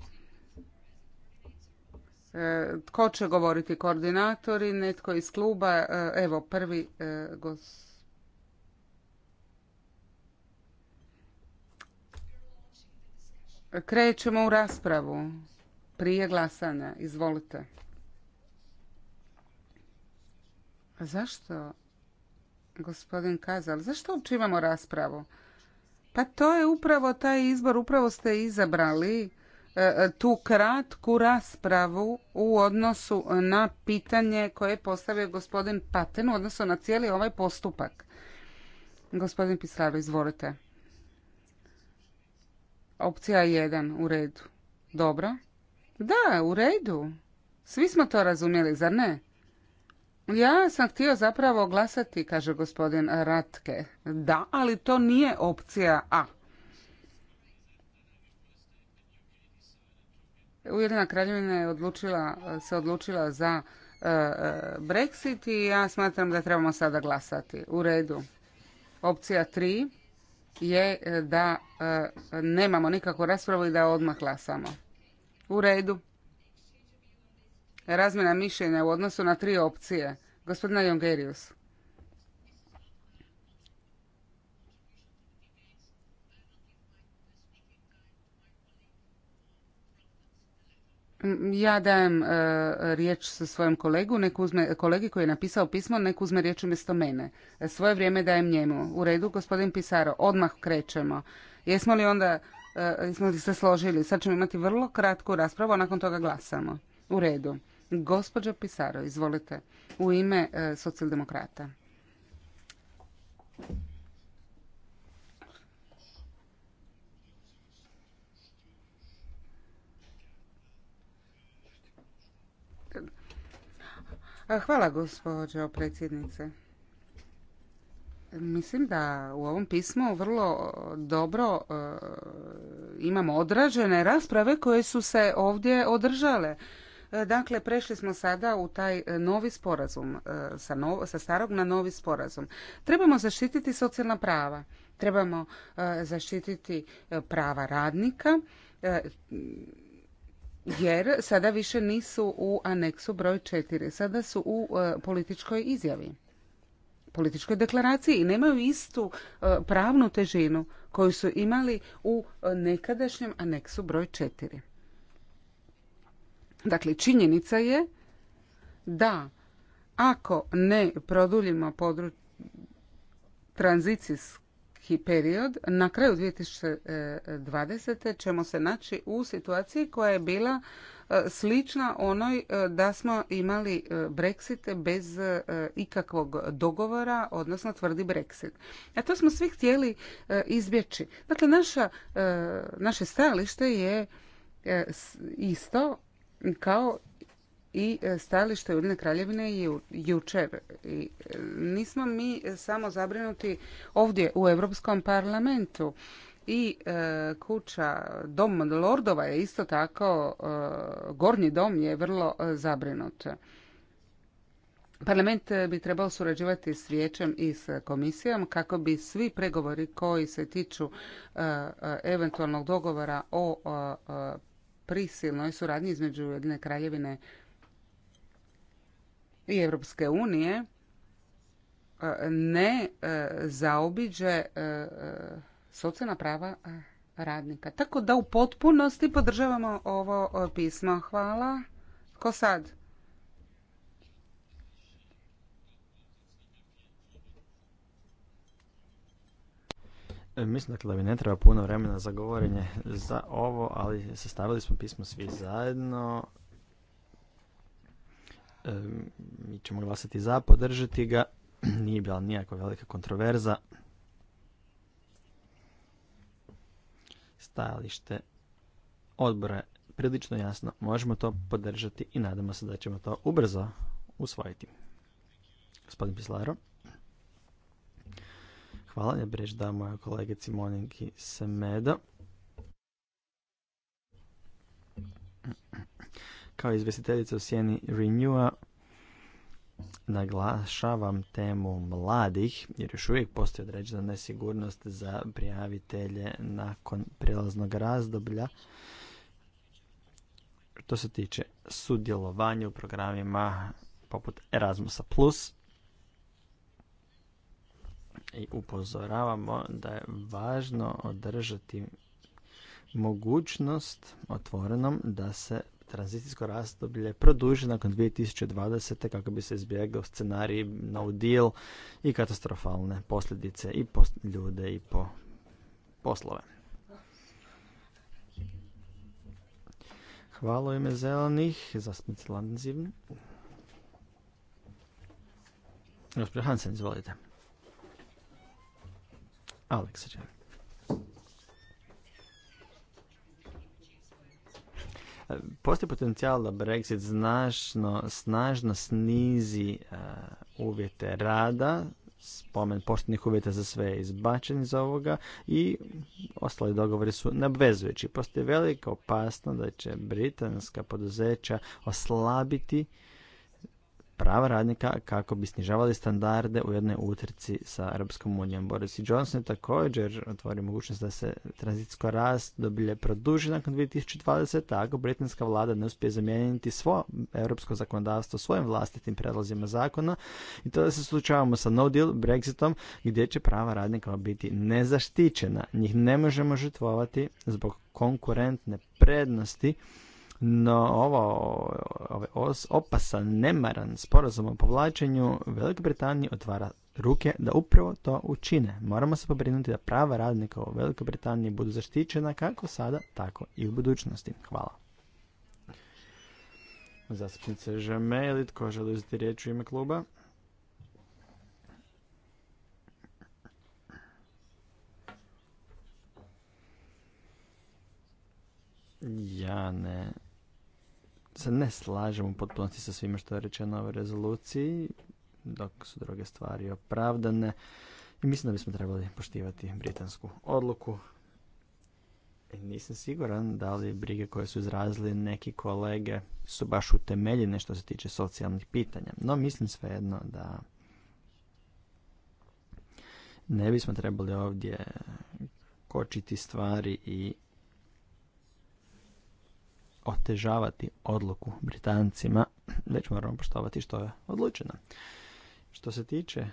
Tko će govoriti? Koordinatori, netko iz kluba. Evo, prvi gos Krećemo u raspravu. Prije glasanja. Izvolite. Zašto, gospodin Kazal, zašto uopće imamo raspravu? Pa to je upravo taj izbor, upravo ste izabrali e, tu kratku raspravu u odnosu na pitanje koje je postavio gospodin Paten u odnosu na cijeli ovaj postupak. Gospodin Pislavo, izvolite. Opcija 1 u redu. Dobro. Da, u redu. Svi smo to razumjeli, zar ne? Ja sam htio zapravo glasati, kaže gospodin Ratke. Da, ali to nije opcija A. Ujedina kraljevina je odlučila, se odlučila za e, e, Brexit i ja smatram da trebamo sada glasati. U redu. Opcija 3 je e, da e, nemamo nikakvu raspravu i da odmah glasamo. U redu. Razmjena mišljenja u odnosu na tri opcije. Gospodina Jongerius. Mm, ja dajem e, riječ sa svojom kolegu, nek uzme, kolegi koji je napisao pismo, nek uzme riječ umjesto mene. E, svoje vrijeme dajem njemu. U redu, gospodin Pisaro, odmah krećemo. Jesmo li onda, e, jesmo li se složili? Sad ćemo imati vrlo kratku raspravu, a nakon toga glasamo. U redu. Gospođo Pisaro, izvolite, u ime socijaldemokrata. Hvala gospođo predsjednice. Mislim da u ovom pismu vrlo dobro e, imamo odrađene rasprave koje su se ovdje održale. E, dakle, prešli smo sada u taj e, novi sporazum, sa, sa starog na novi sporazum. Trebamo zaštititi socijalna prava, trebamo zaštititi prava radnika, jer sada više nisu u aneksu broj četiri. sada su u e, političkoj izjavi, političkoj deklaraciji i nemaju istu e, pravnu težinu koju su imali u e, nekadašnjem aneksu broj četiri. Dakle, činjenica je da ako ne produljimo područje tranzicijsku period, na kraju 2020. ćemo se naći u situaciji koja je bila e, slična onoj e, da smo imali e, Brexit bez ikakvog dogovora, odnosno tvrdi Brexit. A to smo svi htjeli izbjeći. Dakle, naša, naše stajalište je isto kao i e, stajalište Ujedne kraljevine i jučer. I e, nismo mi samo zabrinuti ovdje u Europskom parlamentu i e, kuća Dom Lordova je isto tako e, gornji dom je vrlo zabrinut. Parlament bi trebao surađivati s vijećem i s komisijom kako bi svi pregovori koji se tiču eventualnog dogovora o prisilnoj suradnji između Ujedine kraljevine i Europske unije e, ne e, zaobiđe e, socijalna prava radnika. Tako da u potpunosti podržavamo ovo pismo. Hvala. Ko sad? Mislim dakle da mi ne treba puno vremena za govorenje za ovo, ali sastavili smo pismo svi zajedno E, mi ćemo glasati za, podržati ga. <clears throat> Nije bila nijako velika kontroverza. Stajalište odbora je prilično jasno. Možemo to podržati i nadamo se da ćemo to ubrzo usvojiti. Gospodin Pislaro. Hvala, ja da moja kolegici se Semedo. Kao izvestiteljica u sjeni Renewa naglašavam temu mladih, jer još uvijek postoji određena nesigurnost za prijavitelje nakon prijelaznog razdoblja. Što se tiče sudjelovanja u programima poput Erasmusa+, i upozoravamo da je važno održati mogućnost otvorenom da se tranzicijsko razdoblje produži nakon 2020. kako bi se izbjegao scenarij no deal i katastrofalne posljedice i po ljude i po poslove. Hvala ime zelenih, zastupnici Landenzivni. Gospodin Hansen, izvolite. Aleksa Postoji potencijal da Brexit značno, snažno snizi eh, uvjete rada, spomen poštenih uvjeta za sve je izbačen iz ovoga i ostali dogovori su neobvezujući. Postoji velika opasnost da će britanska poduzeća oslabiti prava radnika kako bi snižavali standarde u jednoj utrci sa Europskom unijom. Boris Johnson je također otvorio mogućnost da se tranzitsko razdoblje produži nakon 2020. ako britanska vlada ne uspije zamijeniti svo europsko zakonodavstvo svojim vlastitim predlozima zakona i to da se slučavamo sa no deal Brexitom gdje će prava radnika biti nezaštićena. Njih ne možemo žrtvovati zbog konkurentne prednosti no, ovo, ovaj opasan, nemaran sporazum o povlačenju Velikoj Britanije otvara ruke da upravo to učine. Moramo se pobrinuti da prava radnika u Velikoj Britaniji budu zaštićena kako sada, tako i u budućnosti. Hvala. Zastupnice Žeme, ili tko želi uzeti riječ u ime kluba? Ja ne se ne slažem u potpunosti sa svime što je rečeno u ovoj rezoluciji, dok su druge stvari opravdane. I mislim da bismo trebali poštivati britansku odluku. I e, nisam siguran da li brige koje su izrazili neki kolege su baš utemeljene što se tiče socijalnih pitanja. No mislim svejedno da ne bismo trebali ovdje kočiti stvari i otežavati odluku Britancima, već moramo poštovati što je odlučeno. Što se tiče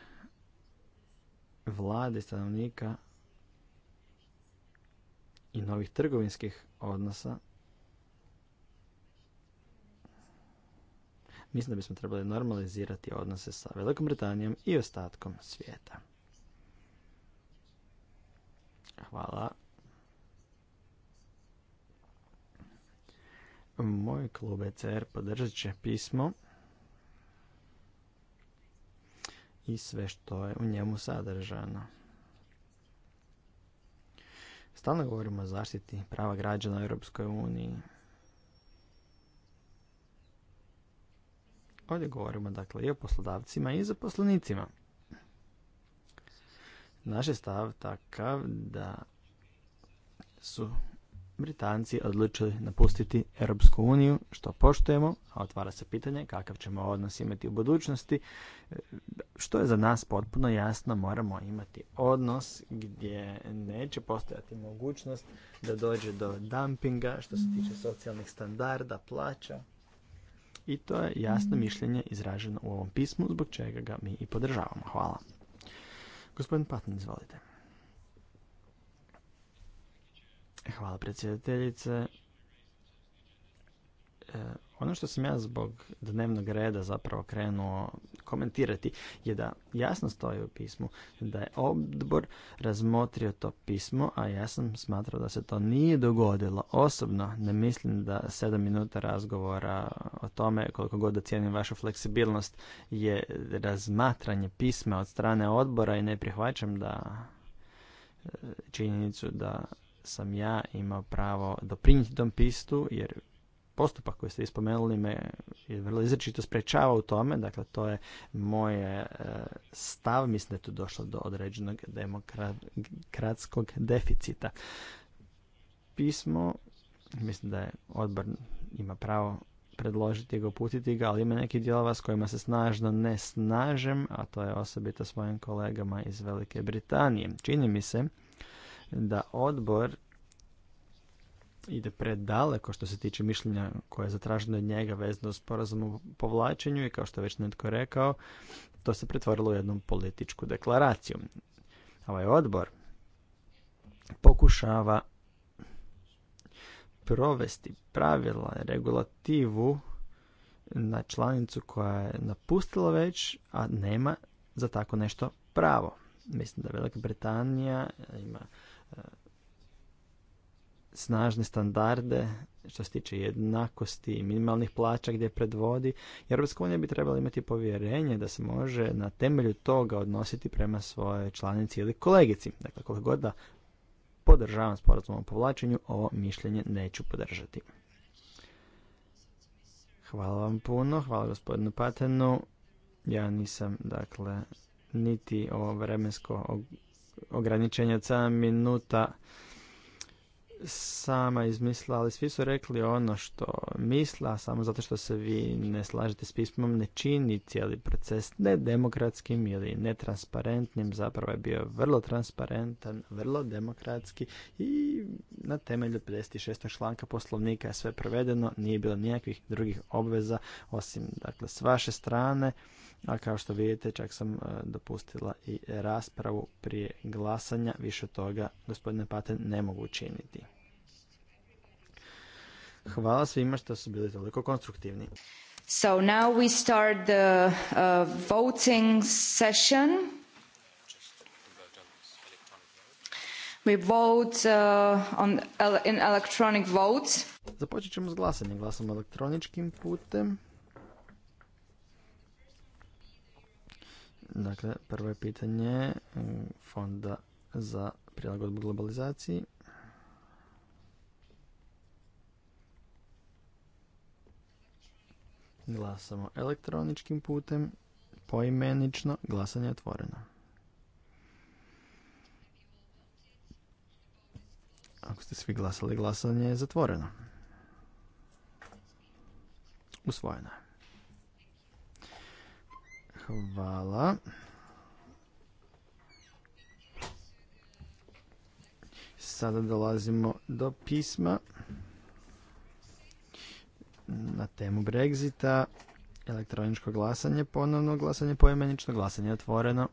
vlade stanovnika i novih trgovinskih odnosa, mislim da bismo trebali normalizirati odnose sa Velikom Britanijom i ostatkom svijeta. Hvala. Moj klub ECR podržat će pismo i sve što je u njemu sadržano. Stalno govorimo o zaštiti prava građana u Europskoj uniji. Ovdje govorimo dakle i o poslodavcima i zaposlenicima. Naš je stav takav da su Britanci odlučili napustiti Europsku uniju, što poštujemo, a otvara se pitanje kakav ćemo odnos imati u budućnosti, što je za nas potpuno jasno, moramo imati odnos gdje neće postojati mogućnost da dođe do dumpinga što se tiče socijalnih standarda, plaća. I to je jasno mišljenje izraženo u ovom pismu, zbog čega ga mi i podržavamo. Hvala. Gospodin Patton, izvolite. Hvala predsjedateljice. E, ono što sam ja zbog dnevnog reda zapravo krenuo komentirati je da jasno stoji u pismu da je odbor razmotrio to pismo, a ja sam smatrao da se to nije dogodilo. Osobno ne mislim da sedam minuta razgovora o tome, koliko god da cijenim vašu fleksibilnost, je razmatranje pisma od strane odbora i ne prihvaćam da e, činjenicu da sam ja imao pravo doprinijeti tom pistu, jer postupak koji ste ispomenuli me je vrlo izrečito sprečava u tome, dakle to je moje e, stav, mislim da je tu došlo do određenog demokratskog deficita. Pismo, mislim da je odbor ima pravo predložiti ga, uputiti ga, ali ima neki dijelova s kojima se snažno ne snažem, a to je osobito svojim kolegama iz Velike Britanije. Čini mi se da odbor ide predaleko što se tiče mišljenja koje je zatraženo od njega vezano s porazom o povlačenju i kao što je već netko rekao, to se pretvorilo u jednu političku deklaraciju. Ovaj odbor pokušava provesti pravila regulativu na članicu koja je napustila već, a nema za tako nešto pravo. Mislim da Velika Britanija ima snažne standarde što se tiče jednakosti i minimalnih plaća gdje predvodi. Europska unija bi trebala imati povjerenje da se može na temelju toga odnositi prema svoje članici ili kolegici. Dakle, koliko god da podržavam sporazum o povlačenju, ovo mišljenje neću podržati. Hvala vam puno, hvala gospodinu Patenu. Ja nisam, dakle, niti ovo vremensko ograničenje od 7 minuta sama izmislila, ali svi su rekli ono što misla, samo zato što se vi ne slažete s pismom, ne čini cijeli proces nedemokratskim ili netransparentnim, zapravo je bio vrlo transparentan, vrlo demokratski i na temelju 56. članka poslovnika je sve provedeno, nije bilo nijakvih drugih obveza osim dakle, s vaše strane a kao što vidite, čak sam e, dopustila i raspravu prije glasanja. Više toga, gospodine Paten, ne mogu učiniti. Hvala svima što su bili toliko konstruktivni. So now we start the uh, voting session. We vote uh, on, electronic votes. Započet ćemo s glasanjem. Glasamo elektroničkim putem. Dakle, prvo je pitanje mm, fonda za prilagodbu globalizaciji. Glasamo elektroničkim putem, poimenično, glasanje je otvoreno. Ako ste svi glasali, glasanje je zatvoreno. Usvojeno je. Hvala. Sada dolazimo do pisma na temu Brexita, elektroničko glasanje, ponovno glasanje, poimenično glasanje otvoreno.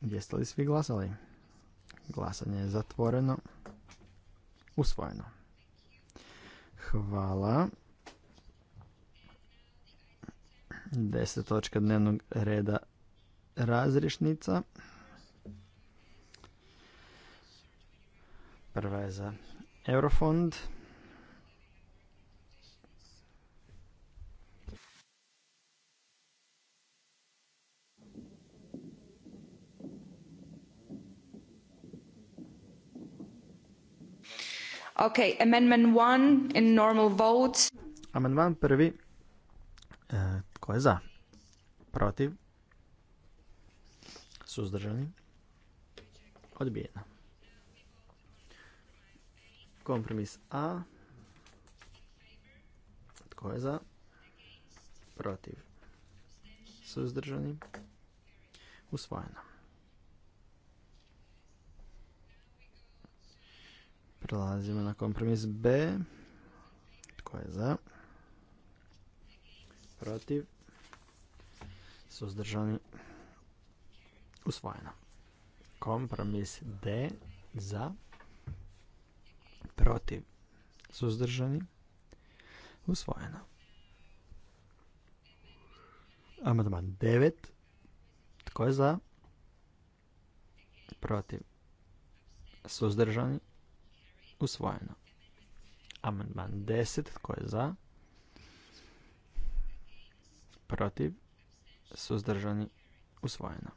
Jeste li svi glasali? Glasanje je zatvoreno. Usvojeno. Hvala. 10. točka dnevnog reda razrišnica. Prva je za Eurofond. Okay, amendment one in normal votes. Amendment prvi e, je za? Protiv? Suzdržani? Odbijeno. Kompromis A. Tko je za? Protiv? Suzdržani? Usvojeno. Prelazimo na kompromis B. Tko je za? Protiv? suzdržani, usvojeno. Kompromis D za, protiv, suzdržani, usvojeno. Amandman 9. Tko je za? Protiv. Suzdržani. Usvojeno. Amandman 10. Tko je za? Protiv suzdržani, usvojeno.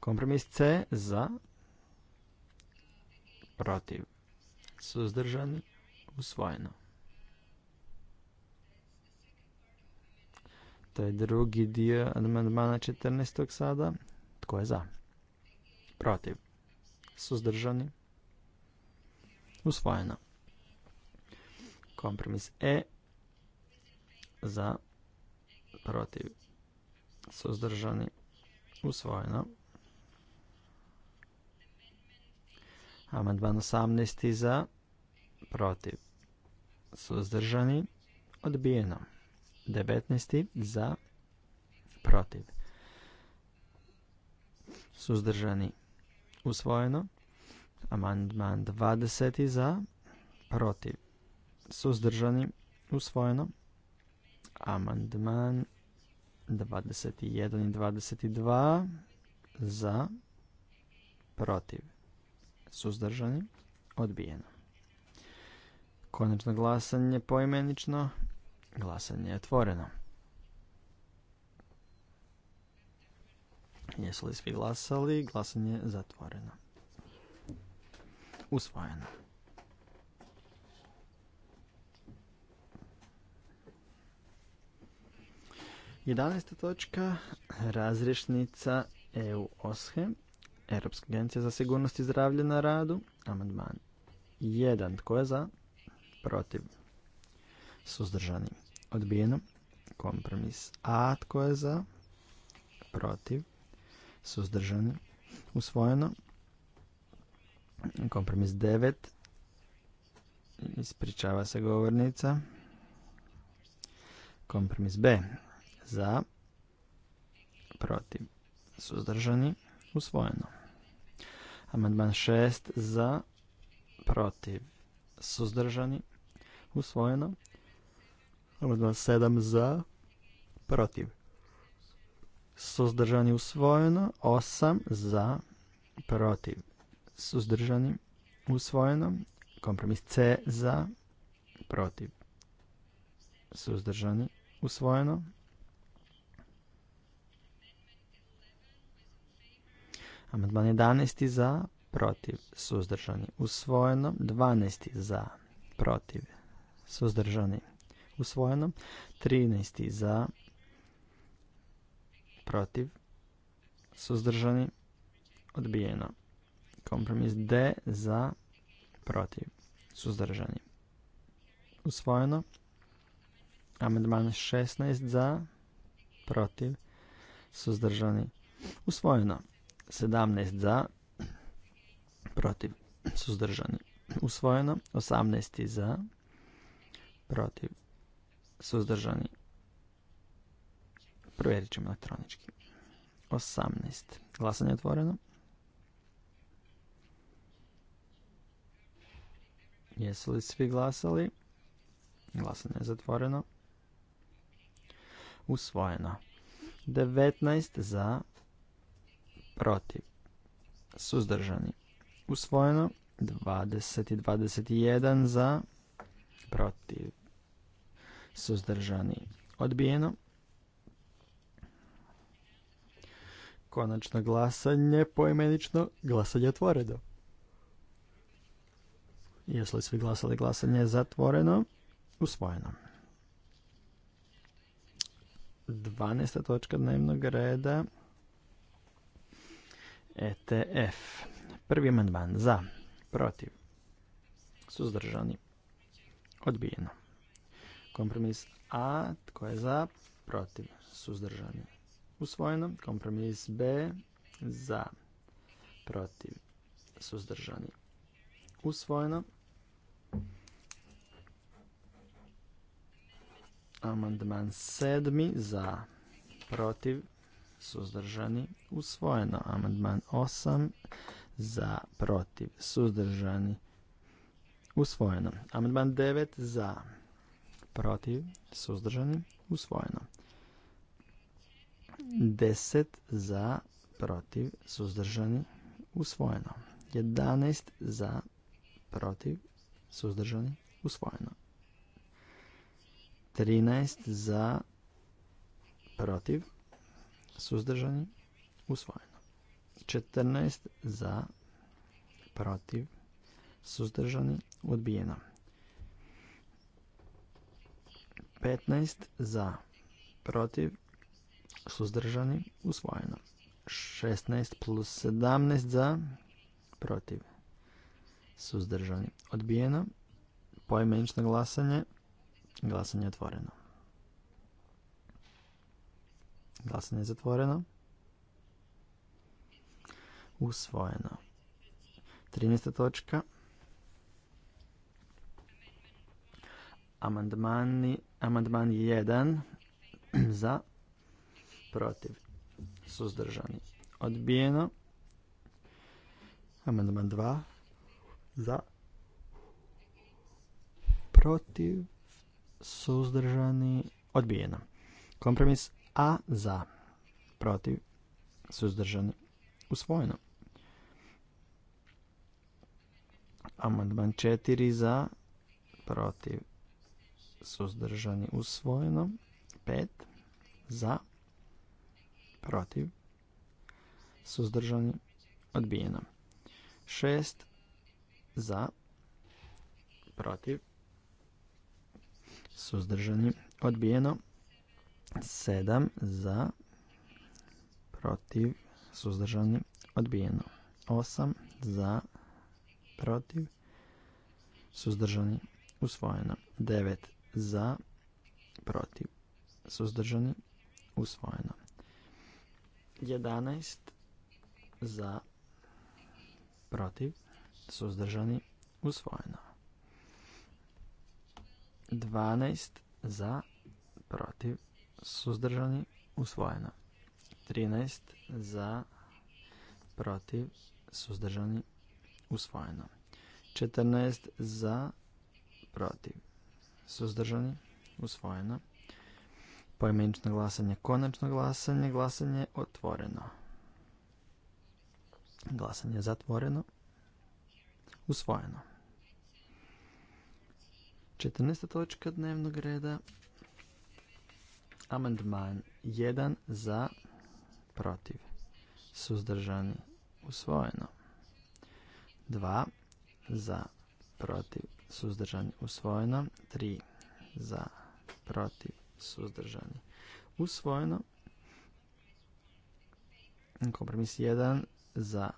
Kompromis C za, protiv, suzdržani, usvojeno. To je drugi dio amandmana 14. sada. Tko je za? Protiv. Suzdržani. Usvojeno. Kompromis E za protiv suzdržani usvojeno. Amandman 18. za protiv suzdržani odbijeno. 19. za protiv suzdržani usvojeno. Amandman 20. za protiv suzdržani, usvojeno. Amandman 21 i 22 za, protiv, suzdržani, odbijeno. Konačno glasanje poimenično, glasanje je otvoreno. Jesu li svi glasali? Glasanje je zatvoreno. Usvojeno. 11. točka, razrješnica EU OSHE, Europska agencija za sigurnost i zdravlje na radu, amandman 1. Tko je za? Protiv. Suzdržani. Odbijeno. Kompromis A. Tko je za? Protiv. Suzdržani. Usvojeno. Kompromis 9. Ispričava se govornica. Kompromis B za, protiv, suzdržani, usvojeno. Amandman 6 za, protiv, suzdržani, usvojeno. Amandman 7 za, protiv, suzdržani, usvojeno. 8 za, protiv, suzdržani, usvojeno. Kompromis C za, protiv, suzdržani, usvojeno. Amandman 11. za, protiv, suzdržani, usvojeno. 12. za, protiv, suzdržani, usvojeno. 13. za, protiv, suzdržani, odbijeno. Kompromis D za, protiv, suzdržani, usvojeno. Amandman 16 za, protiv, suzdržani, usvojeno. 17 za, protiv, suzdržani, usvojeno. 18 za, protiv, suzdržani. Provjerit ćemo elektronički. 18. Glasanje je otvoreno. Jesu li svi glasali? Glasanje je zatvoreno. Usvojeno. 19 za, protiv, suzdržani, usvojeno, 20 i 21 za, protiv, suzdržani, odbijeno. Konačno glasanje poimenično, glasanje otvoreno. Jesu li svi glasali glasanje zatvoreno? Usvojeno. 12. točka dnevnog reda ETF. Prvi amandman za, protiv, suzdržani, odbijeno. Kompromis A, tko je za, protiv, suzdržani, usvojeno. Kompromis B, za, protiv, suzdržani, usvojeno. Amandman sedmi za, protiv, suzdržani, usvojeno. Amandman 8 za, protiv, suzdržani, usvojeno. Amandman 9 za, protiv, suzdržani, usvojeno. 10 za, protiv, suzdržani, usvojeno. 11 za, protiv, suzdržani, usvojeno. 13 za, protiv, suzdržani, usvojeno. 14 za, protiv, suzdržani, odbijeno. 15 za, protiv, suzdržani, usvojeno. 16 plus 17 za, protiv, suzdržani, odbijeno. Poimenično glasanje, glasanje otvoreno. Glasanje je zatvoreno. Usvojeno. 13. točka. Amandmani, amandman 1 <clears throat> za, protiv, suzdržani, odbijeno. Amandman 2 za, protiv, suzdržani, odbijeno. Kompromis a za, protiv, suzdržani, usvojeno. Amandman 4 za, protiv, suzdržani, usvojeno. 5 za, protiv, suzdržani, odbijeno. 6 za, protiv, suzdržani, odbijeno. 7 za, protiv, suzdržani, odbijeno. 8 za, protiv, suzdržani, usvojeno. 9 za, protiv, suzdržani, usvojeno. 11 za, protiv, suzdržani, usvojeno. 12 za, protiv, suzdržani, usvojeno. 13 za, protiv, suzdržani, usvojeno. 14 za, protiv, suzdržani, usvojeno. Poimenično glasanje, konačno glasanje, glasanje otvoreno. Glasanje zatvoreno, usvojeno. 14. točka dnevnog reda Amandman 1 za, protiv, suzdržani, usvojeno. 2 za, protiv, suzdržani, usvojeno. 3 za, protiv, suzdržani, usvojeno. Kompromis 1 za,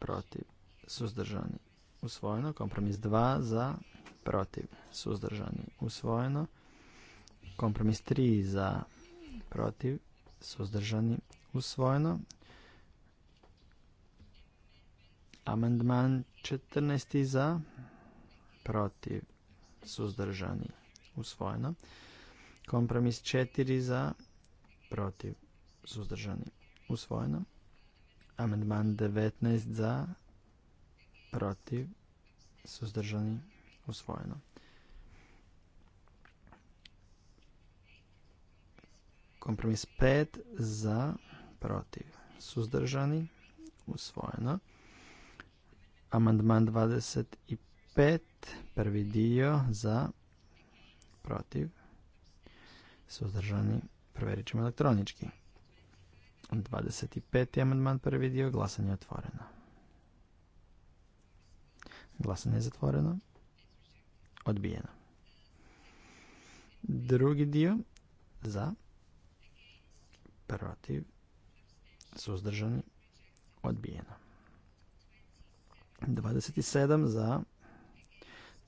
protiv, suzdržani, usvojeno. Kompromis 2 za, protiv, suzdržani, usvojeno. Kompromis 3 za protiv, suzdržani, usvojeno. Amandman 14. za protiv, suzdržani, usvojeno. Kompromis 4 za protiv, suzdržani, usvojeno. Amandman 19 za protiv, suzdržani, usvojeno. Kompromis 5 za, protiv, suzdržani, usvojeno. Amandman 25, prvi dio za, protiv, suzdržani, provjerit ćemo elektronički. 25. amandman, prvi dio, glasanje je otvoreno. Glasanje je zatvoreno. Odbijeno. Drugi dio za, protiv, suzdržani, odbijeno. 27 za,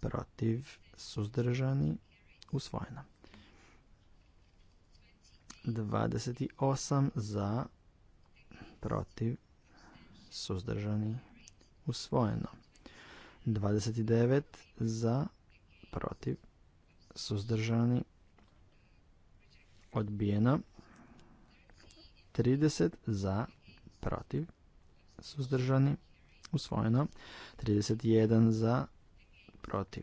protiv, suzdržani, usvojeno. 28 za, protiv, suzdržani, usvojeno. 29 za, protiv, suzdržani, odbijeno. 30 za, protiv, suzdržani, usvojeno. 31 za, protiv,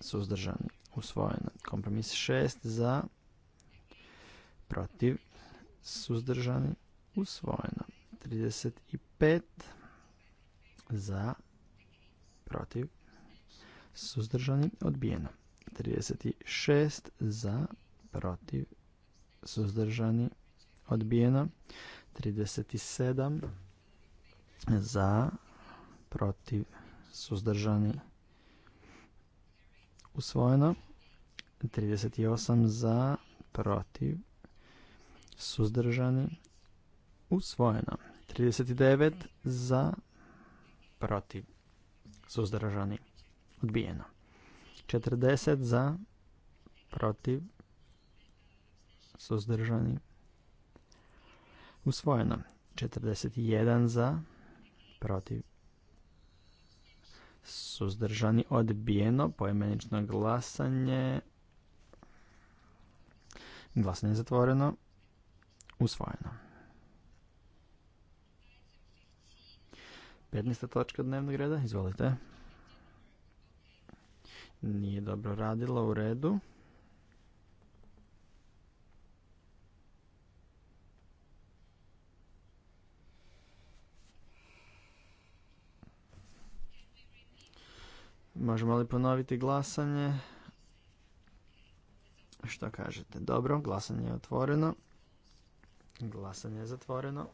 suzdržani, usvojeno. Kompromis 6 za, protiv, suzdržani, usvojeno. 35 za, protiv, suzdržani, odbijeno. 36 za, protiv, suzdržani, odbijeno. 37 za, protiv, suzdržani, usvojeno. 38 za, protiv, suzdržani, usvojeno. 39 za, protiv, suzdržani, odbijeno. 40 za, protiv, suzdržani, Usvojeno. 41 za, protiv, suzdržani, odbijeno, poimenično glasanje, glasanje zatvoreno, usvojeno. 15. točka dnevnog reda, izvolite. Nije dobro radila u redu. Možemo li ponoviti glasanje? Što kažete? Dobro, glasanje je otvoreno. Glasanje je zatvoreno.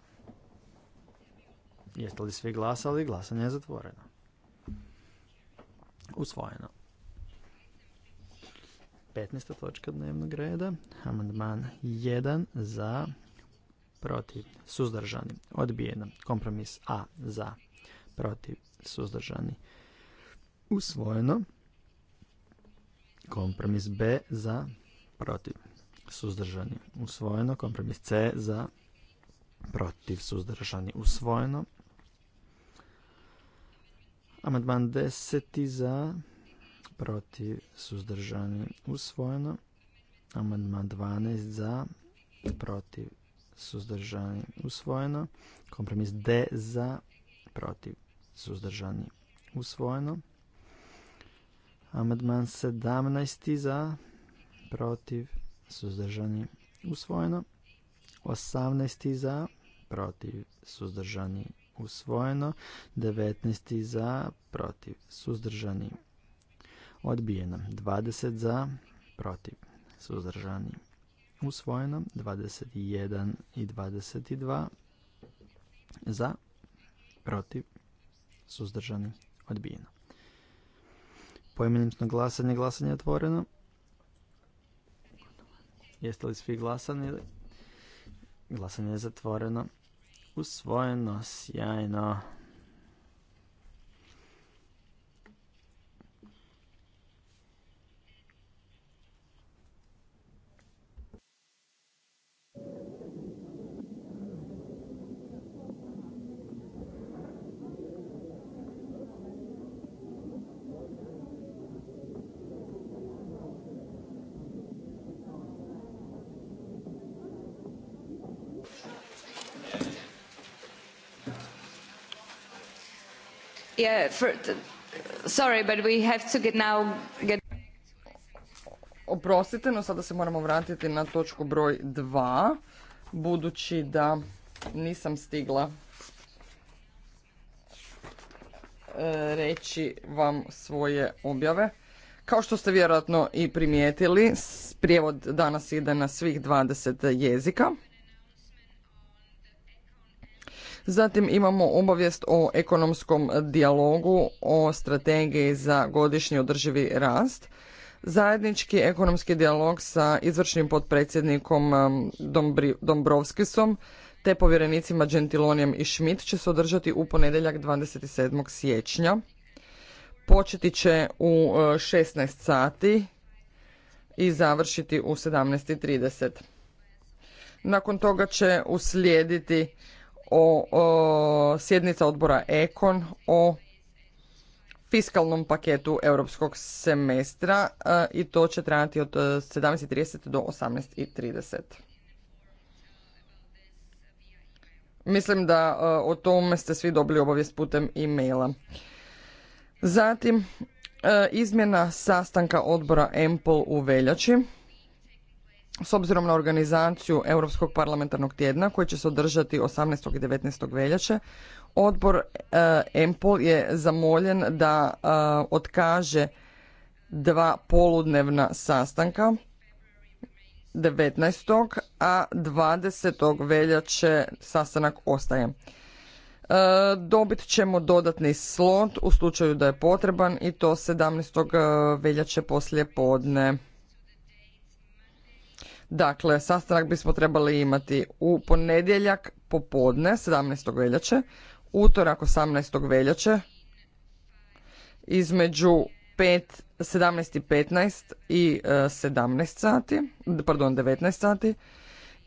Jeste li svi glasali? Glasanje je zatvoreno. Usvojeno. 15. točka dnevnog reda. Amandman 1 za protiv suzdržani. Odbijeno. Kompromis A za protiv suzdržani. Usvojeno. Kompromis B za protiv suzdržani usvojeno. Kompromis C za protiv suzdržani usvojeno. Amandman 10 za protiv suzdržani usvojeno. Amandman 12 za protiv suzdržani usvojeno. Kompromis D za protiv suzdržani usvojeno. Amandman 17. za, protiv, suzdržani, usvojeno. 18. za, protiv, suzdržani, usvojeno. 19. za, protiv, suzdržani, odbijeno. 20 za, protiv, suzdržani, usvojeno. 21 i 22 za, protiv, suzdržani, odbijeno. Poimenično glasanje, glasanje je otvoreno. Jeste li svi glasani? Glasanje je zatvoreno. Usvojeno, sjajno. Oprostite, no sada se moramo vratiti na točku broj 2, budući da nisam stigla e, reći vam svoje objave. Kao što ste vjerojatno i primijetili, prijevod danas ide na svih 20 jezika. Zatim imamo obavijest o ekonomskom dijalogu, o strategiji za godišnji održivi rast, zajednički ekonomski dijalog sa izvršnim potpredsjednikom um, Dombrovskisom te povjerenicima Gentilonijem i Schmidt će se održati u ponedjeljak 27. siječnja. Početi će u 16 uh, sati i završiti u 17.30. Nakon toga će uslijediti o, sjednica odbora Ekon o fiskalnom paketu europskog semestra e, i to će trajati od 17.30 e, do 18.30. Mislim da e, o tome ste svi dobili obavijest putem e-maila. Zatim, izmjena sastanka odbora EMPOL u veljači s obzirom na organizaciju Europskog parlamentarnog tjedna koji će se održati 18. i 19. veljače, odbor EMPOL eh, je zamoljen da eh, otkaže dva poludnevna sastanka 19. a 20. veljače sastanak ostaje. Eh, dobit ćemo dodatni slot u slučaju da je potreban i to 17. veljače poslije podne. Dakle, sastanak bismo trebali imati u ponedjeljak popodne 17. veljače, utorak 18. veljače između 17.15 i 17 e, sati, pardon 19 sati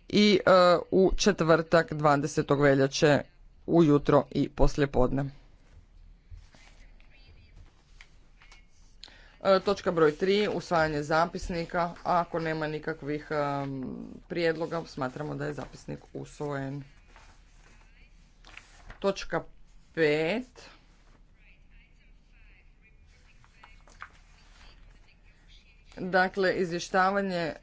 i e, u četvrtak 20. veljače ujutro i poslijepodne. E, točka broj 3, usvajanje zapisnika. Ako nema nikakvih e, prijedloga, smatramo da je zapisnik usvojen. Točka 5. Dakle, izvještavanje e,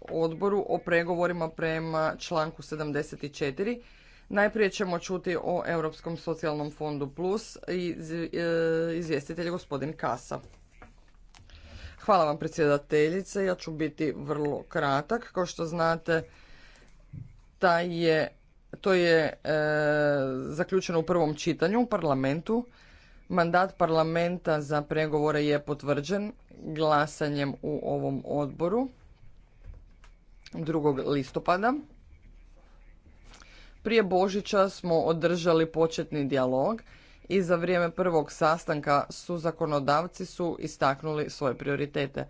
odboru o pregovorima prema članku 74. Najprije ćemo čuti o Europskom socijalnom fondu plus i izvjestitelj gospodin Kasa. Hvala vam predsjedateljice, ja ću biti vrlo kratak. Kao što znate, taj je, to je e, zaključeno u prvom čitanju u parlamentu. Mandat parlamenta za pregovore je potvrđen glasanjem u ovom odboru 2. listopada. Prije Božića smo održali početni dijalog i za vrijeme prvog sastanka su zakonodavci su istaknuli svoje prioritete.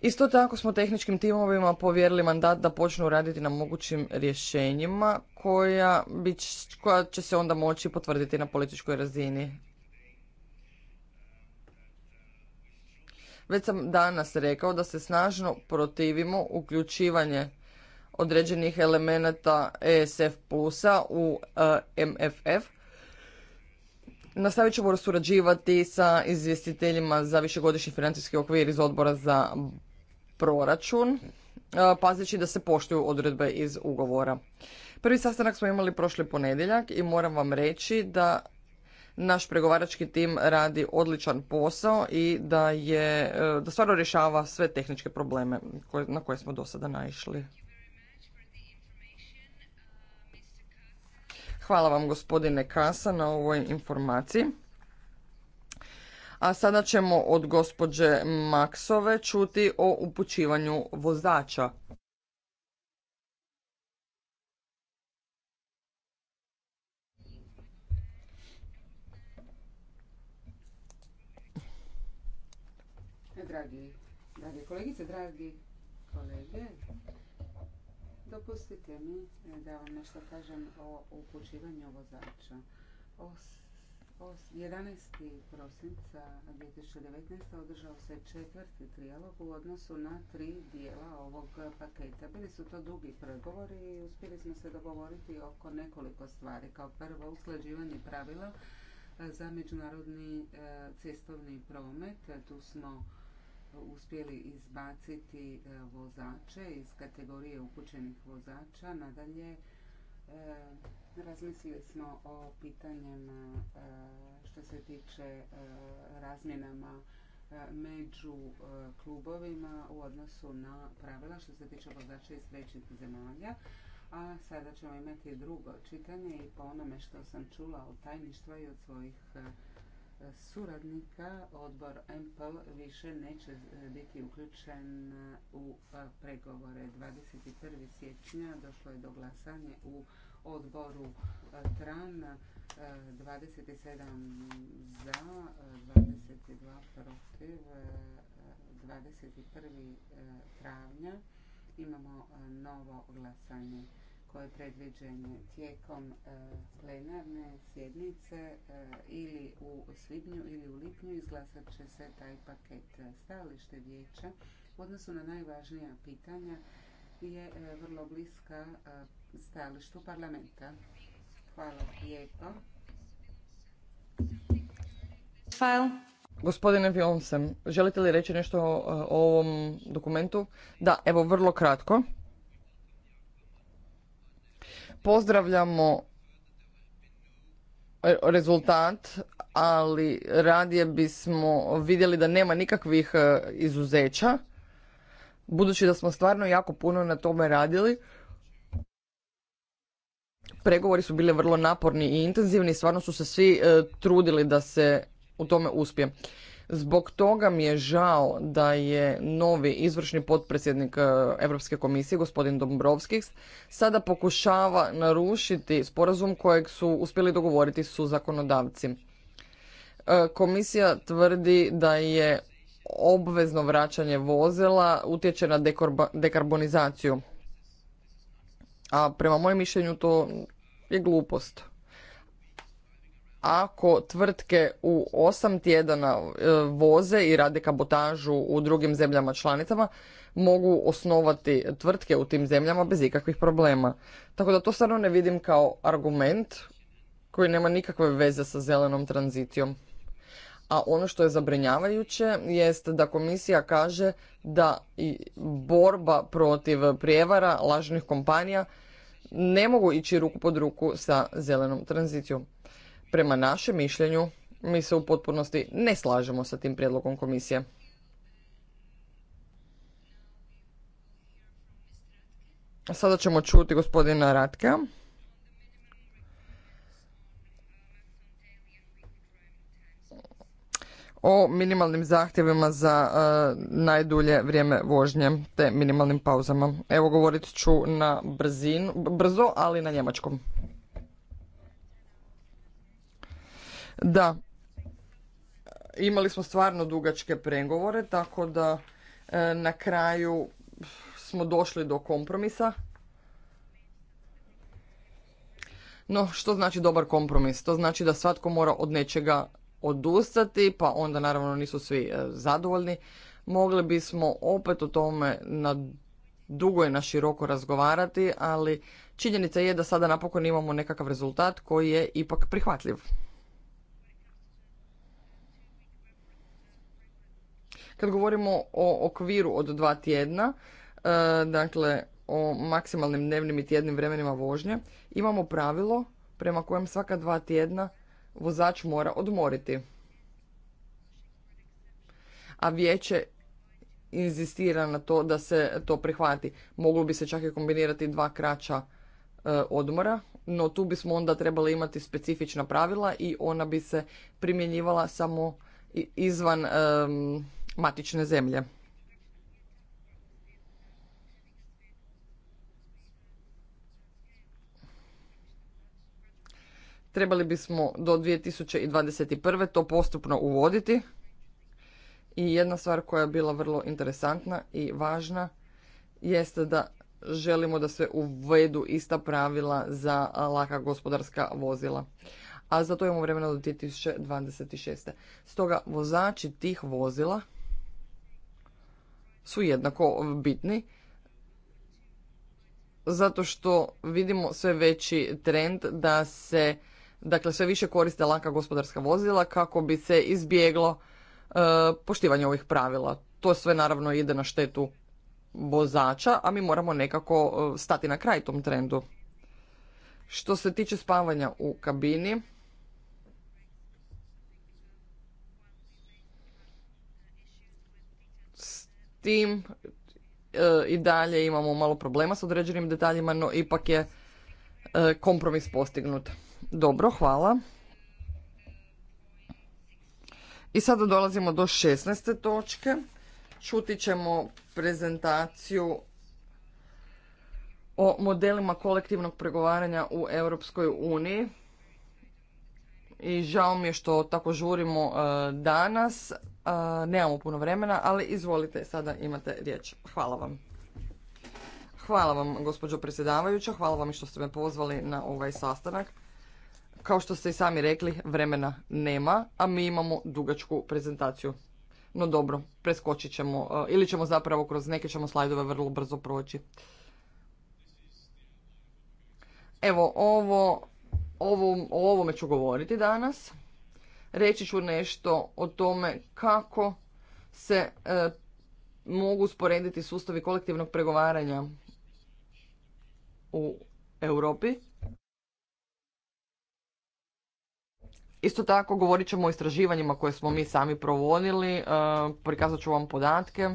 Isto tako smo tehničkim timovima povjerili mandat da počnu raditi na mogućim rješenjima koja, bi, koja će se onda moći potvrditi na političkoj razini. Već sam danas rekao da se snažno protivimo uključivanje određenih elemenata ESF plusa u e, MFF Nastavit ćemo surađivati sa izvjestiteljima za višegodišnji financijski okvir iz odbora za proračun, e, pazeći da se poštuju odredbe iz ugovora. Prvi sastanak smo imali prošli ponedjeljak i moram vam reći da naš pregovarački tim radi odličan posao i da, je, e, da stvarno rješava sve tehničke probleme na koje smo do sada naišli. Hvala vam gospodine Kasa na ovoj informaciji. A sada ćemo od gospođe Maksove čuti o upućivanju vozača. Dragi, kolegice, dragi Dopustite mi e, da vam nešto kažem o upućivanju vozača. 11. prosinca 2019. održao se četvrti trijalog u odnosu na tri dijela ovog paketa. Bili su to dugi pregovori i uspjeli smo se dogovoriti oko nekoliko stvari. Kao prvo, usklađivanje pravila e, za međunarodni e, cestovni promet. Tu smo uspjeli izbaciti e, vozače iz kategorije upućenih vozača. Nadalje, e, razmislili smo o pitanjima e, što se tiče razmjenama među klubovima u odnosu na pravila što se tiče vozača iz trećih zemalja. A sada ćemo imati drugo čitanje i po onome što sam čula od tajništva i od svojih suradnika odbor MPL više neće e, biti uključen e, u e, pregovore. 21. siječnja došlo je do glasanja u odboru TRAN 27 za, 22 protiv, 21. travnja imamo novo glasanje koje je predviđen tijekom e, plenarne sjednice e, ili u svibnju ili u lipnju izglasat će se taj paket stajalište vijeća u odnosu na najvažnija pitanja je e, vrlo bliska stajalištu parlamenta. Hvala lijepo. File. Gospodine Vjonsen, želite li reći nešto o ovom dokumentu? Da, evo vrlo kratko. Pozdravljamo e, rezultat, ali radije bismo vidjeli da nema nikakvih e, izuzeća, budući da smo stvarno jako puno na tome radili. Pregovori su bili vrlo naporni i intenzivni, stvarno su se svi e, trudili da se u tome uspije. Zbog toga mi je žao da je novi izvršni potpredsjednik Europske komisije, gospodin Dombrovskis, sada pokušava narušiti sporazum kojeg su uspjeli dogovoriti su zakonodavci. E, komisija tvrdi da je obvezno vraćanje vozila utječe na dekarbonizaciju. A prema mojem mišljenju to je glupost ako tvrtke u osam tjedana e, voze i rade kabotažu u drugim zemljama članicama, mogu osnovati tvrtke u tim zemljama bez ikakvih problema. Tako da to stvarno ne vidim kao argument koji nema nikakve veze sa zelenom tranzicijom. A ono što je zabrinjavajuće jest da komisija kaže da i borba protiv prijevara lažnih kompanija ne mogu ići ruku pod ruku sa zelenom tranzicijom. Prema našem mišljenju, mi se u potpunosti ne slažemo sa tim prijedlogom komisije. Sada ćemo čuti gospodina Ratka. o minimalnim zahtjevima za e, najdulje vrijeme vožnje te minimalnim pauzama. Evo govorit ću na brzo, ali na njemačkom. Da, imali smo stvarno dugačke pregovore, tako da e, na kraju smo došli do kompromisa. No, što znači dobar kompromis? To znači da svatko mora od nečega odustati, pa onda naravno nisu svi e, zadovoljni. Mogli bismo opet o tome na dugo i na široko razgovarati, ali činjenica je da sada napokon imamo nekakav rezultat koji je ipak prihvatljiv. Kad govorimo o okviru od dva tjedna, e, dakle o maksimalnim dnevnim i tjednim vremenima vožnje, imamo pravilo prema kojem svaka dva tjedna vozač mora odmoriti. A vijeće inzistira na to da se to prihvati. Moglo bi se čak i kombinirati dva kraća e, odmora, no tu bismo onda trebali imati specifična pravila i ona bi se primjenjivala samo izvan matične zemlje. Trebali bismo do 2021. to postupno uvoditi. I jedna stvar koja je bila vrlo interesantna i važna jeste da želimo da se uvedu ista pravila za laka gospodarska vozila. A za to imamo vremena do 2026. Stoga vozači tih vozila su jednako bitni zato što vidimo sve veći trend da se dakle sve više koriste laka gospodarska vozila kako bi se izbjeglo e, poštivanje ovih pravila. To sve naravno ide na štetu vozača, a mi moramo nekako e, stati na kraj tom trendu. Što se tiče spavanja u kabini, tim e, i dalje imamo malo problema s određenim detaljima, no ipak je e, kompromis postignut. Dobro, hvala. I sada dolazimo do 16. točke. Čuti ćemo prezentaciju o modelima kolektivnog pregovaranja u Europskoj uniji. I žao mi je što tako žurimo e, danas nemamo puno vremena, ali izvolite, sada imate riječ. Hvala vam. Hvala vam, gospođo predsjedavajuća, hvala vam što ste me pozvali na ovaj sastanak. Kao što ste i sami rekli, vremena nema, a mi imamo dugačku prezentaciju. No dobro, preskočit ćemo, ili ćemo zapravo kroz neke ćemo slajdove vrlo brzo proći. Evo, ovo, ovo, o ovome ću govoriti danas. Reći ću nešto o tome kako se e, mogu sporediti sustavi kolektivnog pregovaranja u Europi. Isto tako govorit ćemo o istraživanjima koje smo mi sami provodili, e, prikazat ću vam podatke,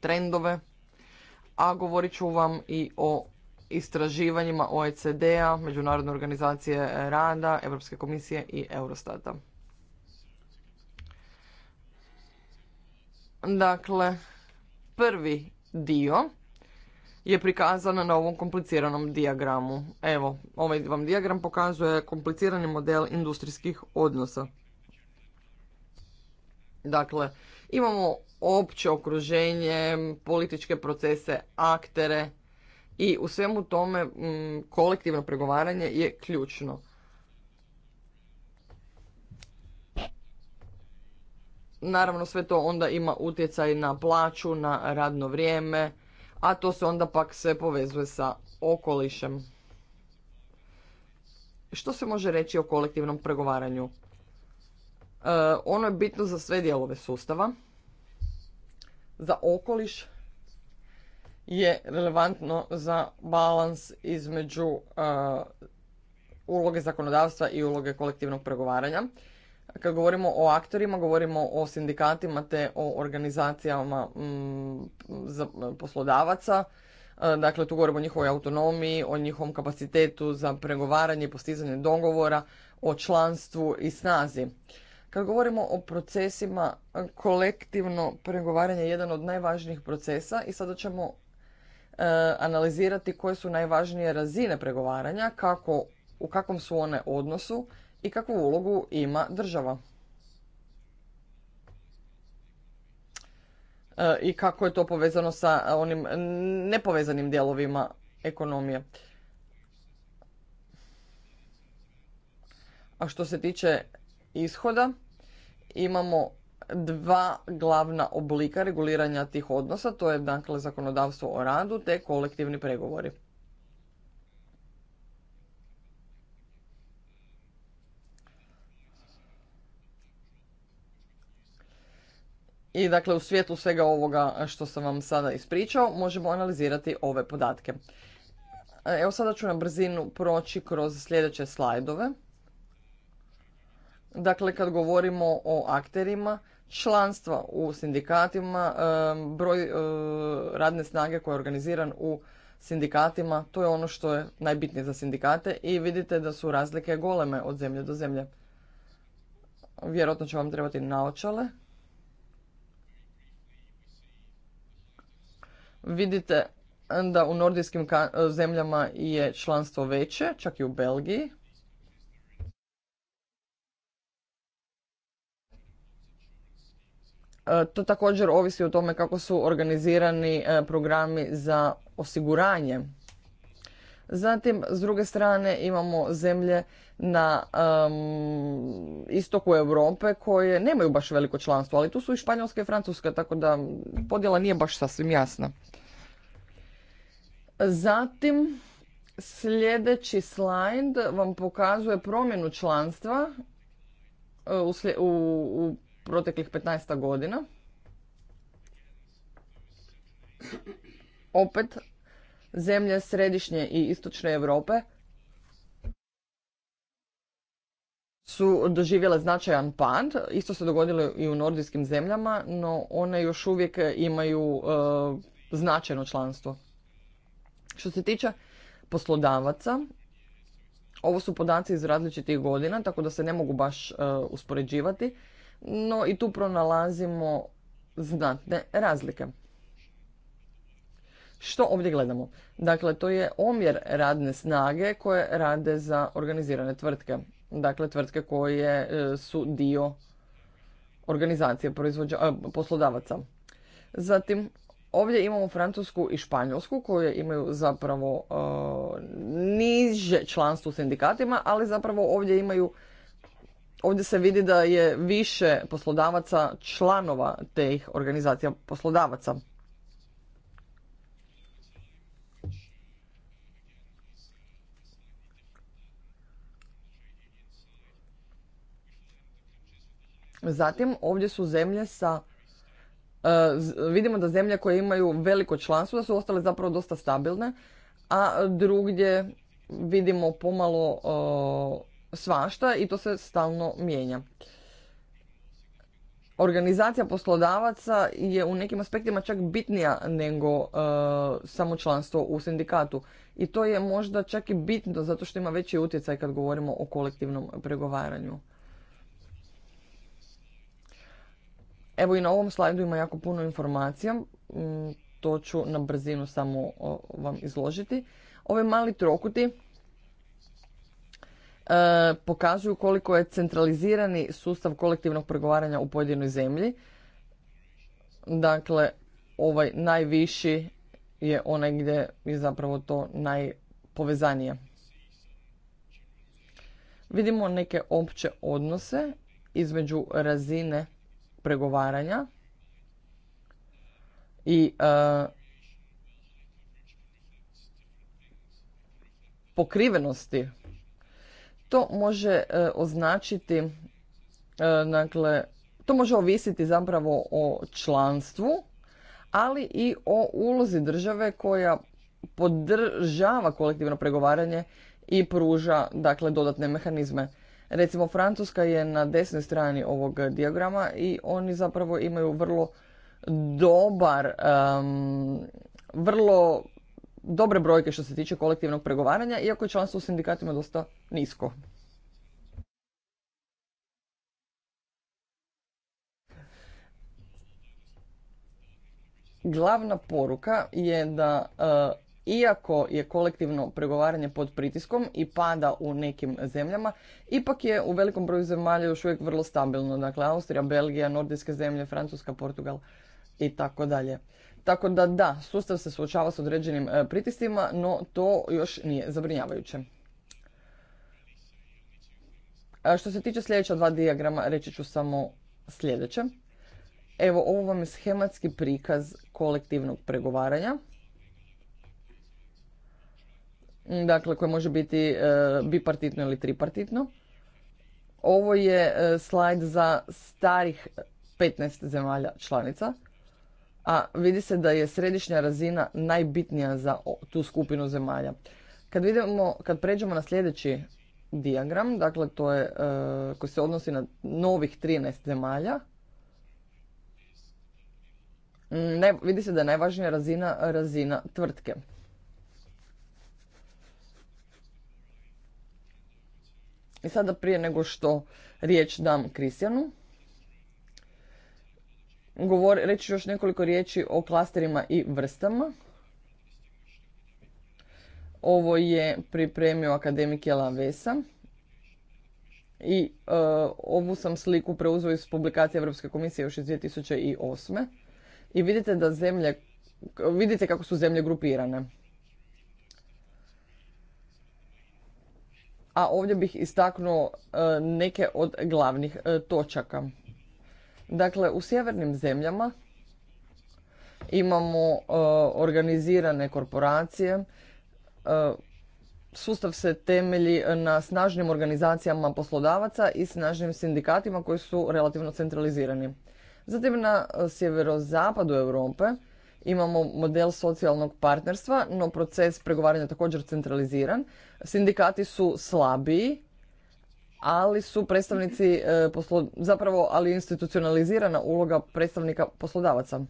trendove, a govorit ću vam i o istraživanjima OECD-a, Međunarodne organizacije rada, Europske komisije i Eurostata. Dakle, prvi dio je prikazan na ovom kompliciranom dijagramu. Evo, ovaj vam dijagram pokazuje komplicirani model industrijskih odnosa. Dakle, imamo opće okruženje, političke procese, aktere, i u svemu tome mm, kolektivno pregovaranje je ključno. Naravno sve to onda ima utjecaj na plaću, na radno vrijeme, a to se onda pak sve povezuje sa okolišem. Što se može reći o kolektivnom pregovaranju? E, ono je bitno za sve dijelove sustava, za okoliš, je relevantno za balans između uloge zakonodavstva i uloge kolektivnog pregovaranja. Kad govorimo o aktorima, govorimo o sindikatima te o organizacijama mm, poslodavaca. Dakle, tu govorimo o njihovoj autonomiji, o njihovom kapacitetu za pregovaranje i postizanje dogovora, o članstvu i snazi. Kad govorimo o procesima, kolektivno pregovaranje je jedan od najvažnijih procesa i sada ćemo E, analizirati koje su najvažnije razine pregovaranja, kako, u kakvom su one odnosu i kakvu ulogu ima država. E, I kako je to povezano sa onim nepovezanim dijelovima ekonomije. A što se tiče ishoda, imamo dva glavna oblika reguliranja tih odnosa, to je dakle zakonodavstvo o radu te kolektivni pregovori. I dakle u svijetu svega ovoga što sam vam sada ispričao možemo analizirati ove podatke. E, evo sada ću na brzinu proći kroz sljedeće slajdove. Dakle, kad govorimo o akterima, članstva u sindikatima, broj e, radne snage koji je organiziran u sindikatima, to je ono što je najbitnije za sindikate i vidite da su razlike goleme od zemlje do zemlje. Vjerojatno će vam trebati naočale. Vidite da u nordijskim zemljama je članstvo veće, čak i u Belgiji. E, to također ovisi o tome kako su organizirani e, programi za osiguranje. Zatim, s druge strane, imamo zemlje na istoku Europe koje nemaju baš veliko članstvo, ali tu su i Španjolska i Francuska, tako da podjela nije baš sasvim jasna. Zatim, sljedeći slajd vam pokazuje promjenu članstva e, u, u proteklih 15 godina. Opet, zemlje središnje i istočne Europe su doživjele značajan pad. Isto se dogodilo i u nordijskim zemljama, no one još uvijek imaju e, značajno članstvo. Što se tiče poslodavaca, ovo su podaci iz različitih godina, tako da se ne mogu baš e, uspoređivati no i tu pronalazimo znatne razlike. Što ovdje gledamo? Dakle, to je omjer radne snage koje rade za organizirane tvrtke. Dakle, tvrtke koje e, su dio organizacije e, poslodavaca. Zatim, ovdje imamo Francusku i Španjolsku koje imaju zapravo e, niže članstvo u sindikatima, ali zapravo ovdje imaju ovdje se vidi da je više poslodavaca članova tih organizacija poslodavaca. Zatim ovdje su zemlje sa e, vidimo da zemlje koje imaju veliko članstvo da su ostale zapravo dosta stabilne, a drugdje vidimo pomalo svašta i to se stalno mijenja. Organizacija poslodavaca je u nekim aspektima čak bitnija nego e, samo članstvo u sindikatu i to je možda čak i bitno zato što ima veći utjecaj kad govorimo o kolektivnom pregovaranju. Evo i na ovom slajdu ima jako puno informacija, mm, to ću na brzinu samo vam izložiti. Ove mali trokuti E, pokazuju koliko je centralizirani sustav kolektivnog pregovaranja u pojedinoj zemlji. Dakle, ovaj najviši je onaj gdje je zapravo to najpovezanije. Vidimo neke opće odnose između razine pregovaranja i e, pokrivenosti to može e, označiti, e, dakle, to može ovisiti zapravo o članstvu, ali i o ulozi države koja podržava kolektivno pregovaranje i pruža dakle dodatne mehanizme. Recimo Francuska je na desnoj strani ovog diagrama i oni zapravo imaju vrlo dobar, vrlo dobre brojke što se tiče kolektivnog pregovaranja, iako je članstvo u sindikatima dosta nisko. Glavna poruka je da e, iako je kolektivno pregovaranje pod pritiskom i pada u nekim zemljama, ipak je u velikom broju zemalja još uvijek vrlo stabilno. Dakle, Austrija, Belgija, nordijske zemlje, Francuska, Portugal i tako dalje. Tako da da, sustav se suočava s određenim e, pritiscima, no to još nije zabrinjavajuće. Što se tiče sljedeća dva dijagrama, reći ću samo sljedeće. Evo, ovo vam je schematski prikaz kolektivnog pregovaranja. Dakle, koje može biti e, bipartitno ili tripartitno. Ovo je e, slajd za starih 15 zemalja članica a vidi se da je središnja razina najbitnija za tu skupinu zemalja. Kad vidimo, kad pređemo na sljedeći diagram, dakle to je e, koji se odnosi na novih 13 zemalja, mm, ne, vidi se da je najvažnija razina razina tvrtke. I sada prije nego što riječ dam Kristijanu, govor, reći još nekoliko riječi o klasterima i vrstama. Ovo je pripremio akademik Jela Vesa i e, ovu sam sliku preuzeo iz publikacije Europske komisije još iz 2008. I vidite da zemlje, vidite kako su zemlje grupirane. A ovdje bih istaknuo e, neke od glavnih e, točaka. Dakle, u sjevernim zemljama imamo e, organizirane korporacije. E, sustav se temelji na snažnim organizacijama poslodavaca i snažnim sindikatima koji su relativno centralizirani. Zatim na e, sjeverozapadu Europe imamo model socijalnog partnerstva, no proces pregovaranja je također centraliziran. Sindikati su slabiji ali su predstavnici e, zapravo ali institucionalizirana uloga predstavnika poslodavaca.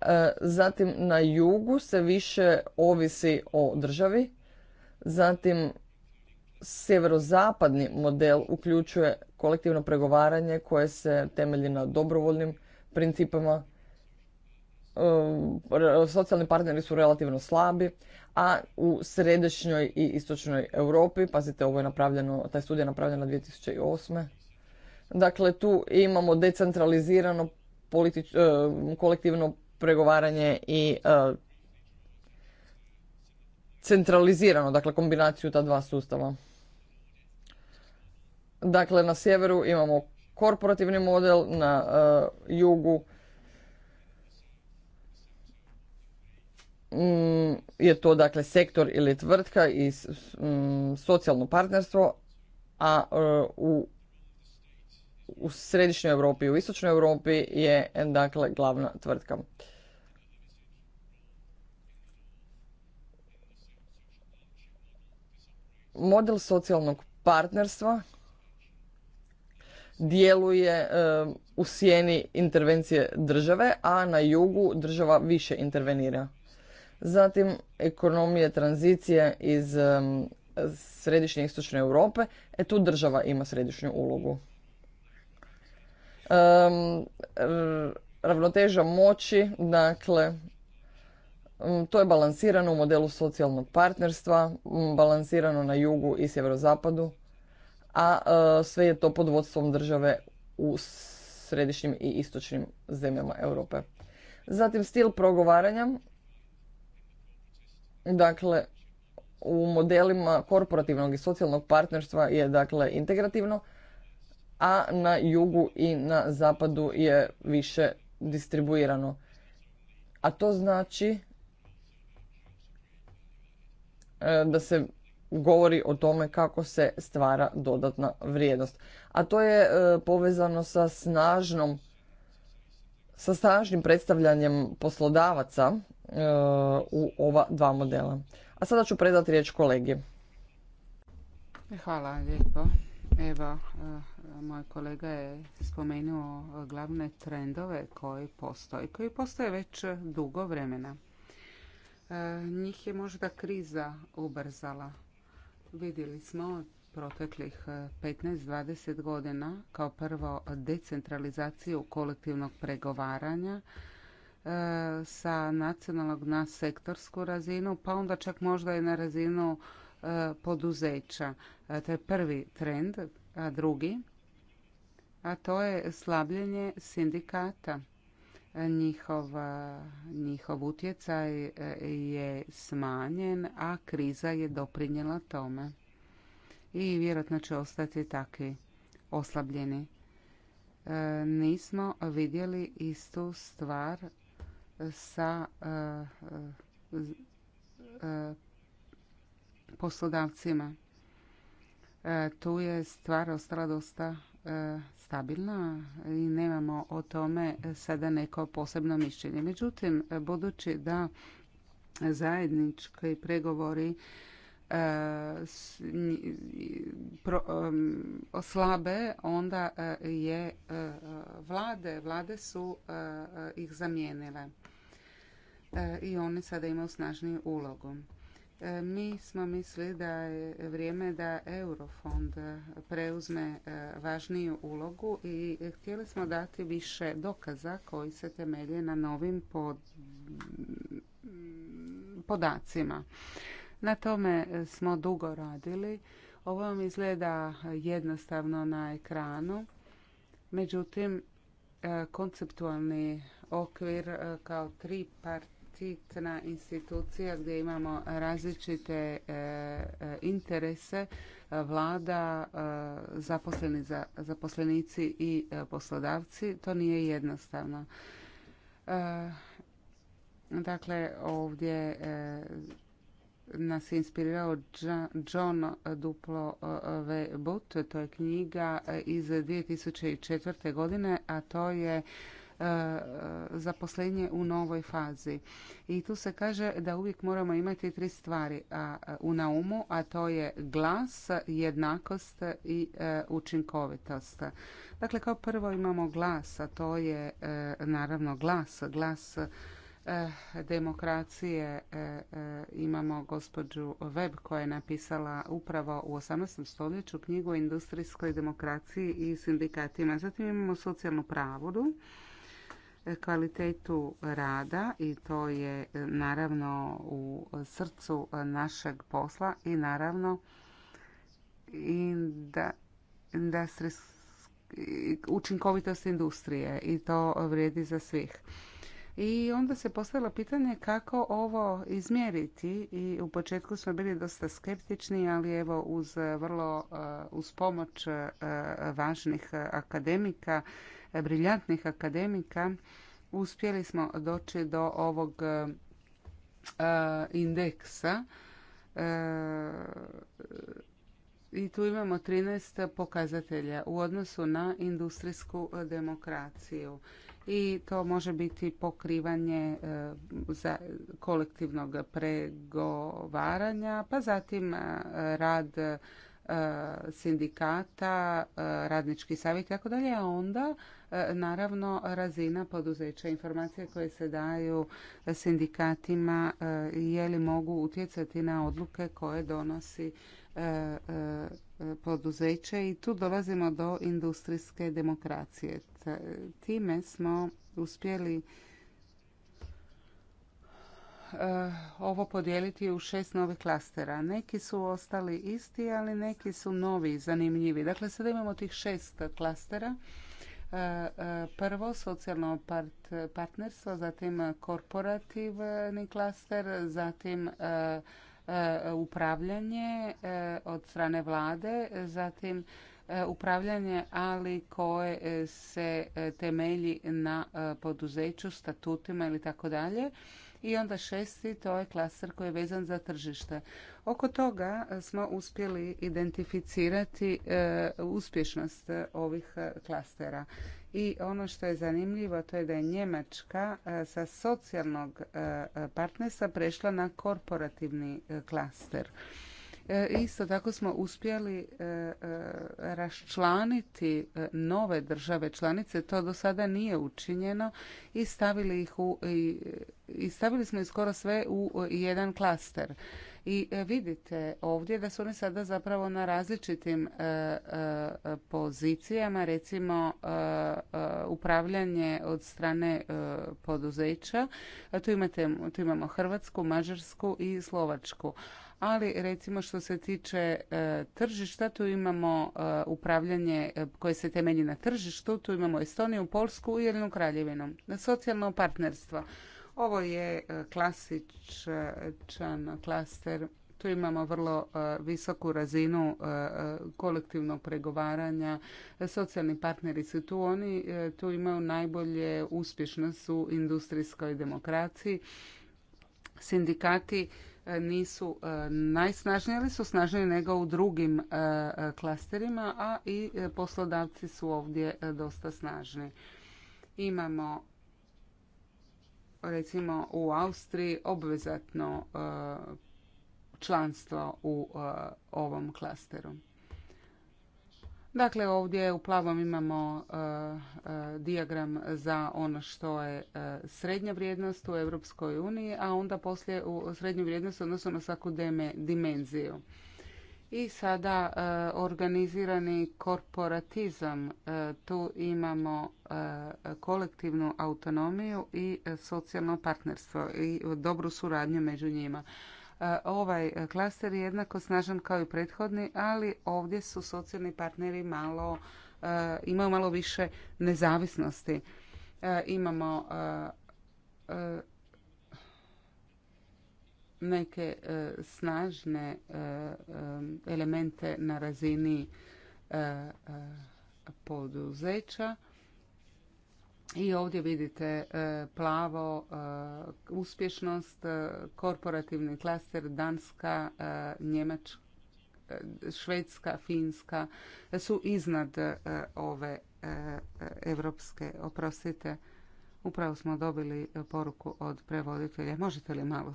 E, zatim na jugu se više ovisi o državi. Zatim sjeverozapadni model uključuje kolektivno pregovaranje koje se temelji na dobrovoljnim principima. E, socijalni partneri su relativno slabi, a u središnjoj i istočnoj Europi, pazite ovo je napravljeno, taj studij je napravljen na 2008. Dakle, tu imamo decentralizirano politič, e, kolektivno pregovaranje i e, centralizirano, dakle kombinaciju ta dva sustava. Dakle, na sjeveru imamo korporativni model, na jugu Mm, je to dakle sektor ili tvrtka i mm, socijalno partnerstvo, a e, u, u središnjoj Europi, u istočnoj Europi je dakle glavna tvrtka. Model socijalnog partnerstva djeluje e, u sjeni intervencije države, a na jugu država više intervenira zatim ekonomije tranzicije iz središnje istočne Europe, e tu država ima središnju ulogu. Ravnoteža moći, dakle, to je balansirano u modelu socijalnog partnerstva, balansirano na jugu i sjeverozapadu, a e, sve je to pod vodstvom države u središnjim i istočnim zemljama Europe. Zatim stil progovaranja, Dakle, u modelima korporativnog i socijalnog partnerstva je dakle integrativno, a na jugu i na zapadu je više distribuirano. A to znači e, da se govori o tome kako se stvara dodatna vrijednost. A to je e, povezano sa snažnom sa snažnim predstavljanjem poslodavaca E, u ova dva modela. A sada ću predati riječ kolegi. Hvala lijepo. Evo, e, moj kolega je spomenuo glavne trendove koji postoje, koji postoje već dugo vremena. E, njih je možda kriza ubrzala. Vidjeli smo proteklih 15-20 godina kao prvo decentralizaciju kolektivnog pregovaranja, E, sa nacionalnog na sektorsku razinu, pa onda čak možda i na razinu e, poduzeća. E, to je prvi trend, a drugi, a to je slabljenje sindikata. Njihov, utjecaj je smanjen, a kriza je doprinjela tome. I vjerojatno će ostati takvi oslabljeni. Nismo vidjeli istu stvar sa e, e, e, poslodavcima. Tu je stvar ostala dosta stabilna i nemamo o tome sada neko posebno mišljenje. Međutim, budući da zajednički pregovori E, e, oslabe, onda e, je vlade, vlade su ih zamijenile i one sada imaju snažniju ulogu. Mi smo mislili da je vrijeme da Eurofond preuzme važniju ulogu i htjeli smo dati više dokaza koji se temelje na novim podacima. Na tome e, smo dugo radili. Ovo vam izgleda jednostavno na ekranu. Međutim, e, konceptualni okvir e, kao tripartitna institucija gdje imamo različite interese vlada, zaposlenici i poslodavci, to nije jednostavno. Dakle, ovdje nas je inspirirao John Duplo V. But. To je knjiga eh, iz 2004. godine, a to je eh, zaposlenje u novoj fazi. I tu se kaže da uvijek moramo imati tri stvari u naumu, a to je glas, jednakost i eh, učinkovitost. Dakle, kao prvo imamo glas, a to je naravno glas, glas Eh, demokracije eh, eh, imamo gospođu Web koja je napisala upravo u 18. stoljeću knjigu o industrijskoj demokraciji i sindikatima. Zatim imamo socijalnu pravdu, kvalitetu rada i to je naravno u srcu našeg posla i naravno da, učinkovitost industrije i to vrijedi za svih. I onda se postavilo pitanje kako ovo izmjeriti i u početku smo bili dosta skeptični, ali evo uz eh, vrlo eh, uz pomoć eh, važnih akademika, briljantnih akademika uspjeli smo doći do ovog indeksa i tu imamo 13 pokazatelja u odnosu na industrijsku demokraciju i to može biti pokrivanje e, za kolektivnog pregovaranja, pa zatim e, rad e, sindikata, radnički savjet i tako dalje, a onda naravno razina poduzeća. Informacije koje se daju sindikatima je li mogu utjecati na odluke koje donosi poduzeće i tu dolazimo do industrijske demokracije. Dakle, time smo uspjeli e, ovo podijeliti u šest novih klastera. Neki su ostali isti, ali neki su novi zanimljivi. Dakle, sada imamo tih šest klastera. E, e, prvo, socijalno partnerstvo, zatim korporativni klaster, zatim upravljanje od strane vlade, zatim E, upravljanje, ali koje e, se e, temelji na poduzeću, statutima ili tako dalje. I onda šesti, to je klaster koji je vezan za tržište. Oko toga smo uspjeli identificirati uspješnost ovih klastera. I ono što je zanimljivo to je da je Njemačka sa socijalnog partnerstva prešla na korporativni klaster. E, isto tako smo uspjeli e, e, raščlaniti nove države članice, to do sada nije učinjeno i stavili ih u i stavili smo ih skoro sve u jedan klaster. I vidite ovdje da su oni sada zapravo na različitim pozicijama, recimo upravljanje od strane poduzeća. Tu, imate, tu imamo Hrvatsku, Mađarsku i Slovačku ali recimo što se tiče e, tržišta, tu imamo e, upravljanje e, koje se temelji na tržištu, tu imamo Estoniju, Polsku i jednu kraljevinu. Socijalno partnerstvo. Ovo je klasičan klaster. Tu imamo vrlo visoku razinu kolektivnog pregovaranja. Socijalni partneri su tu. Oni tu imaju najbolje uspješnost u industrijskoj demokraciji. Sindikati E, nisu e, najsnažniji, ali su snažniji nego u drugim e, klasterima, a i poslodavci su ovdje dosta snažni. Imamo recimo u Austriji obvezatno članstvo u ovom klasteru. Dakle, ovdje u plavom imamo e, e, diagram za ono što je e, srednja vrijednost u Europskoj uniji, a onda poslije u srednju vrijednost odnosno na svaku dimenziju. I sada organizirani korporatizam. Tu imamo kolektivnu autonomiju i socijalno partnerstvo i dobru suradnju među njima. Ovaj klaster je jednako snažan kao i prethodni, ali ovdje su socijalni partneri malo, e, imaju malo više nezavisnosti. E, imamo e, neke snažne elemente na razini poduzeća i ovdje vidite e, plavo e, uspješnost, e, korporativni klaster Danska, Njemačka, Švedska, Finska su iznad ove evropske, oprostite. Upravo smo dobili poruku od prevoditelja. Možete li malo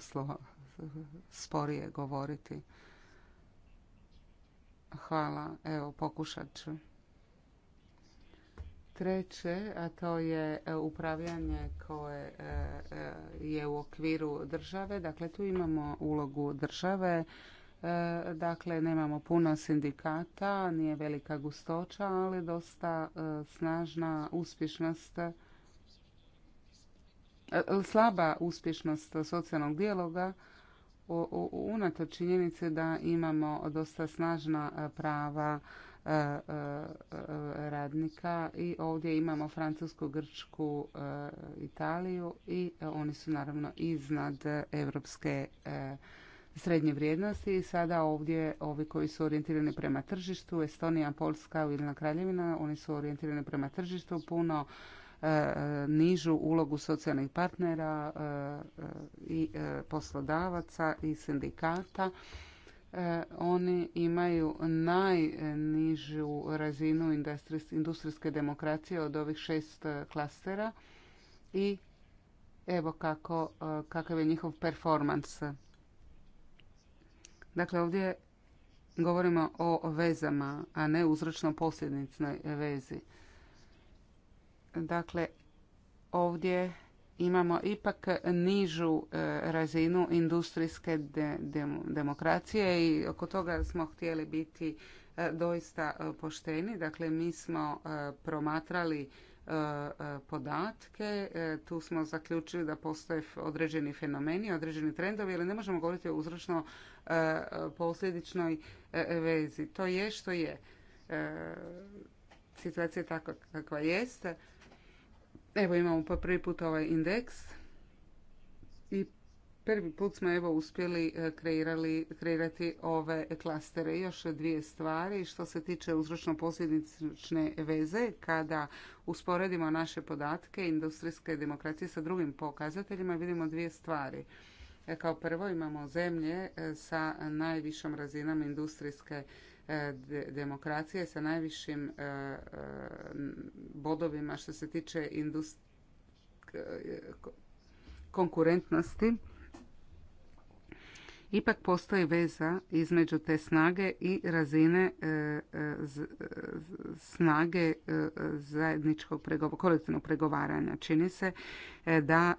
sporije govoriti? Hvala. Evo, pokušat ću. Treće, a to je e, upravljanje koje e, e, je u okviru države. Dakle, tu imamo ulogu države. Dakle, nemamo puno sindikata, nije velika gustoća, ali dosta snažna uspješnost slaba uspješnost socijalnog dijaloga unatoč činjenice da imamo dosta snažna prava E, e, e, radnika i ovdje imamo Francusku, Grčku, Italiju i oni su naravno iznad evropske srednje vrijednosti i sada ovdje ovi koji su orijentirani prema tržištu, Estonija, Poljska, Ujedna Kraljevina, oni su orijentirani prema tržištu, puno nižu ulogu socijalnih partnera i poslodavaca i sindikata E, oni imaju najnižu razinu industrijske demokracije od ovih šest e, klastera i evo kako, e, kakav je njihov performans. Dakle, ovdje govorimo o vezama, a ne uzročno-posljednicnoj vezi. Dakle, ovdje imamo ipak nižu e, razinu industrijske demokracije i oko toga smo htjeli biti e, doista e, pošteni. Dakle, mi smo promatrali podatke, tu smo zaključili da postoje određeni fenomeni, određeni trendovi, ali ne možemo govoriti o uzročno posljedičnoj vezi. To je što je. Situacija je takva kakva jeste Evo imamo po prvi put ovaj indeks i prvi put smo evo uspjeli e, kreirali, kreirati ove klastere. Još dvije stvari što se tiče uzročno-posljedične veze kada usporedimo naše podatke industrijske demokracije sa drugim pokazateljima vidimo dvije stvari. E, kao prvo imamo zemlje e, sa najvišom razinom industrijske E, demokracije sa najvišim e, e, bodovima što se tiče konkurentnosti. Ipak postoji veza između te snage i razine snage zajedničkog kolektivnog pregovaranja. Čini se da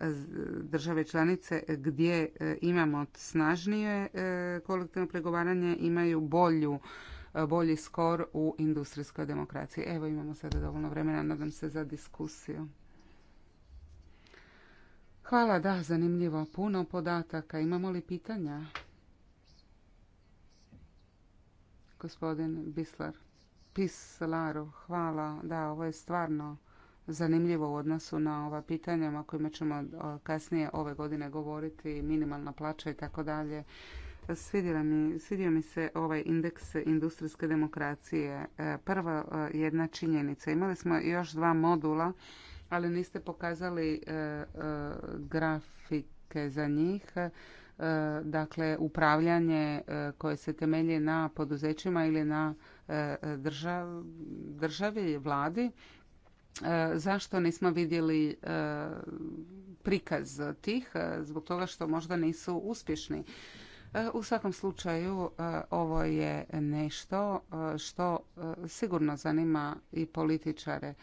države članice gdje imamo snažnije kolektivno pregovaranje imaju bolju bolji skor u industrijskoj demokraciji. Evo imamo sada dovoljno vremena, nadam se, za diskusiju. Hvala, da, zanimljivo. Puno podataka. Imamo li pitanja? Gospodin Bislar. Pislaru, hvala. Da, ovo je stvarno zanimljivo u odnosu na ova pitanja o kojima ćemo kasnije ove godine govoriti, minimalna plaća i tako dalje mi, svidio mi se ovaj indeks industrijske demokracije. E, prva e, jedna činjenica. Imali smo još dva modula, ali niste pokazali e, grafike za njih. Dakle, upravljanje koje se temelji na poduzećima ili na državi, vladi. Zašto nismo vidjeli prikaz tih? Zbog toga što možda nisu uspješni u svakom slučaju e, ovo je nešto e, što e, sigurno zanima i političare.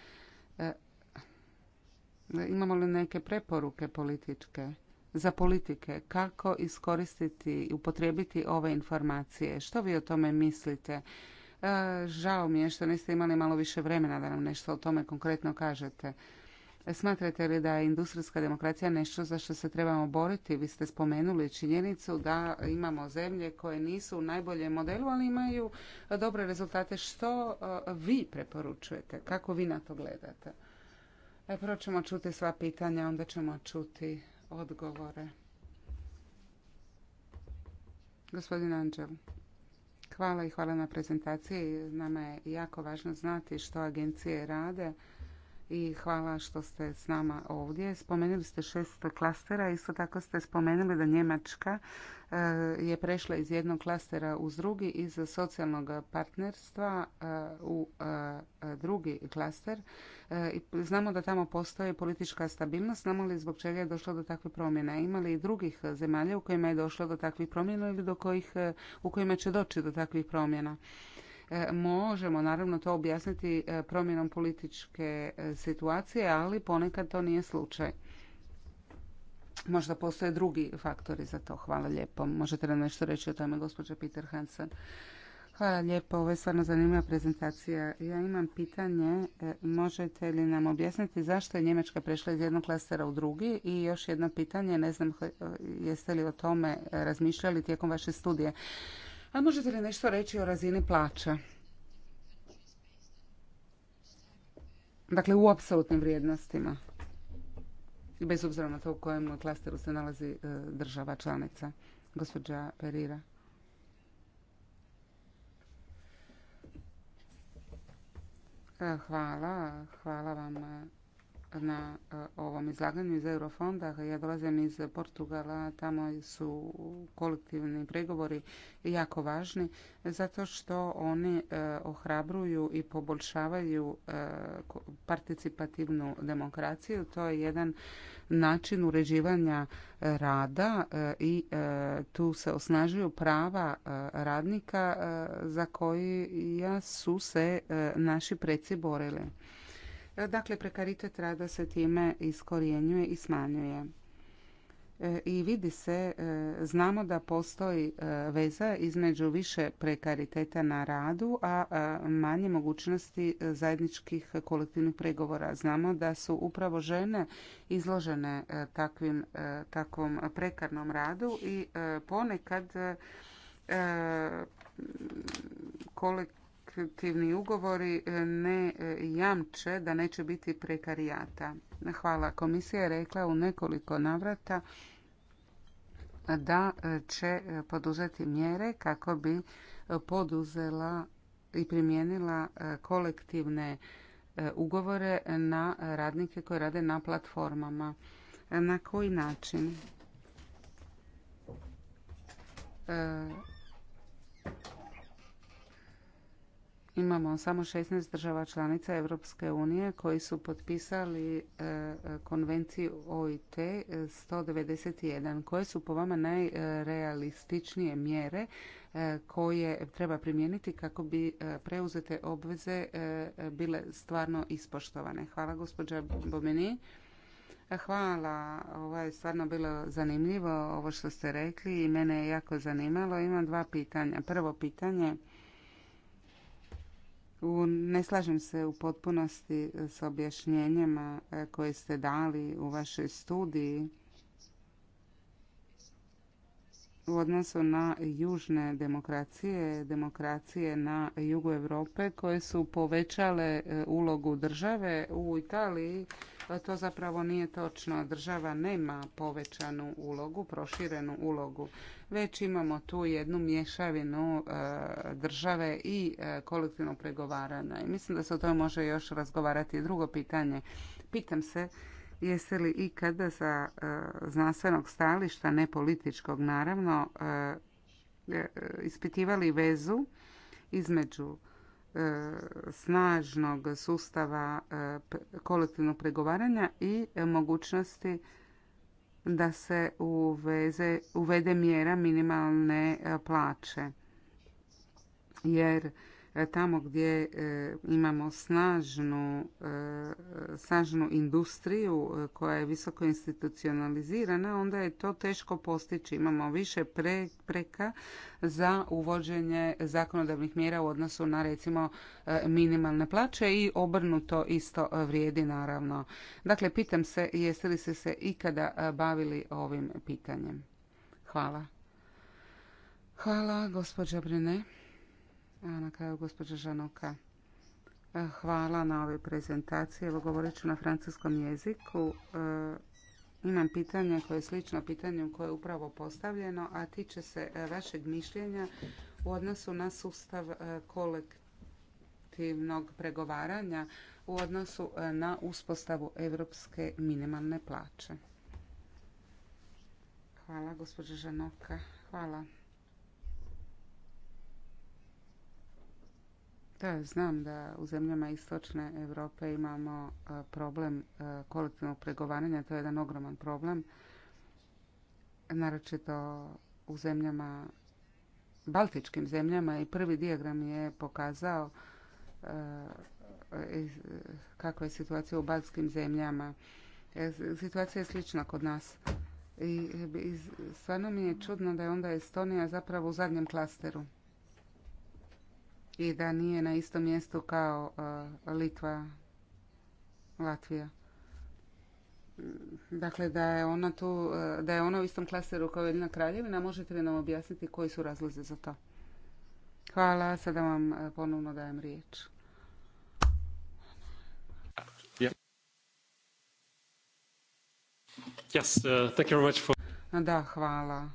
Imamo li neke preporuke političke? za politike kako iskoristiti i upotrijebiti ove informacije. Što vi o tome mislite? Žao mi je što niste imali malo više vremena da nam nešto o tome konkretno kažete. Smatrate li da je industrijska demokracija nešto za što se trebamo boriti? Vi ste spomenuli činjenicu da imamo zemlje koje nisu u najboljem modelu, ali imaju dobre rezultate. Što e, vi preporučujete? Kako vi na to gledate? E, prvo ćemo čuti sva pitanja, onda ćemo čuti odgovore. Gospodin Anđel. Hvala i hvala na prezentaciji. Nama je jako važno znati što agencije rade i hvala što ste s nama ovdje. Spomenuli ste šest klastera, isto tako ste spomenuli da Njemačka eh, je prešla iz jednog klastera uz drugi, iz socijalnog partnerstva eh, u eh, drugi klaster. Znamo da tamo postoji politička stabilnost, znamo li zbog čega je došlo do takvih promjena. Ima li i drugih zemalja u kojima je došlo do takvih promjena ili u kojima će doći do takvih promjena? E, možemo naravno to objasniti e, promjenom političke e, situacije, ali ponekad to nije slučaj. Možda postoje drugi faktori za to. Hvala lijepo. Možete nam nešto reći o tome, gospođa Peter Hansen? Hvala lijepo, ovo je stvarno zanimljiva prezentacija. Ja imam pitanje, možete li nam objasniti zašto je Njemačka prešla iz jednog klastera u drugi? I još jedno pitanje, ne znam jeste li o tome razmišljali tijekom vaše studije. A možete li nešto reći o razini plaća? Dakle, u apsolutnim vrijednostima. Bez obzira na to u kojem klasteru se nalazi e, država članica. Gospođa Perira. E, hvala. Hvala vam na e, ovom izlaganju iz Eurofonda. Ja dolazim iz Portugala, tamo su kolektivni pregovori jako važni zato što oni e, ohrabruju i poboljšavaju e, participativnu demokraciju. To je jedan način uređivanja rada i tu se osnažuju prava radnika za koje su se naši preci borili. E, dakle, prekaritet rada se time iskorjenjuje i smanjuje. E, I vidi se, e, znamo da postoji veza između više prekariteta na radu, a manje mogućnosti zajedničkih kolektivnih pregovora. Znamo da su upravo žene izložene takvim, takvom prekarnom radu i ponekad kolektivnih kolektivni ugovori e, ne e, jamče da neće biti prekarijata. Hvala. Komisija je rekla u nekoliko navrata da e, će poduzeti mjere kako bi poduzela i primijenila kolektivne ugovore na radnike koji rade na platformama. Na koji način? imamo samo 16 država članica Europske unije koji su potpisali e, konvenciju OIT 191. Koje su po vama najrealističnije mjere e, koje treba primijeniti kako bi e, preuzete obveze bile stvarno ispoštovane? Hvala gospođa Bomeni. Hvala, ovo je stvarno bilo zanimljivo ovo što ste rekli i mene je jako zanimalo. Imam dva pitanja. Prvo pitanje u, ne slažem se u potpunosti e, s objašnjenjima e, koje ste dali u vašoj studiji u odnosu na južne demokracije, demokracije na jugu Europe koje su povećale e, ulogu države u Italiji. To zapravo nije točno. Država nema povećanu ulogu, proširenu ulogu već imamo tu jednu mješavinu e, države i e, kolektivno pregovarana. I mislim da se o tome može još razgovarati. Drugo pitanje, pitam se jeste li ikada sa e, znanstvenog stališta, ne političkog naravno, ispitivali vezu između snažnog sustava kolektivnog pregovaranja i mogućnosti da se uveze, uvede mjera minimalne e, plaće jer E, tamo gdje e, imamo snažnu, e, snažnu industriju koja je visoko institucionalizirana, onda je to teško postići. Imamo više prepreka za uvođenje zakonodavnih mjera u odnosu na recimo minimalne plaće i obrnuto isto vrijedi naravno. Dakle, pitam se jeste li ste se ikada bavili ovim pitanjem? Hvala. Hvala, gospođa Brine. A na kraju gospođa Žanoka. E, hvala na ovoj prezentaciji. Evo govorit ću na francuskom jeziku. E, imam pitanje koje je slično pitanju koje je upravo postavljeno, a tiče se e, vašeg mišljenja u odnosu na sustav kolektivnog pregovaranja u odnosu na uspostavu europske minimalne plaće. Hvala, gospođa Žanoka. Hvala. Da, znam da u zemljama istočne Europe imamo e, problem e, kolektivnog pregovaranja, to je jedan ogroman problem, naročito u zemljama, baltičkim zemljama i prvi dijagram je pokazao e, kakva je situacija u baltskim zemljama. Situacija je slična kod nas. i stvarno mi je čudno da je onda Estonija zapravo u zadnjem klasteru i da nije na istom mjestu kao uh, Litva, Latvija. Dakle, da je ona uh, da je ona u istom klaseru kao na kraljevina, možete li nam objasniti koji su razlozi za to? Hvala, sada vam uh, ponovno dajem riječ. Da, hvala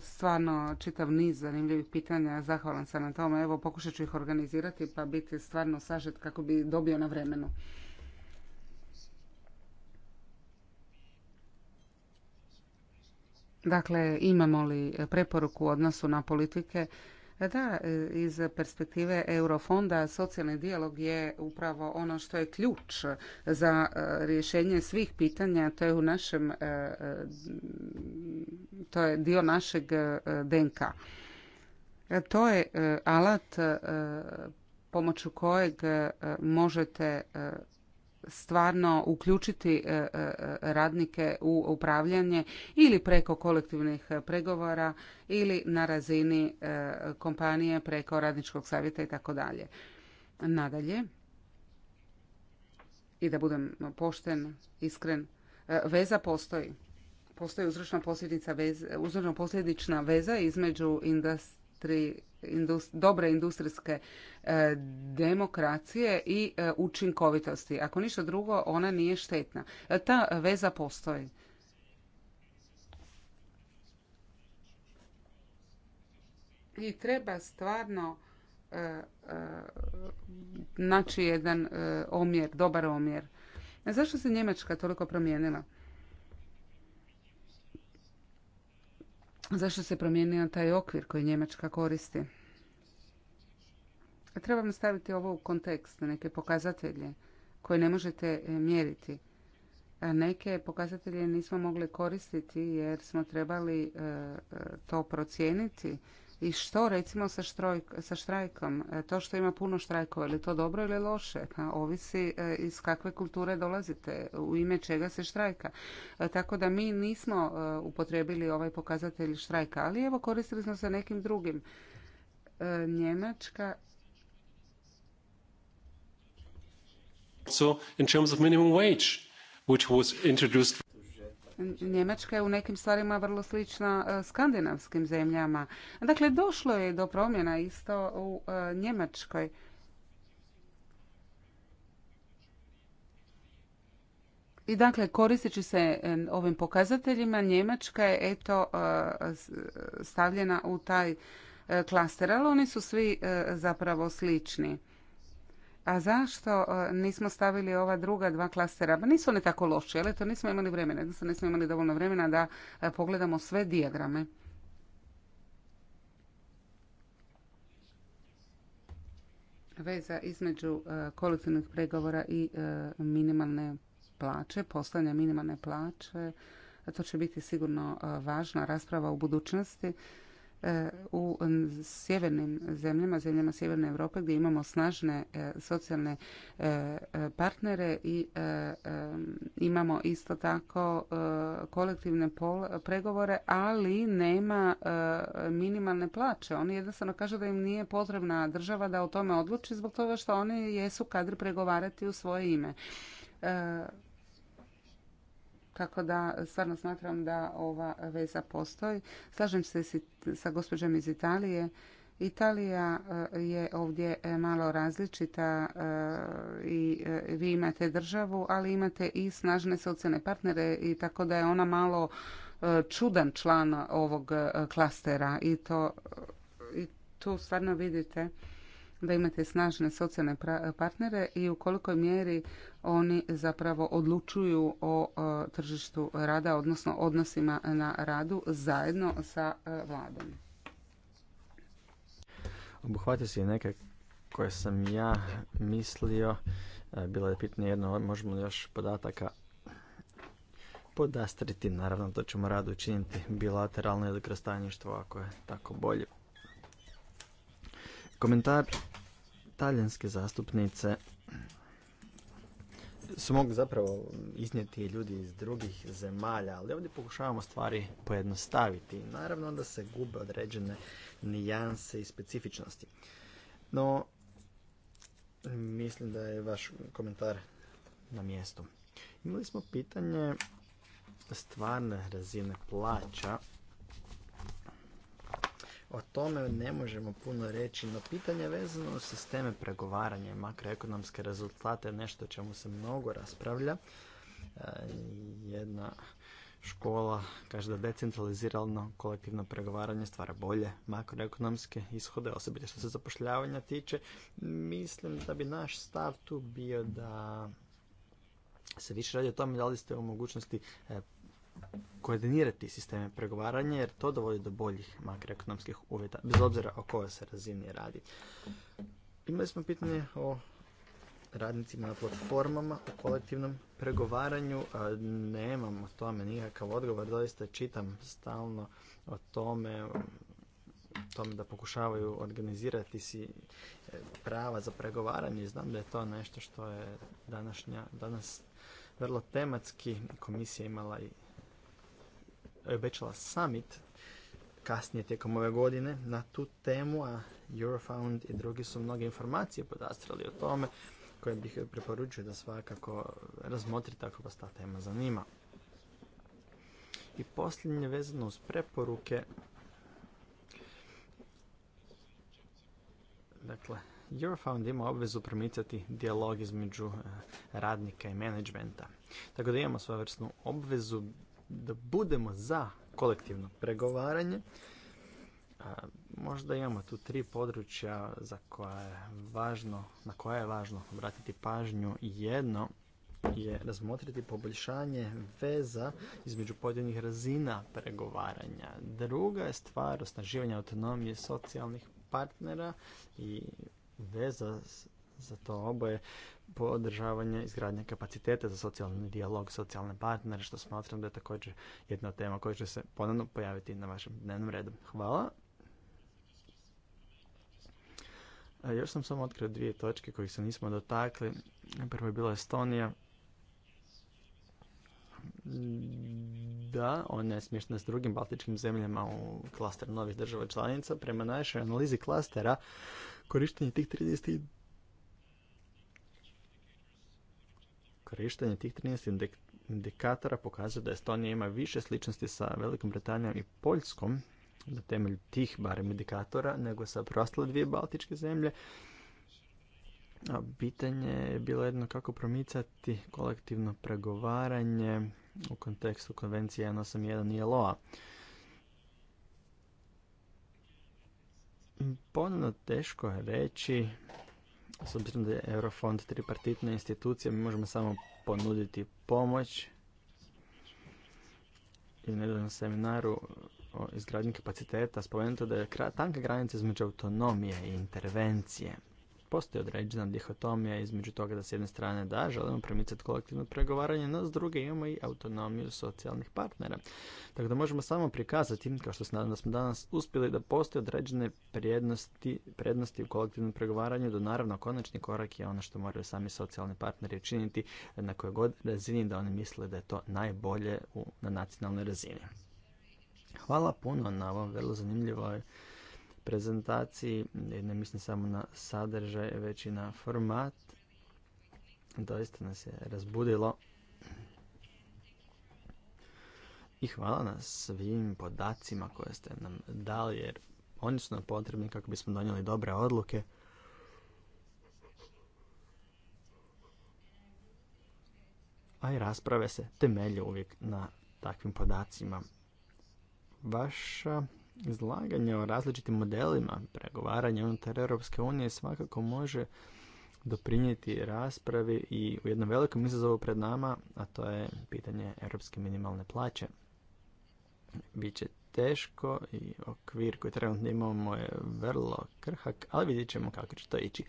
stvarno čitav niz zanimljivih pitanja. Zahvalan sam na tome. Evo, pokušat ću ih organizirati pa biti stvarno sažet kako bi dobio na vremenu. Dakle, imamo li preporuku u odnosu na politike E da, e, iz perspektive Eurofonda socijalni dijalog je upravo ono što je ključ za e, rješenje svih pitanja. To je u našem, to je dio našeg DNK. To je alat pomoću kojeg možete stvarno uključiti e, e, radnike u upravljanje ili preko kolektivnih pregovora ili na razini e, kompanije preko radničkog savjeta i tako dalje. Nadalje, i da budem pošten, iskren, veza postoji. Postoji uzročno-posljedična veza, između industrije industri, dobre industrijske e, demokracije i e, učinkovitosti. Ako ništa drugo, ona nije štetna. E, ta veza postoji. I treba stvarno naći jedan omjer, dobar omjer. Zašto se Njemačka toliko promijenila? zašto se promijenio taj okvir koji Njemačka koristi. Trebamo staviti ovo u kontekst, neke pokazatelje koje ne možete e, mjeriti. A neke pokazatelje nismo mogli koristiti jer smo trebali e, e, to procijeniti i što recimo sa, štrojk, sa štrajkom? E, to što ima puno štrajkova, je li to dobro ili loše? Pa ovisi e, iz kakve kulture dolazite, u ime čega se štrajka. E, tako da mi nismo upotrijebili ovaj pokazatelj štrajka, ali evo koristili smo se nekim drugim. Njemačka So, in terms of minimum wage, which was introduced Njemačka je u nekim stvarima vrlo slična e, skandinavskim zemljama. Dakle, došlo je do promjena isto u e, Njemačkoj. I dakle, koristeći se e, ovim pokazateljima, Njemačka je eto stavljena u taj klaster, ali oni su svi zapravo slični. A zašto e, nismo stavili ova druga dva klastera? Ba pa nisu oni tako loši, ali to nismo imali vremena. Jednostavno nismo imali dovoljno vremena da e, pogledamo sve dijagrame. Veza između e, kolektivnih pregovora i minimalne plaće, postavljanje minimalne plaće, to će biti sigurno važna rasprava u budućnosti. E, u sjevernim zemljama, zemljama sjeverne Europe gdje imamo snažne e, socijalne e, partnere i imamo isto tako kolektivne pregovore, ali nema minimalne plaće. Oni jednostavno kažu da im nije potrebna država da o tome odluči zbog toga što oni jesu kadri pregovarati u svoje ime tako da stvarno smatram da ova veza postoji. Slažem se sa gospođom iz Italije. Italija e, je ovdje e, malo različita e, i vi imate državu, ali imate i snažne socijalne partnere i tako da je ona malo čudan član ovog klastera i to i tu stvarno vidite da imate snažne socijalne partnere i u kolikoj mjeri oni zapravo odlučuju o e, tržištu rada, odnosno odnosima na radu zajedno sa e, vladom. Obuhvatio si neke koje sam ja mislio. E, bilo je pitanje jedno, možemo li još podataka podastriti. Naravno, to ćemo rado učiniti bilateralno ili kroz tajništvo, ako je tako bolje. Komentar talijanske zastupnice su mogli zapravo iznijeti ljudi iz drugih zemalja, ali ovdje pokušavamo stvari pojednostaviti. Naravno onda se gube određene nijanse i specifičnosti. No, mislim da je vaš komentar na mjestu. Imali smo pitanje stvarne razine plaća o tome ne možemo puno reći, no pitanje vezano uz sisteme pregovaranja i makroekonomske rezultate nešto o čemu se mnogo raspravlja. E, jedna škola kaže da decentralizirano kolektivno pregovaranje stvara bolje makroekonomske ishode, osobito što se zapošljavanja tiče. Mislim da bi naš stav tu bio da se više radi o tome da li ste u mogućnosti e, koordinirati sisteme pregovaranja jer to dovodi do boljih makroekonomskih uvjeta, bez obzira o kojoj se razini radi. Imali smo pitanje o radnicima na platformama u kolektivnom pregovaranju. Nemam o tome nikakav odgovor, doista čitam stalno o tome, tome da pokušavaju organizirati si e, prava za pregovaranje. Znam da je to nešto što je današnja, danas vrlo tematski. Komisija imala i obećala eh, summit kasnije tijekom ove godine na tu temu, a Eurofound i drugi su mnoge informacije podastrali o tome koje bih eh, preporučio da svakako razmotrite ako vas ta tema zanima. I posljednje vezano uz preporuke. Dakle, Eurofound ima obvezu promicati dijalog između eh, radnika i menadžmenta. Tako da imamo svojevrsnu obvezu da budemo za kolektivno pregovaranje. Možda imamo tu tri područja za koja je važno, na koja je važno obratiti pažnju. Jedno je razmotriti poboljšanje veza između pojedinih razina pregovaranja. Druga je stvar osnaživanja autonomije socijalnih partnera i veza za to oboje podržavanje izgradnje kapaciteta za socijalni dijalog, socijalne partnere, što smatram da je također jedna tema koja će se ponovno pojaviti na vašem dnevnom redu. Hvala. Još sam samo otkrio dvije točke kojih se nismo dotakli. Prvo je bila Estonija. Da, ona je smještena s drugim baltičkim zemljama u klaster novih država članica. Prema našoj analizi klastera, korištenje tih 30... Korištenje tih 13 indikatora pokazuje da Estonija ima više sličnosti sa Velikom Britanijom i Poljskom, na temelju tih barem indikatora, nego sa preostale dvije baltičke zemlje. A pitanje je bilo jedno kako promicati kolektivno pregovaranje u kontekstu konvencije 181 ILO-a. Ponovno teško je reći s obzirom da je Eurofond tripartitna institucija, mi možemo samo ponuditi pomoć. I na jednom seminaru o izgradnji kapaciteta spomenuto da je tanka granica između autonomije i intervencije. Postoji određena dihotomija između toga da s jedne strane da, želimo promicati kolektivno pregovaranje, no s druge imamo i autonomiju socijalnih partnera. Tako da možemo samo prikazati, kao što se nadam da smo danas uspjeli, da postoje određene prednosti, prednosti u kolektivnom pregovaranju, do naravno konačni korak je ono što moraju sami socijalni partneri učiniti na kojoj god razini da oni misle da je to najbolje u, na nacionalnoj razini. Hvala puno na ovom vrlo zanimljivoj prezentaciji. Ne mislim samo na sadržaj, već i na format. Doista nas je razbudilo. I hvala na svim podacima koje ste nam dali, jer oni su nam potrebni kako bismo donijeli dobre odluke. A i rasprave se temelje uvijek na takvim podacima. Vaša izlaganje o različitim modelima pregovaranja unutar Europske unije svakako može doprinijeti raspravi i u jednom velikom izazovu pred nama, a to je pitanje europske minimalne plaće. Biće teško i okvir koji trenutno imamo je vrlo krhak, ali vidjet ćemo kako će to ići.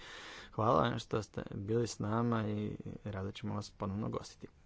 Hvala što ste bili s nama i rado ćemo vas ponovno gostiti.